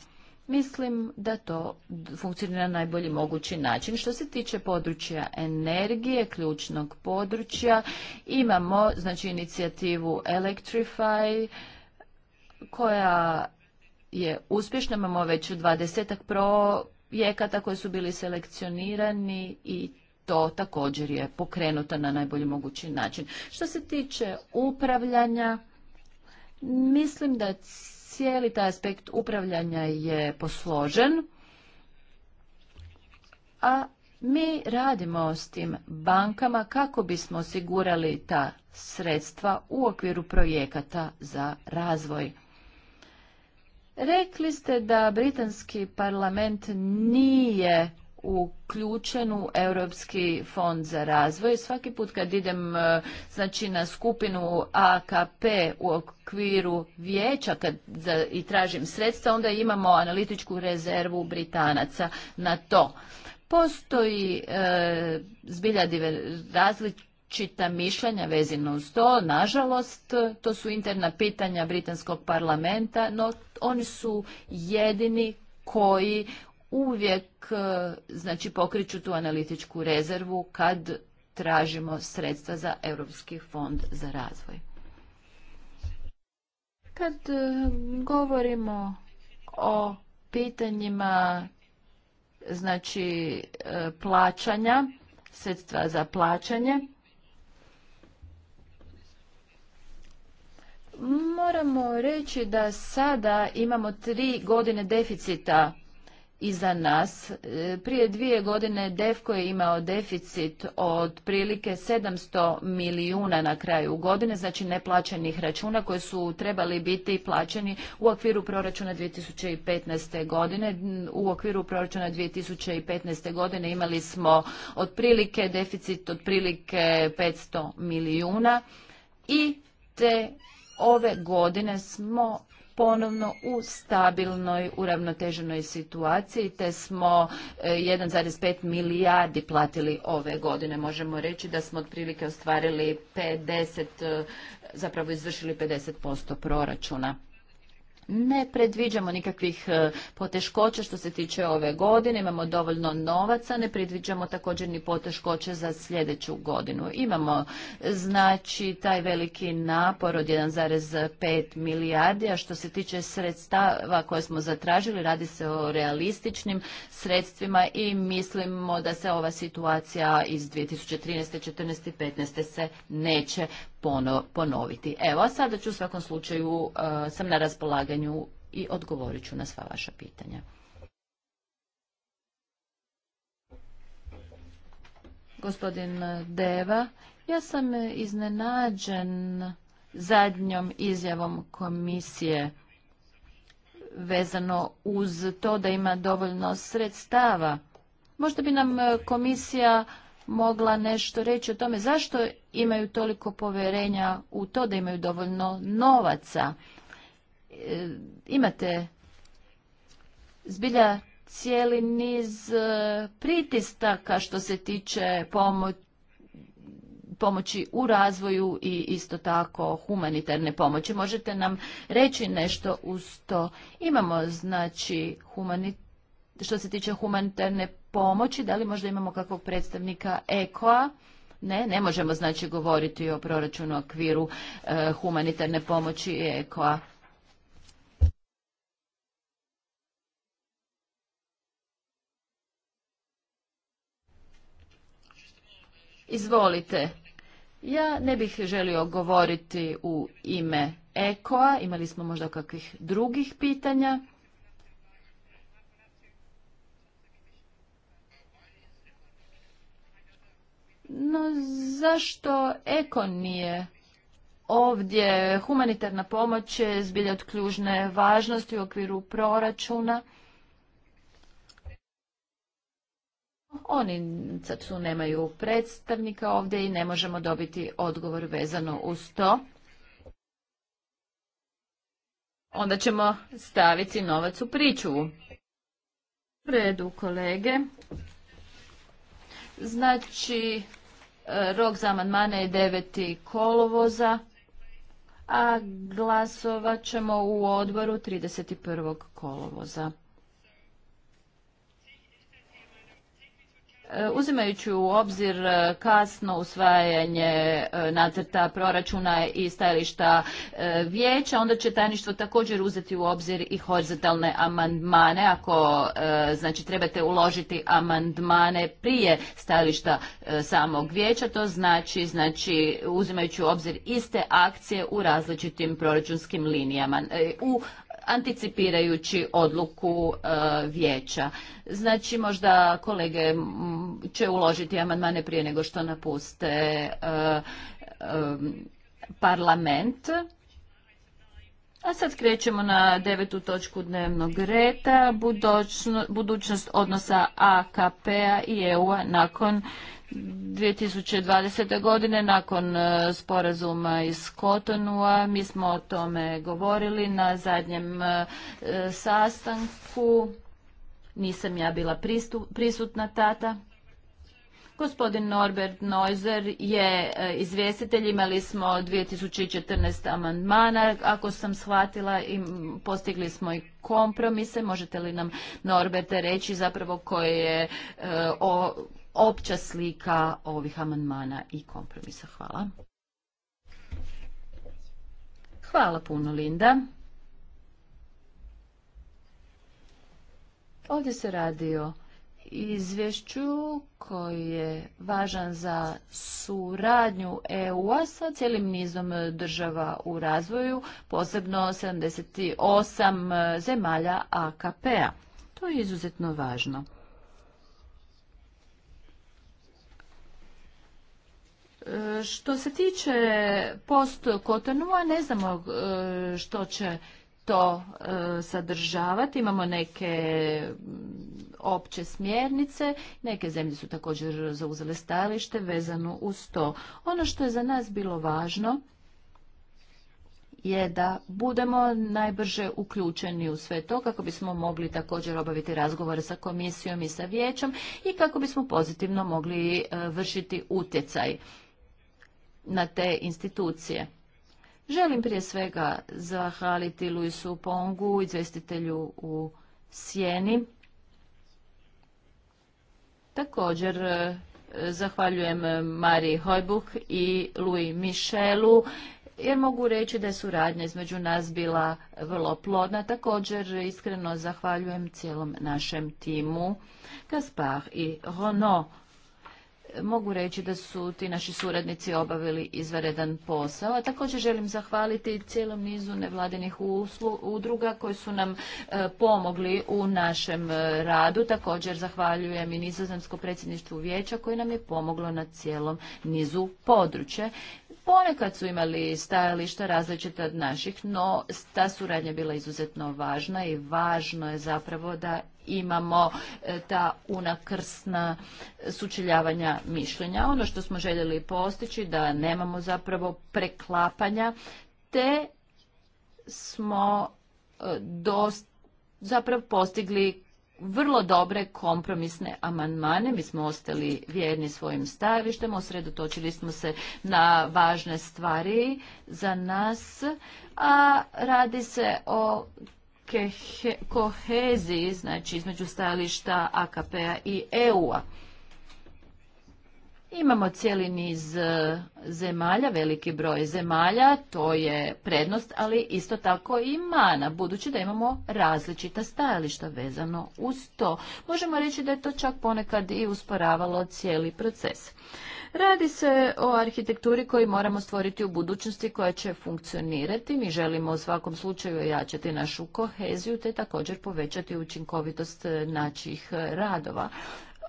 Mislim da to funkcionira na najbolji mogući način. Što se tiče područja energije, ključnog područja, imamo znači inicijativu Electrify koja je uspješna, imamo već dvadesetak projekata koji su bili selekcionirani i to također je pokrenuto na najbolji mogući način. Što se tiče upravljanja, Mislim da cijeli taj aspekt upravljanja je posložen, a mi radimo s tim bankama kako bismo osigurali ta sredstva u okviru projekata za razvoj. Rekli ste da britanski parlament nije uključen u Europski fond za razvoj. Svaki put kad idem e, znači, na skupinu AKP u okviru vijeća kad i tražim sredstva, onda imamo analitičku rezervu Britanaca na to. Postoji e, zbilja različita mišljenja vezano uz to. Nažalost, to su interna pitanja Britanskog parlamenta, no oni su jedini koji uvijek e, znači pokriću tu analitičku rezervu kad tražimo sredstva za Europski fond za razvoj. Kad e, govorimo o pitanjima znači e, plaćanja, sredstva za plaćanje, moramo reći da sada imamo tri godine deficita iza nas. E, prije dvije godine DEFKO je imao deficit od prilike 700 milijuna na kraju godine, znači neplaćenih računa koji su trebali biti plaćeni u okviru proračuna 2015. godine. U okviru proračuna 2015. godine imali smo otprilike deficit otprilike 500 milijuna i te ove godine smo ponovno u stabilnoj, uravnoteženoj situaciji, te smo 1,5 e, milijardi platili ove godine. Možemo reći da smo otprilike ostvarili 50, e, zapravo izvršili 50% proračuna ne predviđamo nikakvih e, poteškoća što se tiče ove godine, imamo dovoljno novaca, ne predviđamo također ni poteškoće za sljedeću godinu. Imamo znači taj veliki napor od 1,5 milijardi, a što se tiče sredstava koje smo zatražili, radi se o realističnim sredstvima i mislimo da se ova situacija iz 2013. 14. i 15. se neće ponoviti. Evo, a sada ću u svakom slučaju, e, sam na raspolaganju i odgovorit ću na sva vaša pitanja. Gospodin Deva, ja sam iznenađen zadnjom izjavom komisije vezano uz to da ima dovoljno sredstava. Možda bi nam komisija mogla nešto reći o tome zašto imaju toliko povjerenja u to da imaju dovoljno novaca. E, imate zbilja cijeli niz e, pritistaka što se tiče pomoć, pomoći u razvoju i isto tako humanitarne pomoći. Možete nam reći nešto uz to. Imamo znači što se tiče humanitarne pomoći? Da li možda imamo kakvog predstavnika EKOA? Ne, ne možemo znači govoriti o proračunu okviru e, humanitarne pomoći EKOA. Izvolite. Ja ne bih želio govoriti u ime EKOA. Imali smo možda kakvih drugih pitanja. No zašto Eko nije ovdje? Humanitarna pomoć je zbilja od ključne važnosti u okviru proračuna. Oni sad su nemaju predstavnika ovdje i ne možemo dobiti odgovor vezano uz to. Onda ćemo staviti novac u pričuvu. Predu kolege. Znači, Rok za amandmane je 9. kolovoza, a glasovat ćemo u odboru 31. kolovoza. E, uzimajući u obzir e, kasno usvajanje e, nacrta proračuna i stajališta vijeća, onda će tajništvo također uzeti u obzir i horizontalne amandmane. Ako znači, trebate uložiti amandmane prije stajališta samog vijeća, to znači, znači uzimajući u obzir iste akcije u različitim proračunskim linijama, u anticipirajući odluku e, vijeća. Znači možda kolege će uložiti amandmane prije nego što napuste e, e, parlament. A sad krećemo na devetu točku dnevnog reda, budućnost odnosa AKP-a i EU-a nakon 2020. godine nakon e, sporazuma iz Kotonua. Mi smo o tome govorili na zadnjem e, sastanku. Nisam ja bila prisutna tata. Gospodin Norbert Neuser je e, izvjestitelj, imali smo 2014 amandmana, ako sam shvatila postigli smo i kompromise, možete li nam Norberte reći zapravo koje je o opća slika ovih amandmana i kompromisa. Hvala. Hvala puno, Linda. Ovdje se radi o izvješću koji je važan za suradnju EU-a sa cijelim nizom država u razvoju, posebno 78 zemalja AKP-a. To je izuzetno važno. Što se tiče post Kotonua, ne znamo e, što će to e, sadržavati. Imamo neke mm, opće smjernice, neke zemlje su također zauzele stajalište vezano uz to. Ono što je za nas bilo važno je da budemo najbrže uključeni u sve to kako bismo mogli također obaviti razgovore sa komisijom i sa vijećom i kako bismo pozitivno mogli e, vršiti utjecaj na te institucije. Želim prije svega zahvaliti Luisu Pongu, izvestitelju u Sjeni. Također e, zahvaljujem Mariji Hojbuk i Louis Michelu, jer mogu reći da je suradnja između nas bila vrlo plodna. Također iskreno zahvaljujem cijelom našem timu, Kaspar i Renaud mogu reći da su ti naši suradnici obavili izvaredan posao. A također želim zahvaliti cijelom nizu nevladinih udruga koji su nam e, pomogli u našem e, radu. Također zahvaljujem i nizozemsko predsjedništvu vijeća koje nam je pomoglo na cijelom nizu područja. Ponekad su imali stajališta različita od naših, no ta suradnja je bila izuzetno važna i važno je zapravo da imamo e, ta unakrsna sučeljavanja mišljenja. Ono što smo željeli postići da nemamo zapravo preklapanja te smo e, dost, zapravo postigli vrlo dobre kompromisne amandmane. Mi smo ostali vjerni svojim stavištem, osredotočili smo se na važne stvari za nas, a radi se o koheziji, znači između stajališta AKP-a i EU-a. Imamo cijeli niz e, zemalja, veliki broj zemalja, to je prednost, ali isto tako i mana, budući da imamo različita stajališta vezano uz to. Možemo reći da je to čak ponekad i usporavalo cijeli proces. Radi se o arhitekturi koju moramo stvoriti u budućnosti koja će funkcionirati. Mi želimo u svakom slučaju ojačati našu koheziju te također povećati učinkovitost e, naših e, radova.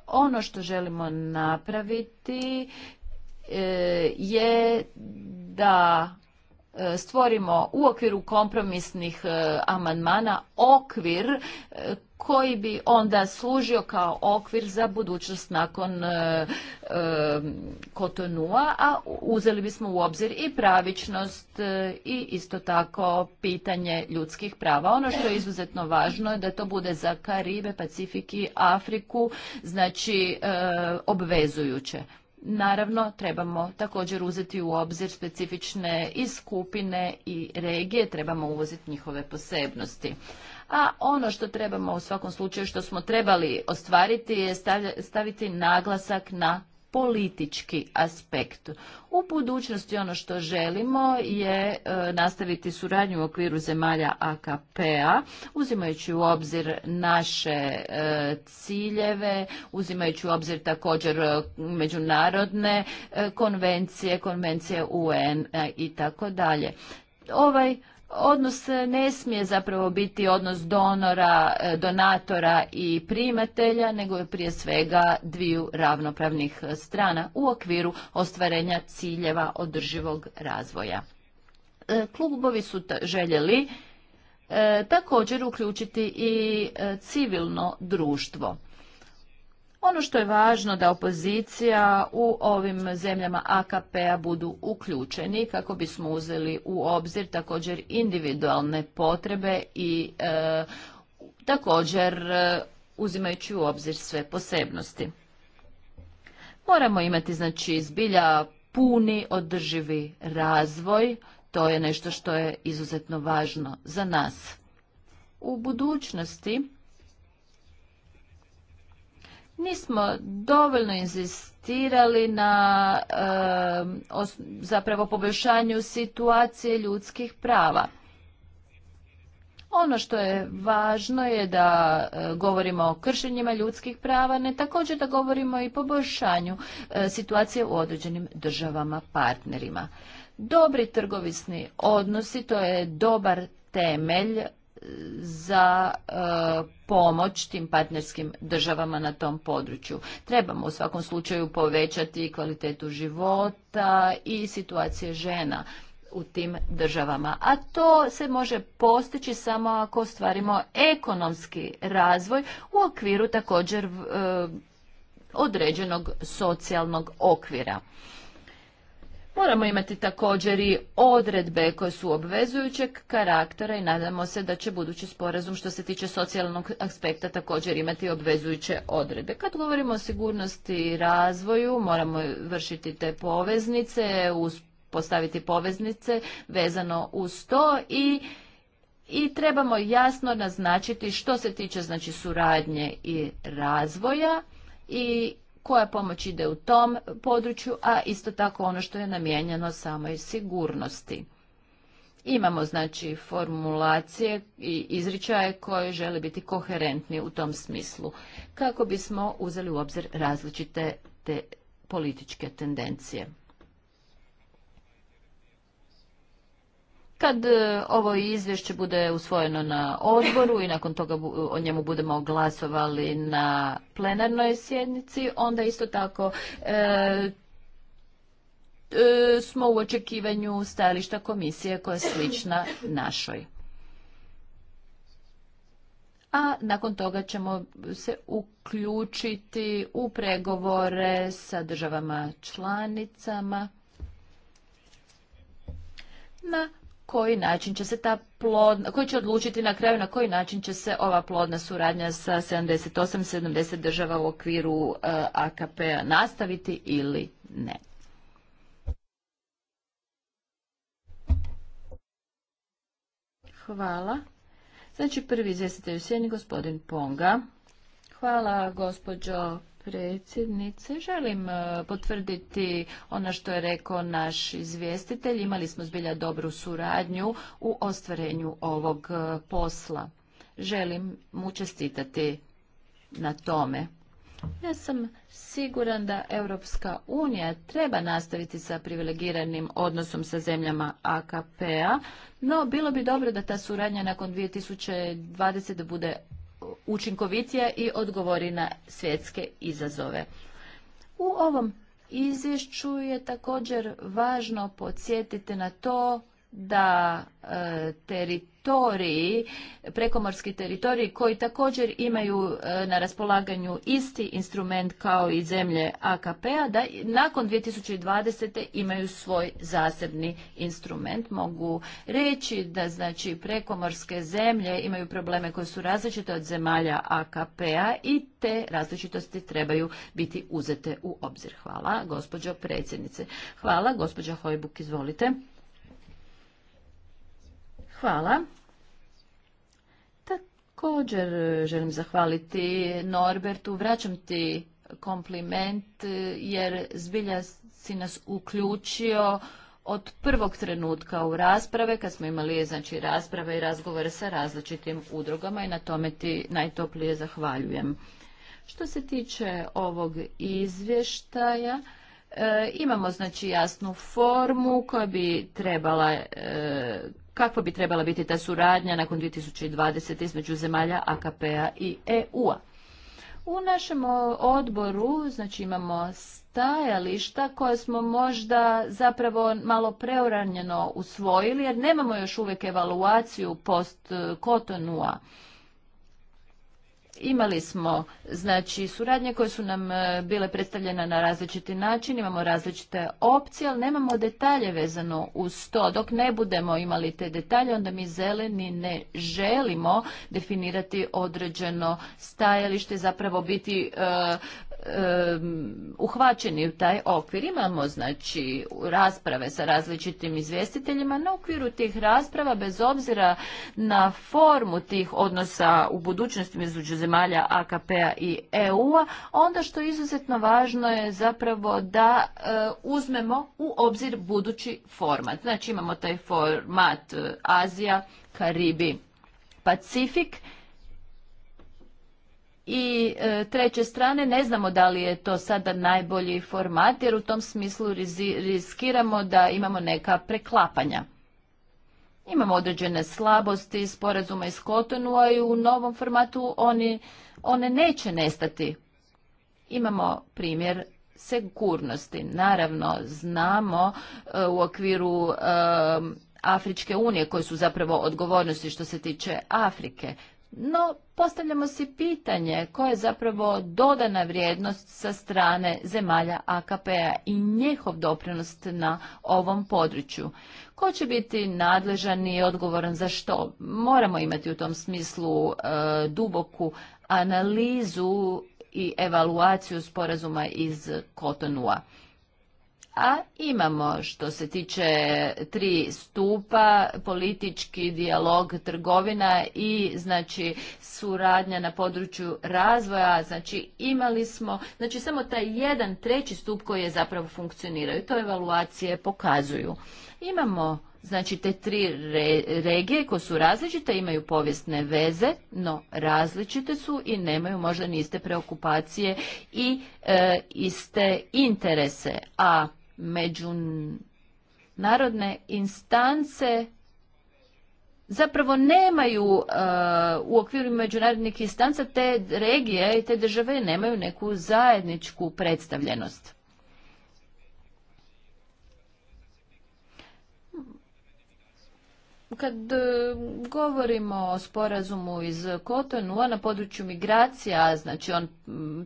Ono što želimo napraviti e, je da E, stvorimo u okviru kompromisnih e, amandmana okvir e, koji bi onda služio kao okvir za budućnost nakon Kotonua, a uzeli bismo u obzir i pravičnost i isto tako pitanje ljudskih prava. Ono što je izuzetno važno je da to bude za Karibe, pacifiki Afriku, znači obvezujuće. Naravno, trebamo također uzeti u obzir specifične i skupine i regije, trebamo uvoziti njihove posebnosti. A ono što trebamo u svakom slučaju, što smo trebali ostvariti je staviti naglasak na politički aspekt. U budućnosti ono što želimo je e, nastaviti suradnju u okviru zemalja AKP-a, uzimajući u obzir naše e, ciljeve, uzimajući u obzir također e, međunarodne konvencije, konvencije UN i tako dalje. Ovaj odnos ne smije zapravo biti odnos donora, e, donatora i primatelja, nego je prije svega dviju ravnopravnih strana u okviru ostvarenja ciljeva održivog razvoja. E, klubovi su željeli e, također uključiti i civilno društvo. Ono što je važno da opozicija u ovim zemljama AKP-a budu uključeni kako bismo uzeli u obzir također individualne potrebe i e, također e, uzimajući u obzir sve posebnosti. Moramo imati znači zbilja puni održivi razvoj, to je nešto što je izuzetno važno za nas. U budućnosti nismo dovoljno inzistirali na zapravo poboljšanju situacije ljudskih prava. Ono što je važno je da e, govorimo o kršenjima ljudskih prava, ne također da govorimo i poboljšanju e, situacije u određenim državama partnerima. Dobri trgovisni odnosi to je dobar temelj za e, pomoć tim partnerskim državama na tom području. Trebamo u svakom slučaju povećati kvalitetu života i situacije žena u tim državama. A to se može postići samo ako stvarimo ekonomski razvoj u okviru također e, određenog socijalnog okvira. Moramo imati također i odredbe koje su obvezujućeg karaktera i nadamo se da će budući sporazum što se tiče socijalnog aspekta također imati obvezujuće odredbe. Kad govorimo o sigurnosti i razvoju, moramo vršiti te poveznice, postaviti poveznice vezano uz to i i trebamo jasno naznačiti što se tiče znači suradnje i razvoja i koja pomoć ide u tom području, a isto tako ono što je namijenjeno samoj sigurnosti. Imamo znači formulacije i izričaje koje žele biti koherentni u tom smislu, kako bismo uzeli u obzir različite te političke tendencije. Kad e, ovo izvješće bude usvojeno na odboru i nakon toga o njemu budemo glasovali na plenarnoj sjednici, onda isto tako e, e, smo u očekivanju stajališta komisije koja je slična našoj. A nakon toga ćemo se uključiti u pregovore sa državama članicama na koji način će se ta plodna, koji će odlučiti na kraju na koji način će se ova plodna suradnja sa 78-70 država u okviru eh, akp p-a nastaviti ili ne. Hvala. Znači prvi izvjestitelj u sjeni, gospodin Ponga. Hvala gospođo predsjednice. Želim e, potvrditi ono što je rekao naš izvjestitelj. Imali smo zbilja dobru suradnju u ostvarenju ovog e, posla. Želim mu čestitati na tome. Ja sam siguran da Europska unija treba nastaviti sa privilegiranim odnosom sa zemljama AKP-a, no bilo bi dobro da ta suradnja nakon 2020. bude učinkovitija i odgovori na svjetske izazove. U ovom izvješću je također važno podsjetiti na to da e, teritoriji, prekomorski teritoriji koji također imaju e, na raspolaganju isti instrument kao i zemlje AKP-a, da nakon 2020. imaju svoj zasebni instrument. Mogu reći da znači prekomorske zemlje imaju probleme koje su različite od zemalja AKP-a i te različitosti trebaju biti uzete u obzir. Hvala, gospođo predsjednice. Hvala, gospođo Hojbuk, izvolite. Hvala. Također eh, želim zahvaliti Norbertu, vraćam ti kompliment eh, jer zbilja si nas uključio od prvog trenutka u rasprave, kad smo imali znači, rasprave i razgovore sa različitim udrugama i na tome ti najtoplije zahvaljujem. Što se tiče ovog izvještaja, eh, imamo znači jasnu formu koja bi trebala kakva bi trebala biti ta suradnja nakon 2020. između zemalja AKP-a i EU-a. U našem odboru znači imamo stajališta koje smo možda zapravo malo preuranjeno usvojili jer nemamo još uvijek evaluaciju post kotonua. E, Imali smo znači suradnje koje su nam e, bile predstavljene na različiti način, imamo različite opcije, ali nemamo detalje vezano uz to. Dok ne budemo imali te detalje, onda mi zeleni ne želimo definirati određeno stajalište, zapravo biti e, um, uhvaćeni u taj okvir. Imamo znači rasprave sa različitim izvjestiteljima na okviru tih rasprava bez obzira na formu tih odnosa u budućnosti između zemalja AKP-a i EU-a, onda što je izuzetno važno je zapravo da eh, uzmemo u obzir budući format. Znači imamo taj format eh, Azija, Karibi, Pacifik i e, treće strane ne znamo da li je to sada najbolji format jer u tom smislu riskiramo da imamo neka preklapanja. Imamo određene slabosti sporazuma iz Kotonu, a i u novom formatu oni, one neće nestati. Imamo primjer sigurnosti. Naravno, znamo e, u okviru e, Afričke unije, koje su zapravo odgovornosti što se tiče Afrike. No, postavljamo si pitanje koja je zapravo dodana vrijednost sa strane zemalja AKP-a i njihov doprinost na ovom području. Ko će biti nadležan i odgovoran za što? Moramo imati u tom smislu e, duboku analizu i evaluaciju sporazuma iz Kotonua a imamo što se tiče tri stupa, politički dijalog, trgovina i znači suradnja na području razvoja, znači imali smo, znači samo taj jedan treći stup koji je zapravo funkcionirao i to evaluacije pokazuju. Imamo Znači te tri regije koje su različite, imaju povijesne veze, no različite su i nemaju možda ni iste preokupacije i e, iste interese. A međunarodne instance zapravo nemaju uh, u okviru međunarodnih instanca te regije i te države nemaju neku zajedničku predstavljenost. Kad e, govorimo o sporazumu iz Kotonua na području migracija, znači on,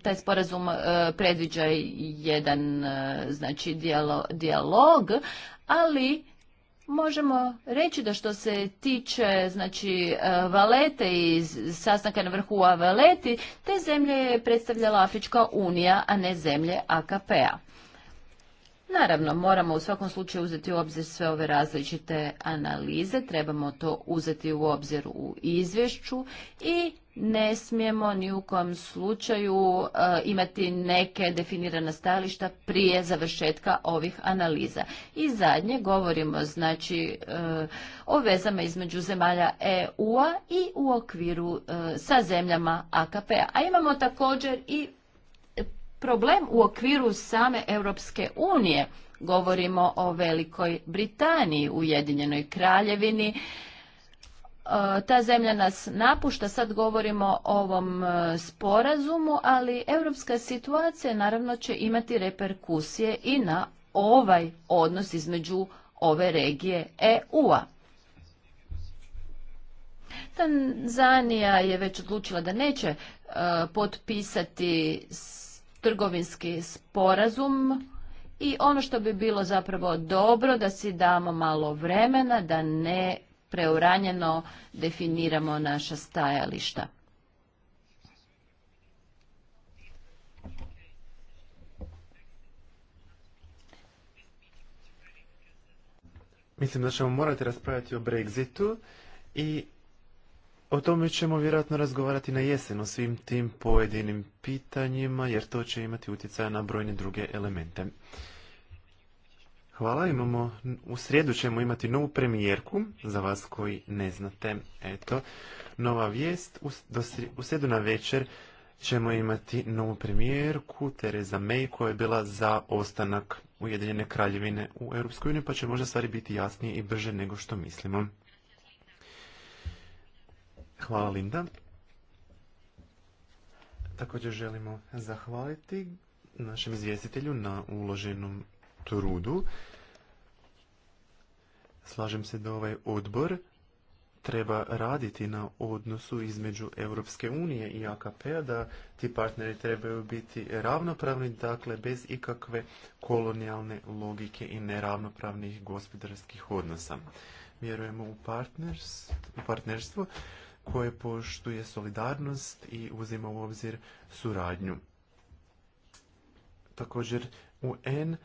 taj sporazum e, predviđa jedan e, znači dijalog, ali možemo reći da što se tiče znači Valete i sastanka na vrhu u Valeti, te zemlje je predstavljala Afrička unija, a ne zemlje AKP-a. Naravno, moramo u svakom slučaju uzeti u obzir sve ove različite analize, trebamo to uzeti u obzir u izvješću i ne smijemo ni u kom slučaju e, imati neke definirana stajališta prije završetka ovih analiza. I zadnje govorimo znači e, o vezama između zemalja EU-a i u okviru e, sa zemljama AKP-a. A imamo također i problem u okviru same Europske unije. Govorimo o Velikoj Britaniji, Ujedinjenoj Kraljevini. E, ta zemlja nas napušta, sad govorimo o ovom e, sporazumu, ali europska situacija naravno će imati reperkusije i na ovaj odnos između ove regije EU-a. Tanzanija je već odlučila da neće e, potpisati trgovinski sporazum i ono što bi bilo zapravo dobro da si damo malo vremena da ne preuranjeno definiramo naša stajališta. Mislim da ćemo morati raspravljati o Brexitu i o tome ćemo vjerojatno razgovarati na jesen o svim tim pojedinim pitanjima, jer to će imati utjecaja na brojne druge elemente. Hvala, imamo, u srijedu ćemo imati novu premijerku, za vas koji ne znate, eto, nova vijest, u, u srijedu na večer ćemo imati novu premijerku, Tereza May, koja je bila za ostanak Ujedinjene kraljevine u EU, pa će možda stvari biti jasnije i brže nego što mislimo. Hvala Linda. Također želimo zahvaliti našem izvjestitelju na uloženom trudu. Slažem se da ovaj odbor treba raditi na odnosu između Europske unije i AKP-a, da ti partneri trebaju biti ravnopravni, dakle bez ikakve kolonijalne logike i neravnopravnih gospodarskih odnosa. Vjerujemo u, u partnerstvo koje poštuje solidarnost i uzima u obzir suradnju. Također UN, e,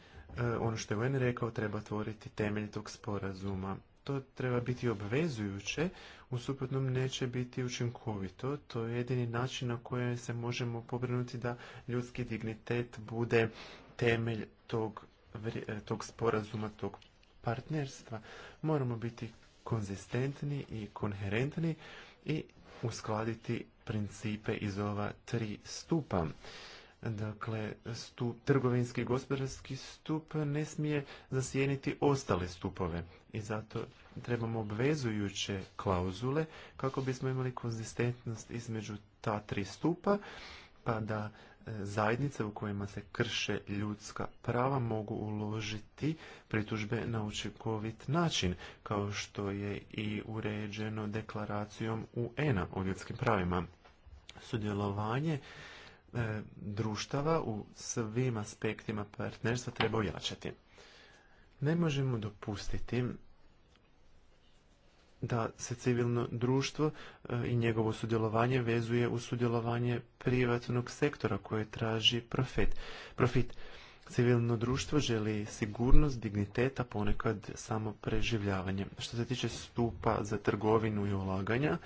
ono što je UN rekao, treba tvoriti temelj tog sporazuma. To treba biti obvezujuće, u suprotnom neće biti učinkovito. To je jedini način na koji se možemo pobrinuti da ljudski dignitet bude temelj tog, e, tog sporazuma, tog partnerstva. Moramo biti konzistentni i konherentni i uskladiti principe iz ova tri stupa. Dakle, stup, trgovinski i gospodarski stup ne smije zasjeniti ostale stupove i zato trebamo obvezujuće klauzule kako bismo imali konzistentnost između ta tri stupa pa da zajednice u kojima se krše ljudska prava mogu uložiti pritužbe na učinkovit način, kao što je i uređeno deklaracijom UN-a o ljudskim pravima. Sudjelovanje e, društava u svim aspektima partnerstva treba ojačati. Ne možemo dopustiti da se civilno društvo e, i njegovo sudjelovanje vezuje u sudjelovanje privatnog sektora koje traži profit. profit. Civilno društvo želi sigurnost, digniteta, ponekad samo preživljavanje. Što se tiče stupa za trgovinu i ulaganja,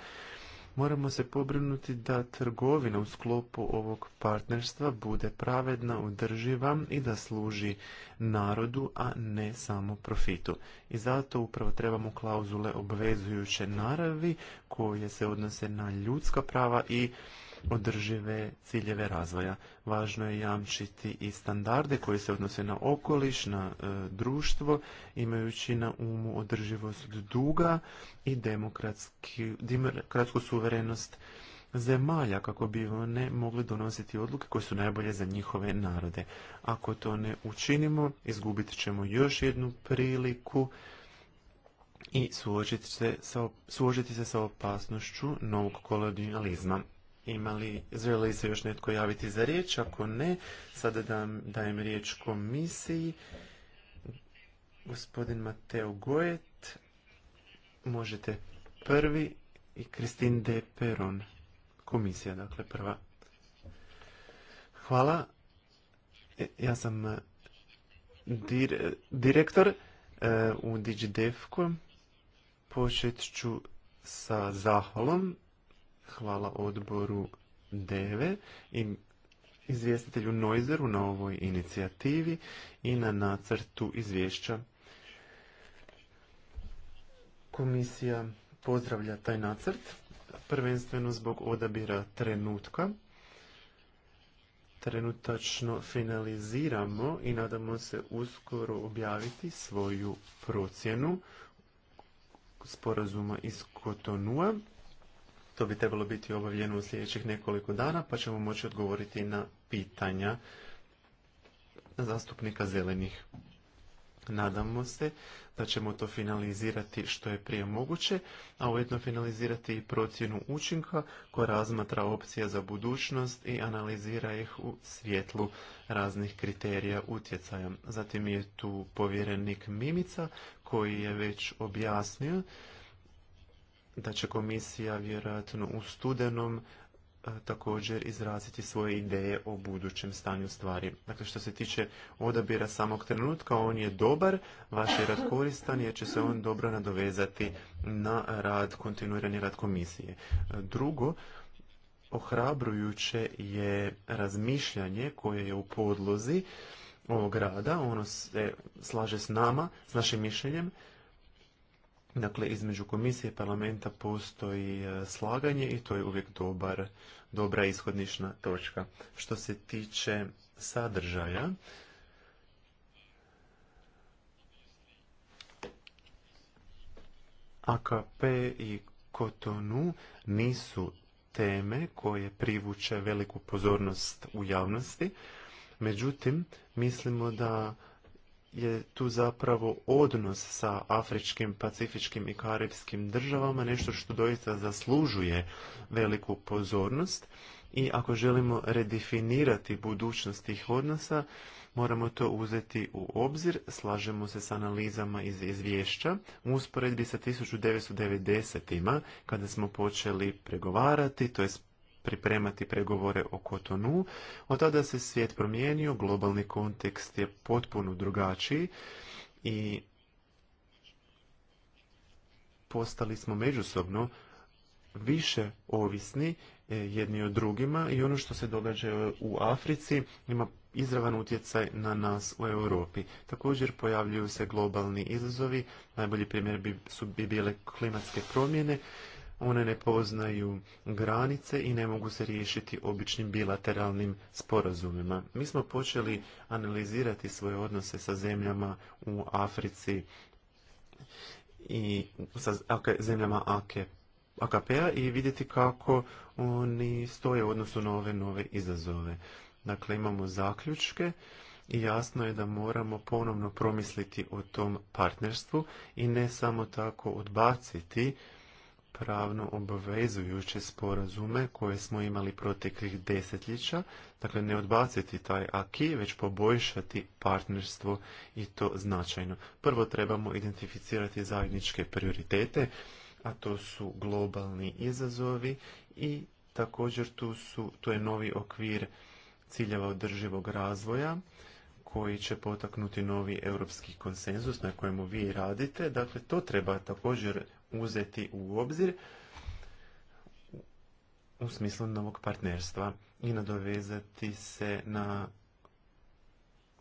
Moramo se pobrinuti da trgovina u sklopu ovog partnerstva bude pravedna, održiva i da služi narodu, a ne samo profitu. I zato upravo trebamo klauzule obvezujuće naravi koje se odnose na ljudska prava i održive ciljeve razvoja. Važno je jamčiti i standarde koji se odnose na okoliš, na e, društvo, imajući na umu održivost duga i demokratsku suverenost zemalja kako bi one mogle donositi odluke koje su najbolje za njihove narode. Ako to ne učinimo, izgubit ćemo još jednu priliku i suočiti se sa, suočiti se sa opasnošću novog kolonializma imali, želi li se još netko javiti za riječ? Ako ne, sada dam, dajem riječ komisiji. Gospodin Mateo Gojet, možete prvi i Kristin de Peron, komisija, dakle prva. Hvala. E, ja sam e, direktor e, u DigiDevku. Počet ću sa zahvalom Hvala odboru DEVE i izvjestitelju Noizeru na ovoj inicijativi i na nacrtu izvješća. Komisija pozdravlja taj nacrt, prvenstveno zbog odabira trenutka. Trenutačno finaliziramo i nadamo se uskoro objaviti svoju procjenu sporazuma iz Kotonua to bi trebalo biti obavljeno u sljedećih nekoliko dana, pa ćemo moći odgovoriti na pitanja zastupnika zelenih. Nadamo se da ćemo to finalizirati što je prije moguće, a ujedno finalizirati i procjenu učinka koja razmatra opcija za budućnost i analizira ih u svjetlu raznih kriterija utjecaja. Zatim je tu povjerenik Mimica koji je već objasnio da će komisija vjerojatno u studenom e, također izraziti svoje ideje o budućem stanju stvari. Dakle, što se tiče odabira samog trenutka, on je dobar, vaš je rad koristan jer će se on dobro nadovezati na rad, kontinuirani rad komisije. E, drugo, ohrabrujuće je razmišljanje koje je u podlozi ovog rada, ono se slaže s nama, s našim mišljenjem Dakle, između komisije i parlamenta postoji e, slaganje i to je uvijek dobar, dobra ishodnična točka. Što se tiče sadržaja, AKP i Kotonu nisu teme koje privuče veliku pozornost u javnosti. Međutim, mislimo da je tu zapravo odnos sa afričkim, pacifičkim i karibskim državama nešto što doista zaslužuje veliku pozornost i ako želimo redefinirati budućnost tih odnosa, moramo to uzeti u obzir, slažemo se s analizama iz izvješća, u usporedbi sa 1990-ima, kada smo počeli pregovarati, to je pripremati pregovore o Kotonu. Od tada se svijet promijenio, globalni kontekst je potpuno drugačiji i postali smo međusobno više ovisni e, jedni od drugima i ono što se događa u Africi ima izravan utjecaj na nas u Europi. Također pojavljuju se globalni izazovi, najbolji primjer bi, su bile klimatske promjene one ne poznaju granice i ne mogu se riješiti običnim bilateralnim sporazumima. Mi smo počeli analizirati svoje odnose sa zemljama u Africi i sa e, zemljama AKE, AKP-a i vidjeti kako oni stoje u odnosu na ove nove izazove. Dakle, imamo zaključke i jasno je da moramo ponovno promisliti o tom partnerstvu i ne samo tako odbaciti pravno obvezujuće sporazume koje smo imali proteklih desetljeća, dakle ne odbaciti taj aki, već poboljšati partnerstvo i to značajno. Prvo trebamo identificirati zajedničke prioritete, a to su globalni izazovi i također tu su, to je novi okvir ciljeva održivog razvoja koji će potaknuti novi europski konsenzus na kojemu vi radite. Dakle, to treba također uzeti u obzir u smislu novog partnerstva i nadovezati se na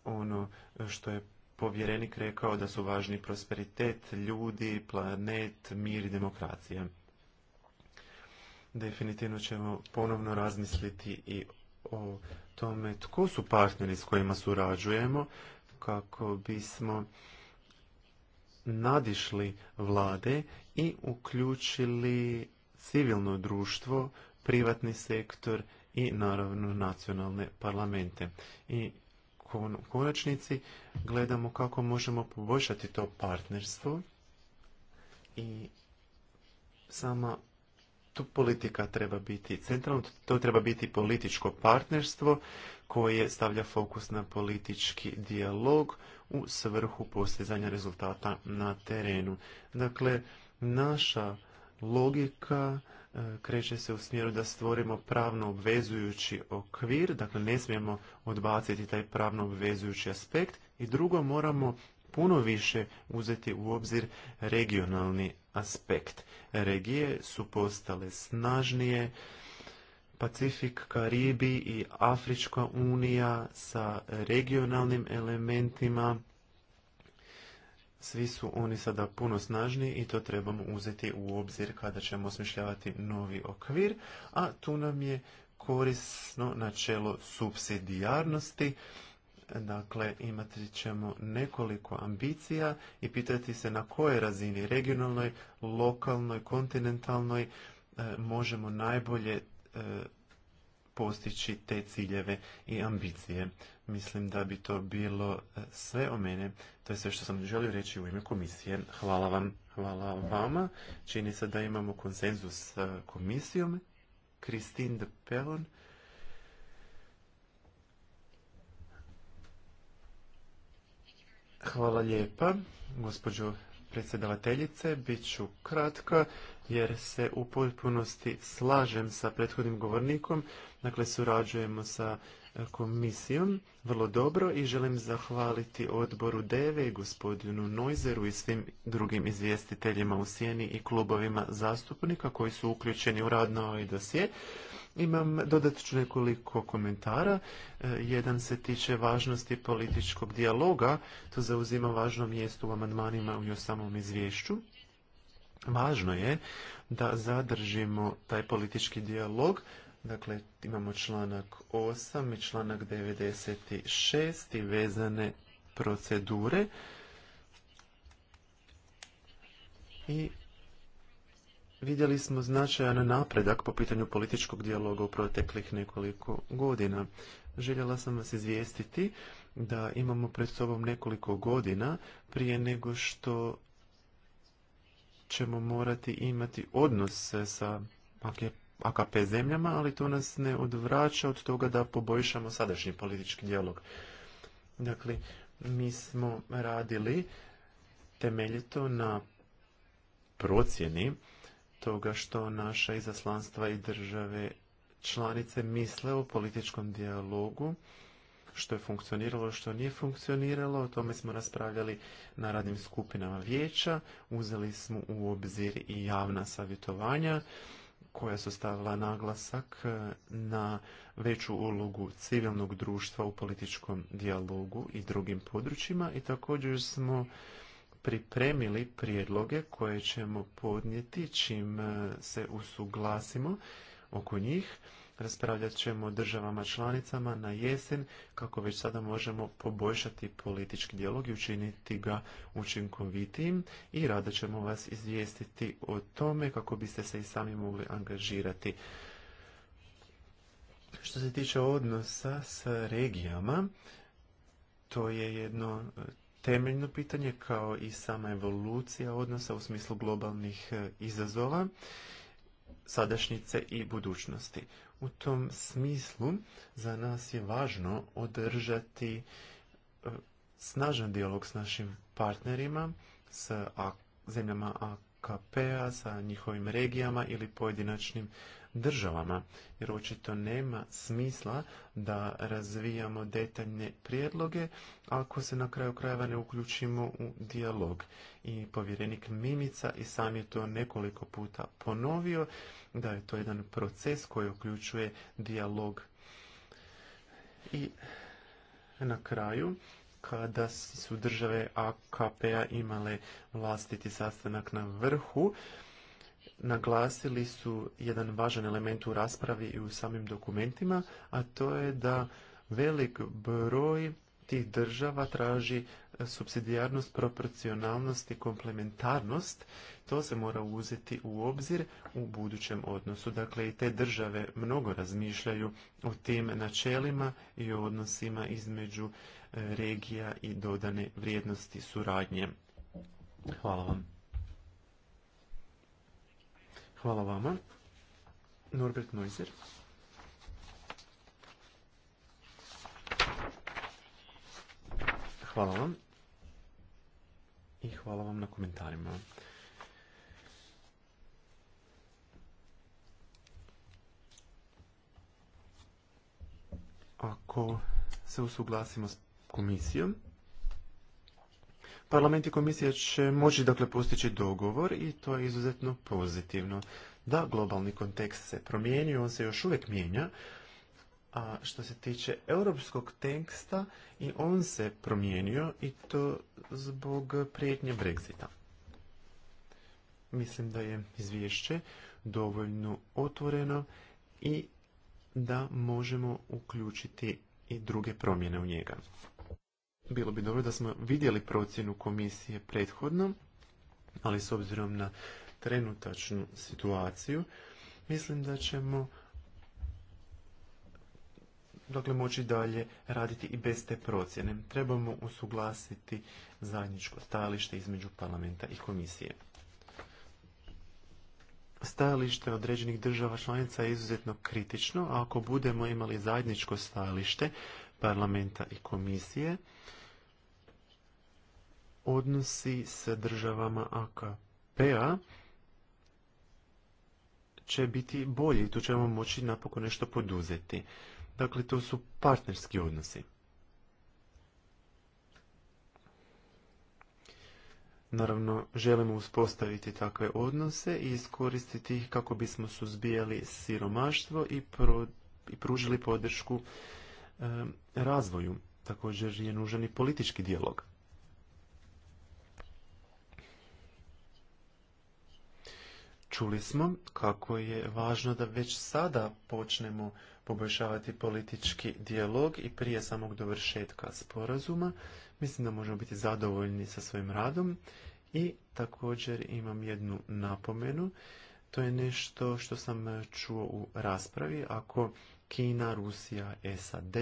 ono što je povjerenik rekao da su važni prosperitet, ljudi, planet, mir i demokracija. Definitivno ćemo ponovno razmisliti i o tome tko su partneri s kojima surađujemo kako bismo nadišli vlade i uključili civilno društvo, privatni sektor i naravno nacionalne parlamente. I u konačnici gledamo kako možemo poboljšati to partnerstvo i sama tu politika treba biti centralno, to treba biti političko partnerstvo koje stavlja fokus na politički dijalog u svrhu postizanja rezultata na terenu. Dakle, naša logika e, kreće se u smjeru da stvorimo pravno obvezujući okvir, dakle ne smijemo odbaciti taj pravno obvezujući aspekt i drugo moramo puno više uzeti u obzir regionalni aspekt. Regije su postale snažnije, Pacifik, Karibi i Afrička unija sa regionalnim elementima. Svi su oni sada puno snažniji i to trebamo uzeti u obzir kada ćemo osmišljavati novi okvir, a tu nam je korisno načelo subsidijarnosti. Dakle, imat ćemo nekoliko ambicija i pitati se na kojoj razini regionalnoj, lokalnoj, kontinentalnoj e, možemo najbolje E, postići te ciljeve i ambicije. Mislim da bi to bilo e, sve o mene. To je sve što sam želio reći u ime komisije. Hvala vam. Hvala vama. Čini se da imamo konsenzus s komisijom. Kristin de Pelon. Hvala lijepa, gospođo predsjedavateljice. Bit ću kratka jer se u potpunosti slažem sa prethodnim govornikom. Dakle, surađujemo sa e, komisijom vrlo dobro i želim zahvaliti odboru Deve i gospodinu Noizeru i svim drugim izvjestiteljima u Sjeni i klubovima zastupnika koji su uključeni u rad na ovaj dosje. Imam dodatno nekoliko komentara. E, jedan se tiče važnosti političkog dijaloga, to zauzima važno mjesto u amandmanima i u samom izvješću. Važno je da zadržimo taj politički dijalog. Dakle, imamo članak 8 i članak 96 i vezane procedure. I vidjeli smo značajan napredak po pitanju političkog dijaloga u proteklih nekoliko godina. Željela sam vas izvijestiti da imamo pred sobom nekoliko godina prije nego što ćemo morati imati odnose sa AKP zemljama, ali to nas ne odvraća od toga da poboljšamo sadašnji politički dijalog. Dakle, mi smo radili temeljito na procjeni toga što naša izaslanstva i države članice misle o političkom dijalogu što je funkcioniralo, što nije funkcioniralo. O tome smo raspravljali na radnim skupinama vijeća. Uzeli smo u obzir i javna savjetovanja koja su stavila naglasak e, na veću ulogu civilnog društva u političkom dijalogu i drugim područjima i također smo pripremili prijedloge koje ćemo podnijeti čim e, se usuglasimo oko njih Raspravljat ćemo državama članicama na jesen kako već sada možemo poboljšati politički dijalog i učiniti ga učinkovitijim i rado ćemo vas izvijestiti o tome kako biste se i sami mogli angažirati. Što se tiče odnosa s regijama, to je jedno temeljno pitanje kao i sama evolucija odnosa u smislu globalnih izazova, sadašnjice i budućnosti. U tom smislu za nas je važno održati e, snažan dijalog s našim partnerima, s zemljama AKP-a, sa njihovim regijama ili pojedinačnim državama, jer očito nema smisla da razvijamo detaljne prijedloge ako se na kraju krajeva ne uključimo u dijalog. I povjerenik Mimica i sam je to nekoliko puta ponovio, da je to jedan proces koji uključuje dijalog. I na kraju, kada su države AKP-a imale vlastiti sastanak na vrhu, naglasili su jedan važan element u raspravi i u samim dokumentima, a to je da velik broj tih država traži subsidijarnost, proporcionalnost i komplementarnost. To se mora uzeti u obzir u budućem odnosu. Dakle, i te države mnogo razmišljaju o tim načelima i o odnosima između e, regija i dodane vrijednosti suradnje. Hvala vam. Hvala vama. Norbert Neuser. Hvala vam. I hvala vam na komentarima. Ako se usuglasimo s komisijom, Parlament i komisija će moći dakle postići dogovor i to je izuzetno pozitivno. Da, globalni kontekst se promijenio, on se još uvijek mijenja, a što se tiče europskog teksta i on se promijenio i to zbog prijetnje Brexita. Mislim da je izvješće dovoljno otvoreno i da možemo uključiti i druge promjene u njega bilo bi dobro da smo vidjeli procjenu komisije prethodno, ali s obzirom na trenutačnu situaciju, mislim da ćemo dakle, moći dalje raditi i bez te procjene. Trebamo usuglasiti zajedničko stajalište između parlamenta i komisije. Stajalište određenih država članica je izuzetno kritično, a ako budemo imali zajedničko stajalište parlamenta i komisije, odnosi sa državama AKP-a će biti bolji i tu ćemo moći napokon nešto poduzeti. Dakle, to su partnerski odnosi. Naravno, želimo uspostaviti takve odnose i iskoristiti ih kako bismo suzbijali siromaštvo i, i pružili podršku e, razvoju. Također je nužan i politički dijalog. Čuli smo kako je važno da već sada počnemo poboljšavati politički dijalog i prije samog dovršetka sporazuma. Mislim da možemo biti zadovoljni sa svojim radom i također imam jednu napomenu. To je nešto što sam čuo u raspravi. Ako Kina, Rusija, SAD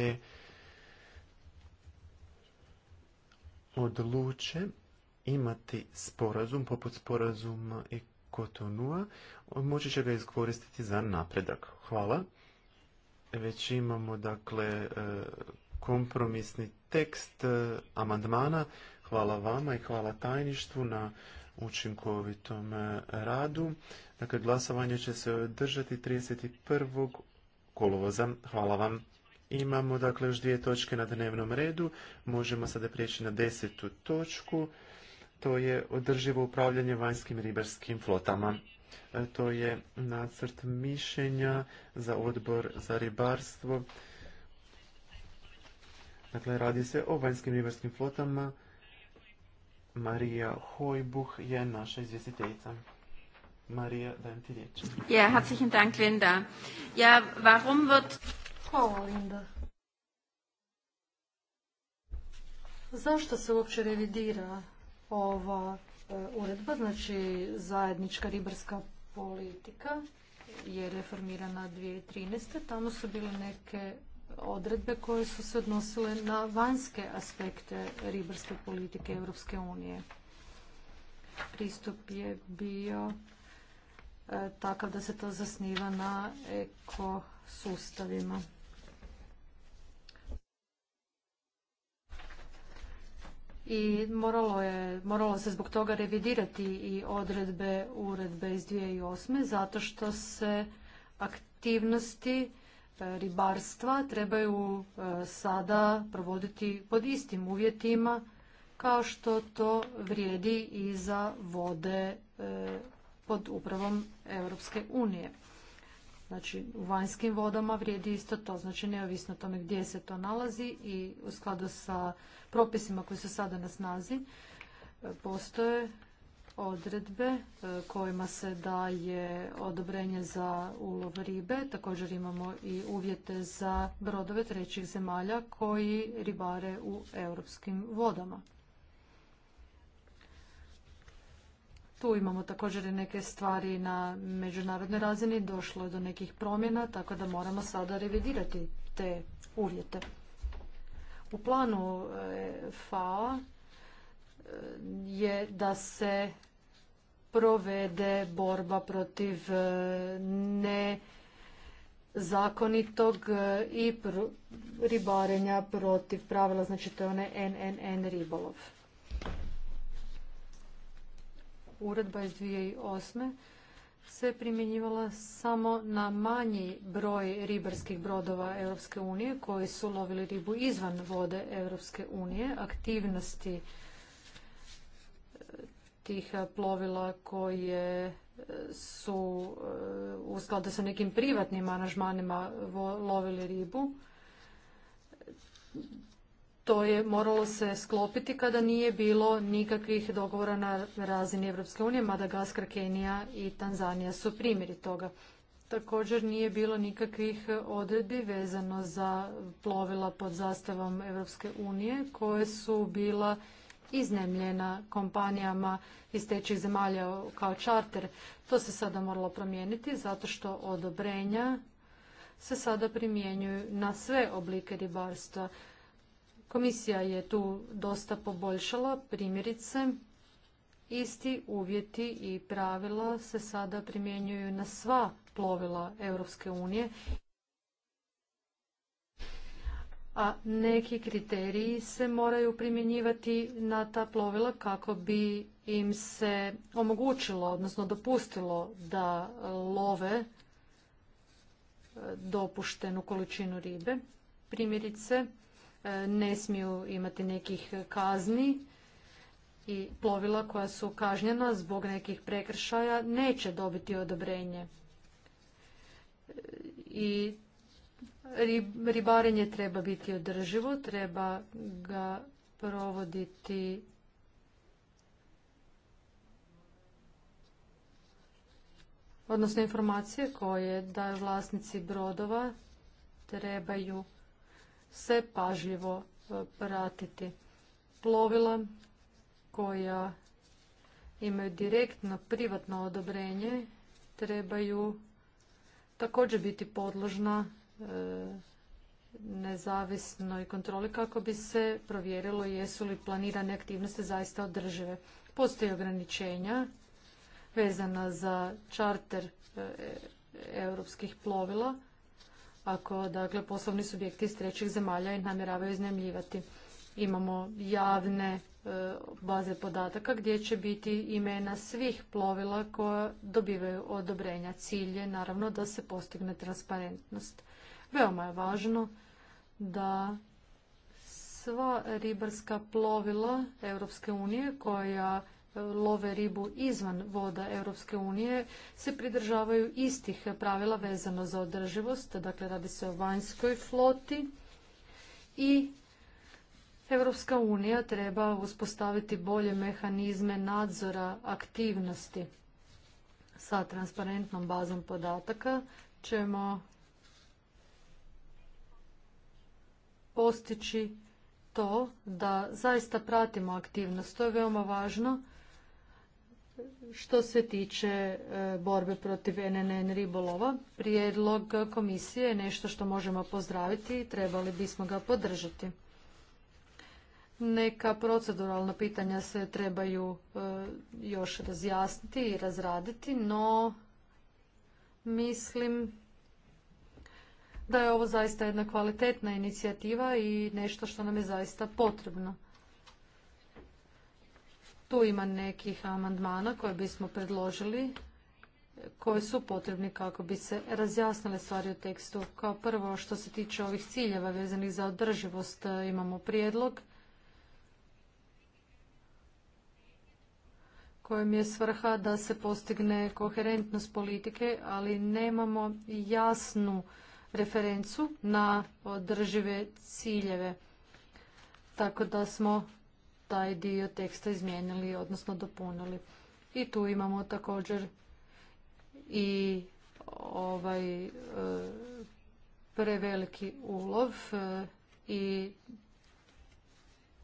odluče imati sporazum poput sporazuma i Kotonua, moći će ga iskoristiti za napredak. Hvala. Već imamo dakle e, kompromisni tekst e, amandmana. Hvala vama i hvala tajništvu na učinkovitom e, radu. Dakle, glasovanje će se održati 31. kolovoza. Hvala vam. Imamo dakle još dvije točke na dnevnom redu. Možemo sada prijeći na desetu točku to je održivo upravljanje vanjskim ribarskim flotama. E, to je nacrt mišljenja za odbor za ribarstvo. Dakle, radi se o vanjskim ribarskim flotama. Marija Hojbuh je naša izvjestiteljica. Marija, dajem ti riječ. Ja, herzlichen Dank, Linda. Ja, warum wird... Hvala, Linda. Zašto se uopće revidira ova e, uredba, znači zajednička ribarska politika je reformirana 2013. Tamo su bile neke odredbe koje su se odnosile na vanjske aspekte ribarske politike Europske unije. Pristup je bio e, takav da se to zasniva na ekosustavima. i moralo, se zbog toga revidirati i odredbe uredbe iz 2008. zato što se aktivnosti e, ribarstva trebaju e, sada provoditi pod istim uvjetima kao što to vrijedi i za vode e, pod upravom Europske unije. Znači, u vanjskim vodama vrijedi isto to, znači neovisno o tome gdje se to nalazi i u skladu sa propisima koji su sada na snazi, e, postoje odredbe e, kojima se daje odobrenje za ulov ribe. Također imamo i uvjete za brodove trećih zemalja koji ribare u europskim vodama. Tu imamo također i neke stvari na međunarodnoj razini, došlo je do nekih promjena, tako da moramo sada revidirati te uvjete. U planu e, FA e, je da se provede borba protiv e, nezakonitog i ribarenja protiv pravila, znači to je onaj NNN ribolov uredba iz 2008. se primjenjivala samo na manji broj ribarskih brodova Europske unije koji su lovili ribu izvan vode Europske unije. Aktivnosti e, tih plovila koje su e, u skladu sa nekim privatnim aranžmanima lovili ribu to je moralo se sklopiti kada nije bilo nikakvih dogovora na razini Europske unije, Madagaskar, Kenija i Tanzanija su primjeri toga. Također nije bilo nikakvih odredbi vezano za plovila pod zastavom Europske unije koje su bila iznemljena kompanijama iz tečih zemalja kao čarter. To se sada moralo promijeniti zato što odobrenja se sada primjenjuju na sve oblike ribarstva Komisija je tu dosta poboljšala, primjerice, isti uvjeti i pravila se sada primjenjuju na sva plovila Europske unije, a neki kriteriji se moraju primjenjivati na ta plovila kako bi im se omogućilo, odnosno dopustilo da love e, dopuštenu količinu ribe. Primjerice, E, ne smiju imati nekih kazni i plovila koja su kažnjena zbog nekih prekršaja neće dobiti odobrenje. E, I ribarenje treba biti održivo, treba ga provoditi odnosno informacije koje daju vlasnici brodova trebaju se pažljivo e, pratiti. Plovila koja imaju direktno privatno odobrenje trebaju također biti podložna e, nezavisnoj kontroli kako bi se provjerilo jesu li planirane aktivnosti zaista održive. Postoje ograničenja vezana za čarter e, europskih plovila ako dakle, poslovni subjekti iz trećih zemalja i namjeravaju iznajmljivati. Imamo javne e, baze podataka gdje će biti imena svih plovila koja dobivaju odobrenja. Cilj je naravno da se postigne transparentnost. Veoma je važno da sva ribarska plovila Europske unije koja love ribu izvan voda Europske unije se pridržavaju istih pravila vezano za održivost, dakle radi se o vanjskoj floti i Europska unija treba uspostaviti bolje mehanizme nadzora aktivnosti sa transparentnom bazom podataka ćemo postići to da zaista pratimo aktivnost. To je veoma važno što se tiče e, borbe protiv NNN ribolova, prijedlog komisije je nešto što možemo pozdraviti i trebali bismo ga podržati. Neka proceduralna pitanja se trebaju e, još razjasniti i razraditi, no mislim da je ovo zaista jedna kvalitetna inicijativa i nešto što nam je zaista potrebno. Tu ima nekih amandmana koje bismo predložili koji su potrebni kako bi se razjasnile stvari u tekstu. Kao prvo što se tiče ovih ciljeva vezanih za održivost imamo prijedlog kojem je svrha da se postigne koherentnost politike, ali nemamo jasnu referencu na održive ciljeve. Tako da smo taj dio teksta izmijenili, odnosno dopunili. I tu imamo također i ovaj e, preveliki ulov e, i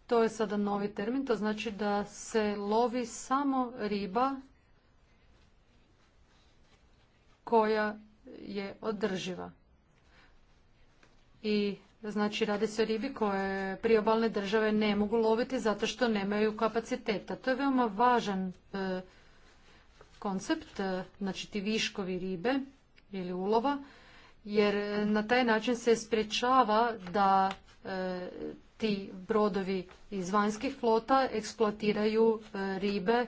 to je sada novi termin, to znači da se lovi samo riba koja je održiva. I Znači radi se o ribi koje priobalne države ne mogu loviti zato što nemaju kapaciteta. To je veoma važan e, koncept, e, znači ti viškovi ribe ili ulova, jer e, na taj način se sprečava da ti brodovi iz vanjskih flota eksploatiraju ribe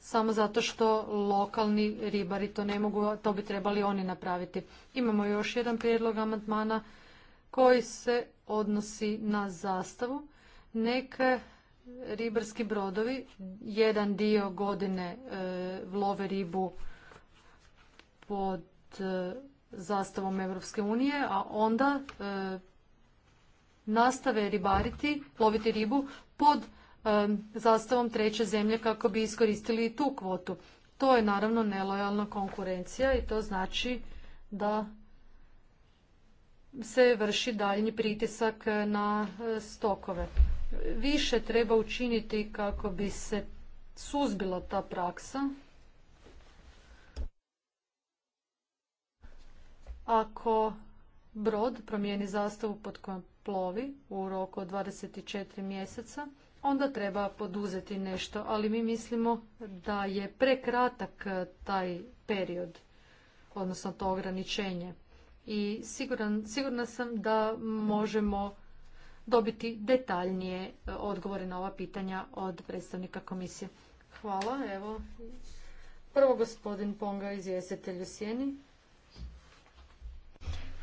samo zato što lokalni ribari to ne mogu, to bi trebali oni napraviti. Imamo još jedan prijedlog amandmana koji se odnosi na zastavu. Neke ribarski brodovi jedan dio godine e, love ribu pod e, zastavom Europske unije, a onda e, nastave ribariti, loviti ribu pod zastavom treće zemlje kako bi iskoristili i tu kvotu. To je naravno nelojalna konkurencija i to znači da se vrši daljni pritisak na e, stokove. Više treba učiniti kako bi se suzbila ta praksa. Ako brod promijeni zastavu pod kojom plovi u roku od 24 mjeseca, onda treba poduzeti nešto, ali mi mislimo da je prekratak e, taj period, odnosno to ograničenje i siguran, sigurna sam da možemo dobiti detaljnije e, odgovore na ova pitanja od predstavnika komisije. Hvala. Evo, prvo gospodin Ponga, izvjestitelj u Sjeni.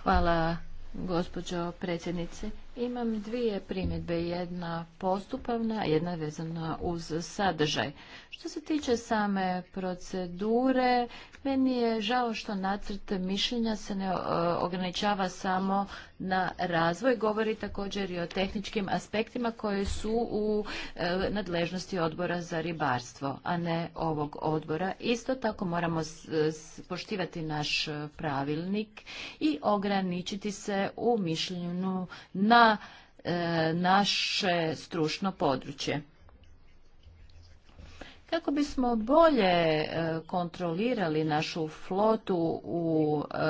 Hvala, gospođo predsjednice. Imam dvije primjedbe, jedna postupavna, jedna vezana uz sadržaj. Što se tiče same procedure, meni je žao što nacrt mišljenja se ne e, ograničava samo na razvoj govori također i o tehničkim aspektima koje su u e, nadležnosti odbora za ribarstvo, a ne ovog odbora. Isto tako moramo poštivati naš pravilnik i ograničiti se u mišljenju na e, naše stručno područje kako bismo bolje e, kontrolirali našu flotu u e,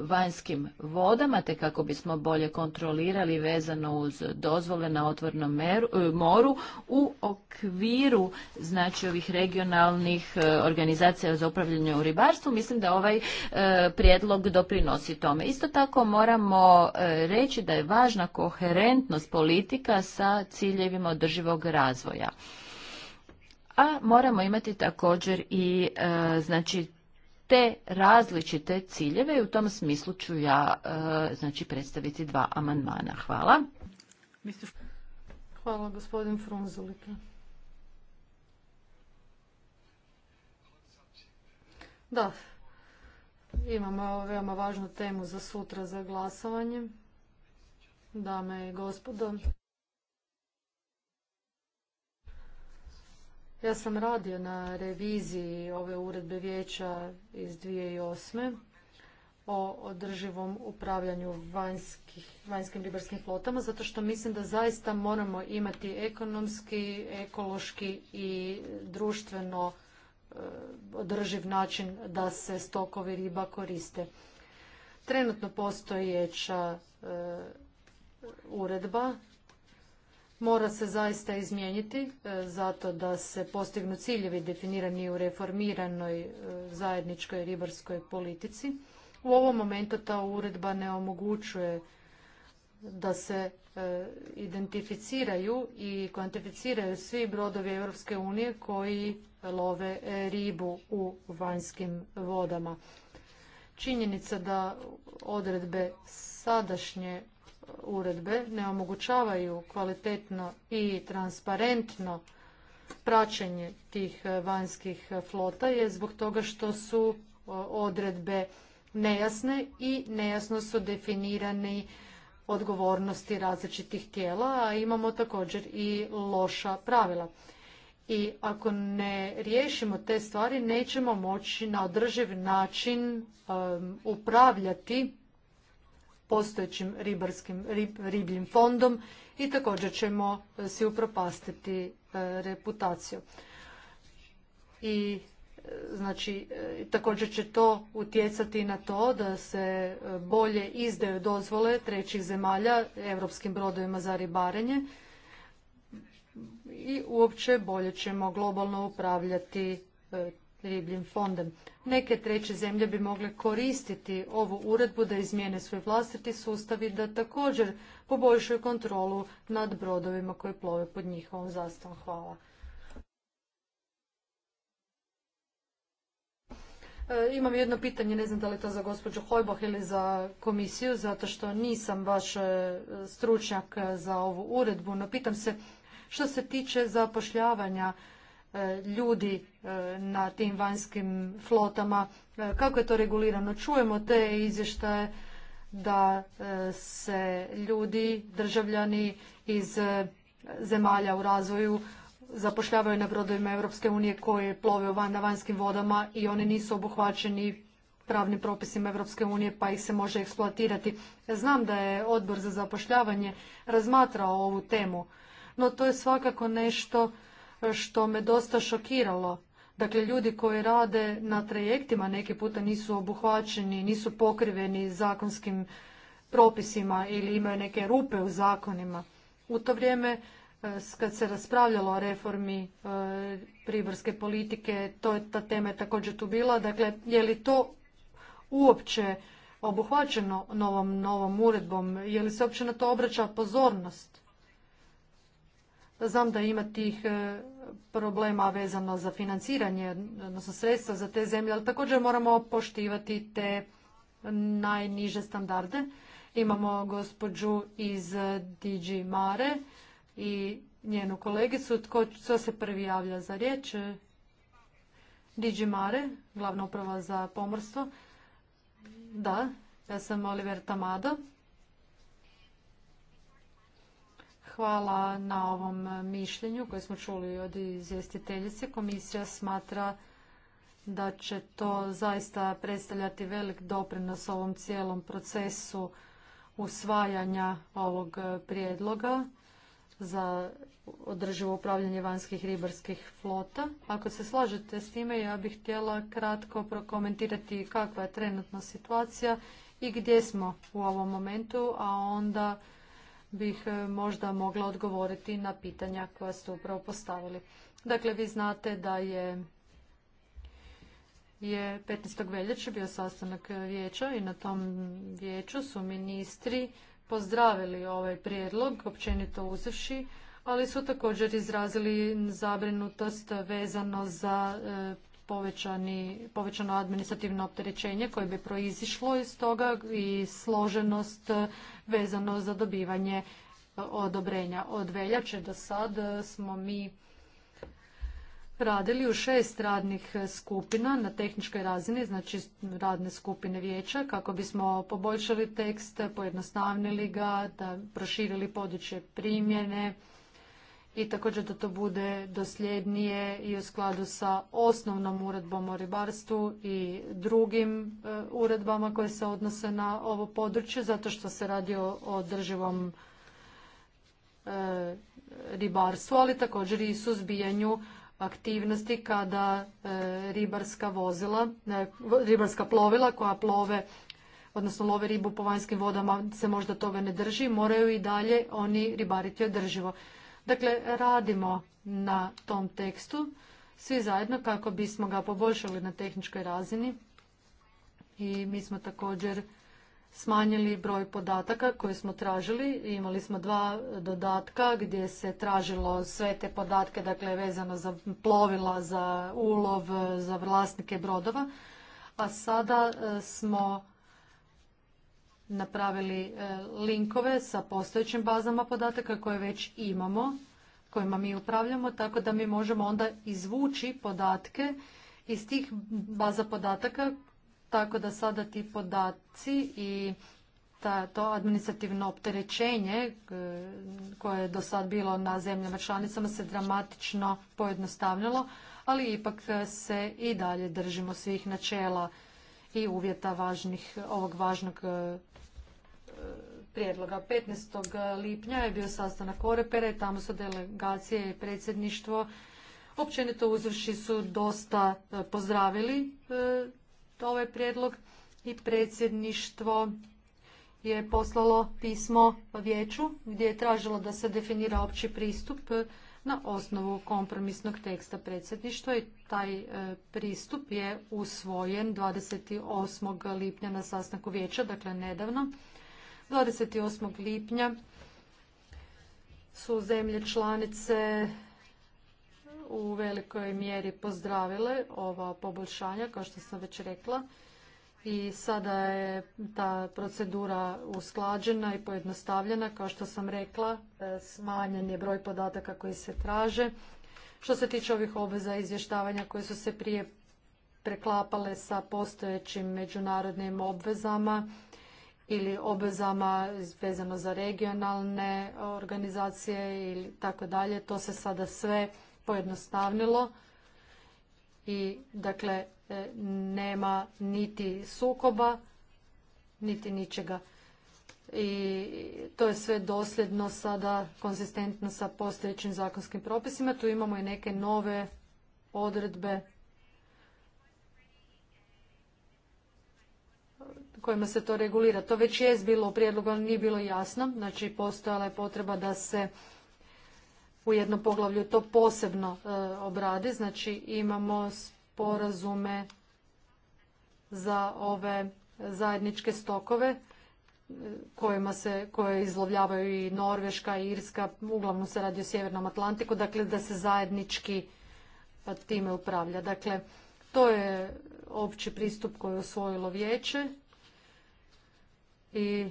vanjskim vodama, te kako bismo bolje kontrolirali vezano uz dozvole na otvornom e, moru u okviru znači ovih regionalnih organizacija za upravljanje u ribarstvu, mislim da ovaj prijedlog doprinosi tome. Isto tako moramo reći da je važna koherentnost politika sa ciljevima održivog razvoja moramo imati također i e, znači te različite ciljeve i u tom smislu ću ja e, znači predstaviti dva amandmana. Hvala. Hvala gospodin Frunzulika. Da, imamo e, veoma važnu temu za sutra za glasovanje. Dame i gospodo, Ja sam radio na reviziji ove uredbe vijeća iz 2008. o održivom upravljanju vanjskim ribarskim flotama, zato što mislim da zaista moramo imati ekonomski, ekološki i društveno e, održiv način da se stokovi riba koriste. Trenutno postojeća e, uredba mora se zaista izmijeniti e, zato da se postignu ciljevi definirani u reformiranoj e, zajedničkoj ribarskoj politici. U ovom momentu ta uredba ne omogućuje da se e, identificiraju i kvantificiraju svi brodovi Europske unije koji love ribu u vanjskim vodama. Činjenica da odredbe sadašnje uredbe ne omogućavaju kvalitetno i transparentno praćenje tih e, vanjskih flota je zbog toga što su e, odredbe nejasne i nejasno su definirani odgovornosti različitih tijela, a imamo također i loša pravila. I ako ne riješimo te stvari, nećemo moći na održiv način e, upravljati postojećim ribljim fondom i također ćemo e, si upropastiti e, reputaciju. I e, znači također će to utjecati na to da se bolje izdaju dozvole trećih zemalja europskim brodovima za ribarenje i uopće bolje ćemo globalno upravljati ribljim fondom. Neke treće zemlje bi mogle koristiti ovu uredbu da izmijene svoj vlastiti sustav i da također poboljšaju kontrolu nad brodovima koji plove pod njihovom zastavom. Hvala. E, imam jedno pitanje, ne znam da li je to za gospođu Hojboh ili za komisiju, zato što nisam baš e, stručnjak za ovu uredbu, no pitam se što se tiče zapošljavanja E, ljudi e, na tim vanjskim flotama, e, kako je to regulirano. Čujemo te izvještaje da se ljudi, državljani iz zemalja u razvoju zapošljavaju na brodovima Europske unije koje plove van na vanjskim vodama i oni nisu obuhvaćeni pravnim propisima Europske unije pa ih se može eksploatirati. Znam da je odbor za zapošljavanje razmatrao ovu temu, no to je svakako nešto što me dosta šokiralo. Dakle, ljudi koji rade na trajektima neki puta nisu obuhvaćeni, nisu pokriveni zakonskim propisima ili imaju neke rupe u zakonima. U to vrijeme e, kad se raspravljalo o reformi e, ribarske politike, to je ta tema je također tu bila. Dakle, je li to uopće obuhvaćeno novom, novom uredbom? Je li se uopće na to obraća pozornost? Znam da ima tih e, problema vezano za financiranje, odnosno sredstva za te zemlje, ali također moramo poštivati te najniže standarde. Imamo gospođu iz DG Mare i njenu kolegicu. Tko, se prvi javlja za riječ? DG Mare, glavna uprava za pomorstvo. Da, ja sam Oliver Tamado Hvala na ovom mišljenju koje smo čuli od izvjestiteljice. Komisija smatra da će to zaista predstavljati velik doprinos ovom cijelom procesu usvajanja ovog prijedloga za održivo upravljanje vanjskih ribarskih flota. Ako se slažete s time, ja bih htjela kratko prokomentirati kakva je trenutna situacija i gdje smo u ovom momentu, a onda bih e, možda mogla odgovoriti na pitanja koja ste upravo postavili. Dakle, vi znate da je je 15. veljače bio sastanak vijeća i na tom vijeću su ministri pozdravili ovaj prijedlog, općenito uzevši, ali su također izrazili zabrinutost vezano za e, povećano administrativno opterećenje koje bi proizišlo iz toga i složenost vezano za dobivanje e, odobrenja. Od veljače do sad e, smo mi radili u šest radnih skupina na tehničkoj razini, znači radne skupine vijeća, kako bismo poboljšali tekst, pojednostavnili ga, da proširili područje primjene, i također da to bude dosljednije i u skladu sa osnovnom uredbom o ribarstvu i drugim e, uredbama koje se odnose na ovo područje zato što se radi o održivom e, ribarstvu, ali također i suzbijanju aktivnosti kada e, ribarska vozila, ribarska plovila koja plove odnosno love ribu po vanjskim vodama se možda toga ne drži, moraju i dalje oni ribariti održivo. Dakle, radimo na tom tekstu svi zajedno kako bismo ga poboljšali na tehničkoj razini i mi smo također smanjili broj podataka koje smo tražili. Imali smo dva dodatka gdje se tražilo sve te podatke, dakle vezano za plovila, za ulov, za vlasnike brodova. A sada e, smo napravili e, linkove sa postojećim bazama podataka koje već imamo, kojima mi upravljamo, tako da mi možemo onda izvući podatke iz tih baza podataka, tako da sada ti podaci i ta, to administrativno opterećenje e, koje je do sad bilo na zemljama članicama se dramatično pojednostavljalo, ali ipak e, se i dalje držimo svih načela i uvjeta važnih, ovog važnog prijedloga. 15. lipnja je bio sastanak Korepera i tamo su delegacije i predsjedništvo općenito uzvrši su dosta e, pozdravili e, ovaj prijedlog i predsjedništvo je poslalo pismo vijeću gdje je tražilo da se definira opći pristup e, na osnovu kompromisnog teksta predsjedništva i taj pristup je usvojen 28. lipnja na sastanku vijeća, dakle nedavno. 28. lipnja su zemlje članice u velikoj mjeri pozdravile ova poboljšanja, kao što sam već rekla. I sada je ta procedura usklađena i pojednostavljena. Kao što sam rekla, e, smanjen je broj podataka koji se traže. Što se tiče ovih obveza izvještavanja koje su se prije preklapale sa postojećim međunarodnim obvezama, ili obvezama vezano za regionalne organizacije ili tako dalje. To se sada sve pojednostavnilo i dakle e, nema niti sukoba, niti ničega. I to je sve dosljedno sada konsistentno sa postojećim zakonskim propisima. Tu imamo i neke nove odredbe kojima se to regulira. To već je bilo u prijedlogu, ali nije bilo jasno. Znači, postojala je potreba da se u jednom poglavlju to posebno e, obradi. Znači, imamo sporazume za ove zajedničke stokove e, kojima se, koje izlovljavaju i Norveška i Irska, uglavnom se radi o Sjevernom Atlantiku, dakle da se zajednički e, time upravlja. Dakle, to je opći pristup koji je osvojilo vijeće i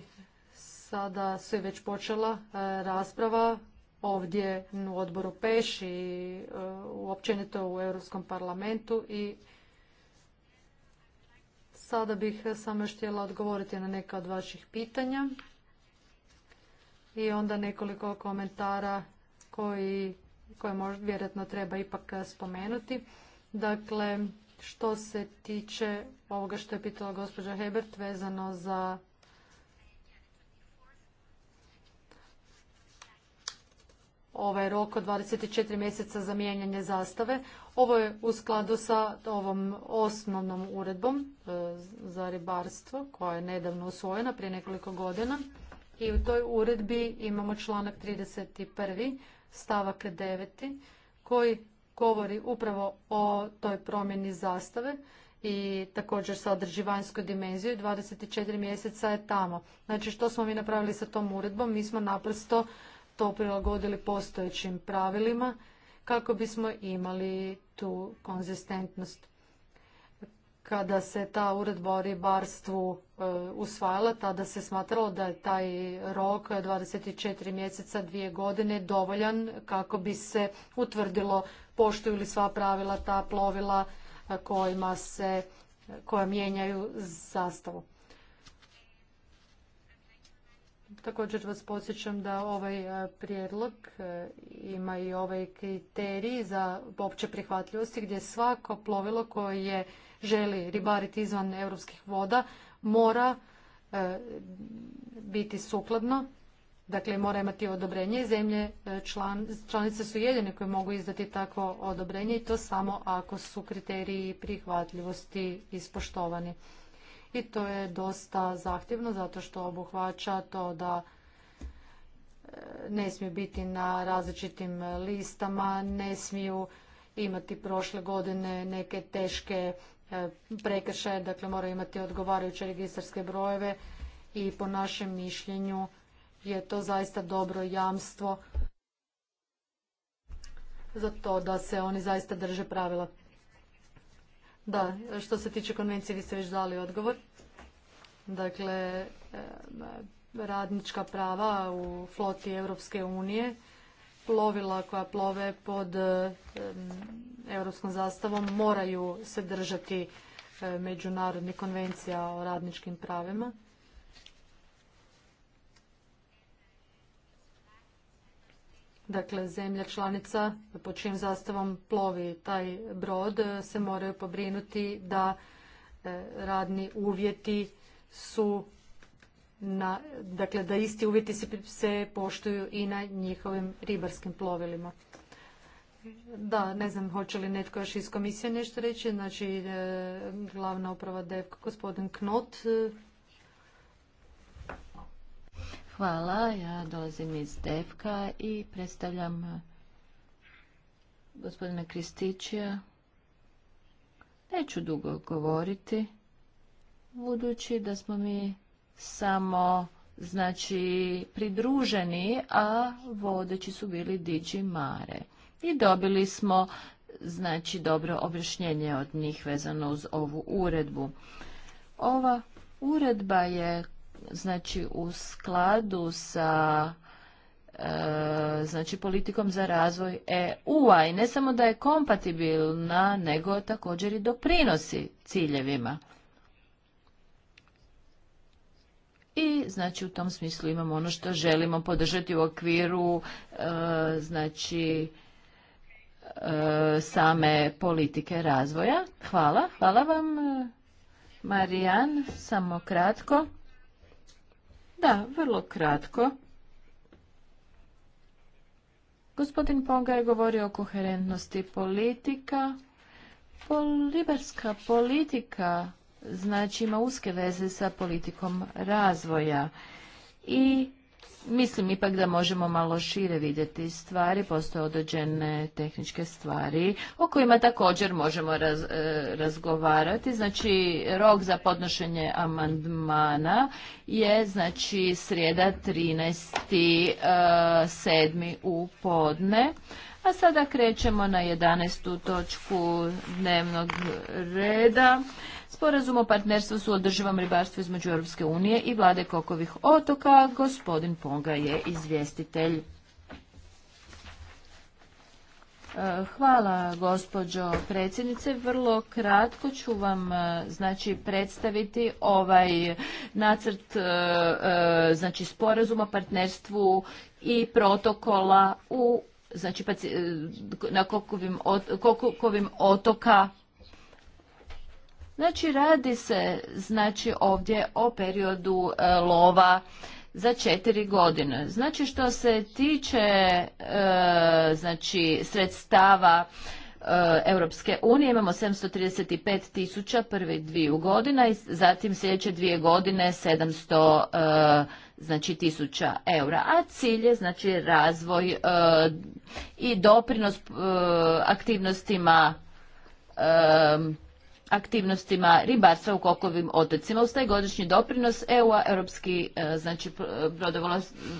sada se već počela e, rasprava ovdje u odboru Peš i e, općenito u Europskom parlamentu i sada bih samo još htjela odgovoriti na neka od vaših pitanja i onda nekoliko komentara koji, koje možda vjerojatno treba ipak spomenuti. Dakle, što se tiče ovoga što je pitala gospođa Hebert vezano za ovaj rok od 24 mjeseca za mijenjanje zastave. Ovo je u skladu sa ovom osnovnom uredbom e, za ribarstvo koja je nedavno usvojena prije nekoliko godina. I u toj uredbi imamo članak 31. stavak 9. koji govori upravo o toj promjeni zastave i također sadrži vanjsku dimenziju 24 mjeseca je tamo. Znači što smo mi napravili sa tom uredbom? Mi smo naprosto to prilagodili postojećim pravilima kako bismo imali tu konzistentnost. Kada se ta uredba o ribarstvu e, usvajala, tada se smatralo da je taj rok 24 mjeseca, dvije godine dovoljan kako bi se utvrdilo poštuju li sva pravila ta plovila e, kojima se, koja mijenjaju zastavu. Također vas posjećam da ovaj e, prijedlog e, ima i ovaj kriterij za opće prihvatljivosti gdje svako plovilo koje želi ribariti izvan europskih voda mora e, biti sukladno, dakle mora imati odobrenje i zemlje članice su jedine koje mogu izdati takvo odobrenje i to samo ako su kriteriji prihvatljivosti ispoštovani i to je dosta zahtjevno zato što obuhvaća to da e, ne smiju biti na različitim listama, ne smiju imati prošle godine neke teške e, prekršaje, dakle moraju imati odgovarajuće registarske brojeve i po našem mišljenju je to zaista dobro jamstvo za to da se oni zaista drže pravila. Da, što se tiče konvencije, vi ste već dali odgovor. Dakle, e, radnička prava u floti Europske unije, plovila koja plove pod e, europskom zastavom moraju se držati e, međunarodnih konvencija o radničkim pravima. dakle zemlja članica pod čim zastavom plovi taj brod e, se moraju pobrinuti da e, radni uvjeti su na, dakle da isti uvjeti se poštuju i na njihovim ribarskim plovilima. Da, ne znam hoće li netko još iz komisije nešto reći, znači e, glavna uprava DEVK, gospodin Knot, Hvala, ja dolazim iz Devka i predstavljam eh, gospodina Kristićija. Neću dugo govoriti, budući da smo mi samo znači pridruženi, a vodeći su bili Diđi Mare. I dobili smo znači dobro objašnjenje od njih vezano uz ovu uredbu. Ova uredba je znači u skladu sa e, znači politikom za razvoj EU-a i ne samo da je kompatibilna, nego također i doprinosi ciljevima. I znači u tom smislu imamo ono što želimo podržati u okviru e, znači e, same politike razvoja. Hvala, hvala vam Marijan, samo kratko. Da, vrlo kratko. Gospodin Ponga je govorio o koherentnosti politika. Liberska politika znači ima uske veze sa politikom razvoja i Mislim ipak da možemo malo šire vidjeti stvari, postoje određene tehničke stvari o kojima također možemo e, razgovarati. Znači, rok za podnošenje amandmana je znači srijeda 13.7. E, u podne. A sada krećemo na 11. točku dnevnog reda. Sporazum o partnerstvu su održivom ribarstvu između Europske unije i vlade Kokovih otoka. Gospodin Ponga je izvjestitelj. E, hvala gospođo predsjednice. Vrlo kratko ću vam e, znači predstaviti ovaj nacrt e, znači sporazuma partnerstvu i protokola u znači na Kokovim, otoka Znači radi se znači ovdje o periodu e, lova za četiri godine. Znači što se tiče e, znači sredstava e, Europske unije imamo 735 tisuća prve dviju godina i zatim sljedeće dvije godine 700 znači tisuća eura, a cilj je znači razvoj i doprinos aktivnostima aktivnostima ribarstva u Kokovim otocima. Uz taj godišnji doprinos EU-a europski e, znači,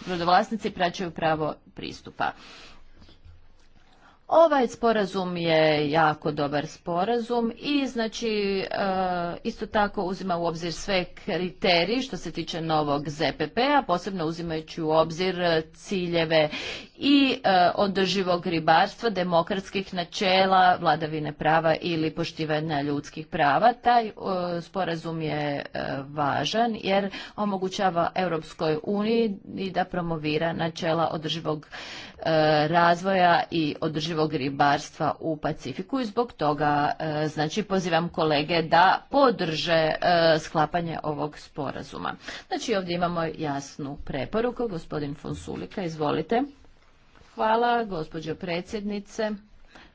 brodovlasnici praćaju pravo pristupa. Ovaj sporazum je jako dobar sporazum i znači e, isto tako uzima u obzir sve kriterije što se tiče novog ZPP-a, posebno uzimajući u obzir ciljeve i e, održivog ribarstva, demokratskih načela, vladavine prava ili poštivanja ljudskih prava. Taj e, sporazum je važan jer omogućava Europskoj uniji da promovira načela održivog E, razvoja i održivog ribarstva u Pacifiku i zbog toga e, znači pozivam kolege da podrže e, sklapanje ovog sporazuma. Znači ovdje imamo jasnu preporuku. Gospodin Fonsulika, izvolite. Hvala, gospođo predsjednice.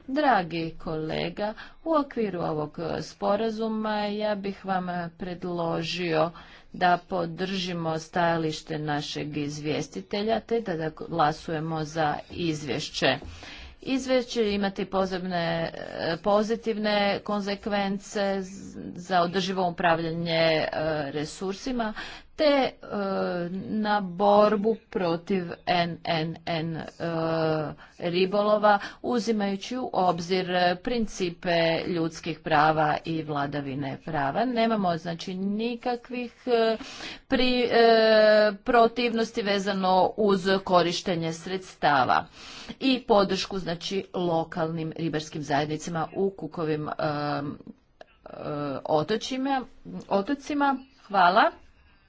Dragi kolega, u okviru ovog sporazuma ja bih vam predložio da podržimo stajalište našeg izvjestitelja te da glasujemo za izvješće. Izvješće imati pozivne, e, pozitivne konsekvence za održivo upravljanje e, resursima te e, na borbu protiv NNN e, ribolova uzimajući u obzir principe ljudskih prava i vladavine prava. Nemamo znači nikakvih e, pri, protivnosti vezano uz korištenje sredstava i podršku znači lokalnim ribarskim zajednicama u kukovim otocima. Hvala.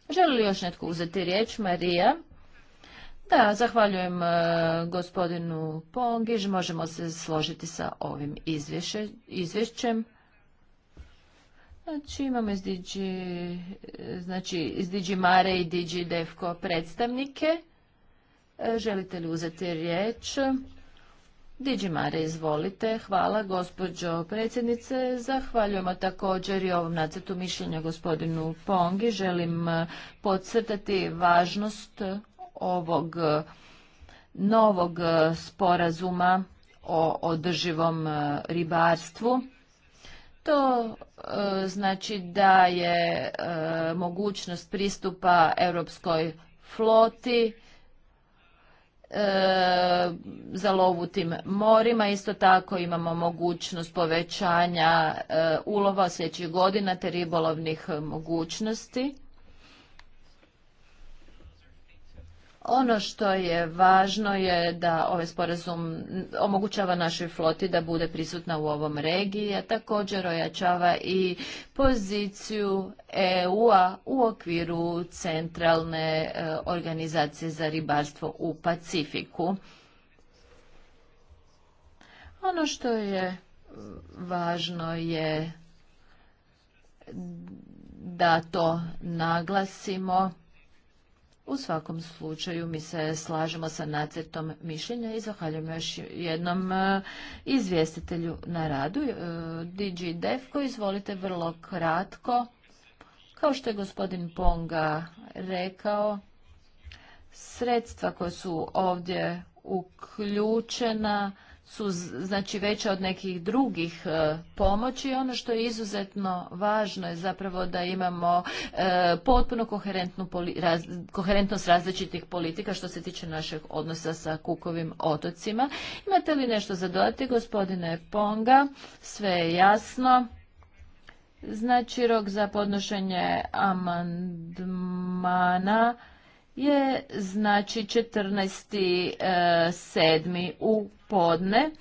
Želi li još netko uzeti riječ? Marija? Da, zahvaljujem e, gospodinu Pongiž. Možemo se složiti sa ovim izvješćem. Znači imamo iz Digi, znači, Mare i Digi Devko predstavnike. E, želite li uzeti riječ? Diđimare, izvolite. Hvala, gospođo predsjednice. Zahvaljujemo također i ovom nacrtu mišljenja gospodinu Pongi. Želim eh, podcrtati važnost ovog eh, novog eh, sporazuma o održivom ribarstvu. To znači da je mogućnost pristupa europskoj floti E, za lov u tim morima. Isto tako imamo mogućnost povećanja e, ulova sljedećih godina te ribolovnih mogućnosti. Ono što je važno je da ovaj sporazum omogućava našoj floti da bude prisutna u ovom regiji, a također ojačava i poziciju EU-a u okviru centralne e, organizacije za ribarstvo u Pacifiku. Ono što je važno je da to naglasimo u svakom slučaju mi se slažemo sa nacrtom mišljenja i zahvaljujem još jednom e, izvjestitelju na radu. E, DG Defko, izvolite vrlo kratko. Kao što je gospodin Ponga rekao, sredstva koja su ovdje uključena su znači veća od nekih drugih e, pomoći. Ono što je izuzetno važno je zapravo da imamo e, potpuno koherentnost različitih politika što se tiče našeg odnosa sa kukovim otocima. Imate li nešto za dodati gospodine Ponga? Sve je jasno. Znači rok za podnošenje amandmana je znači 14.7. E, u podne.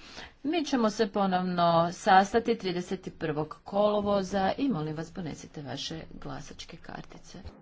Mi ćemo se ponovno sastati 31. kolovoza i molim vas ponesite vaše glasačke kartice.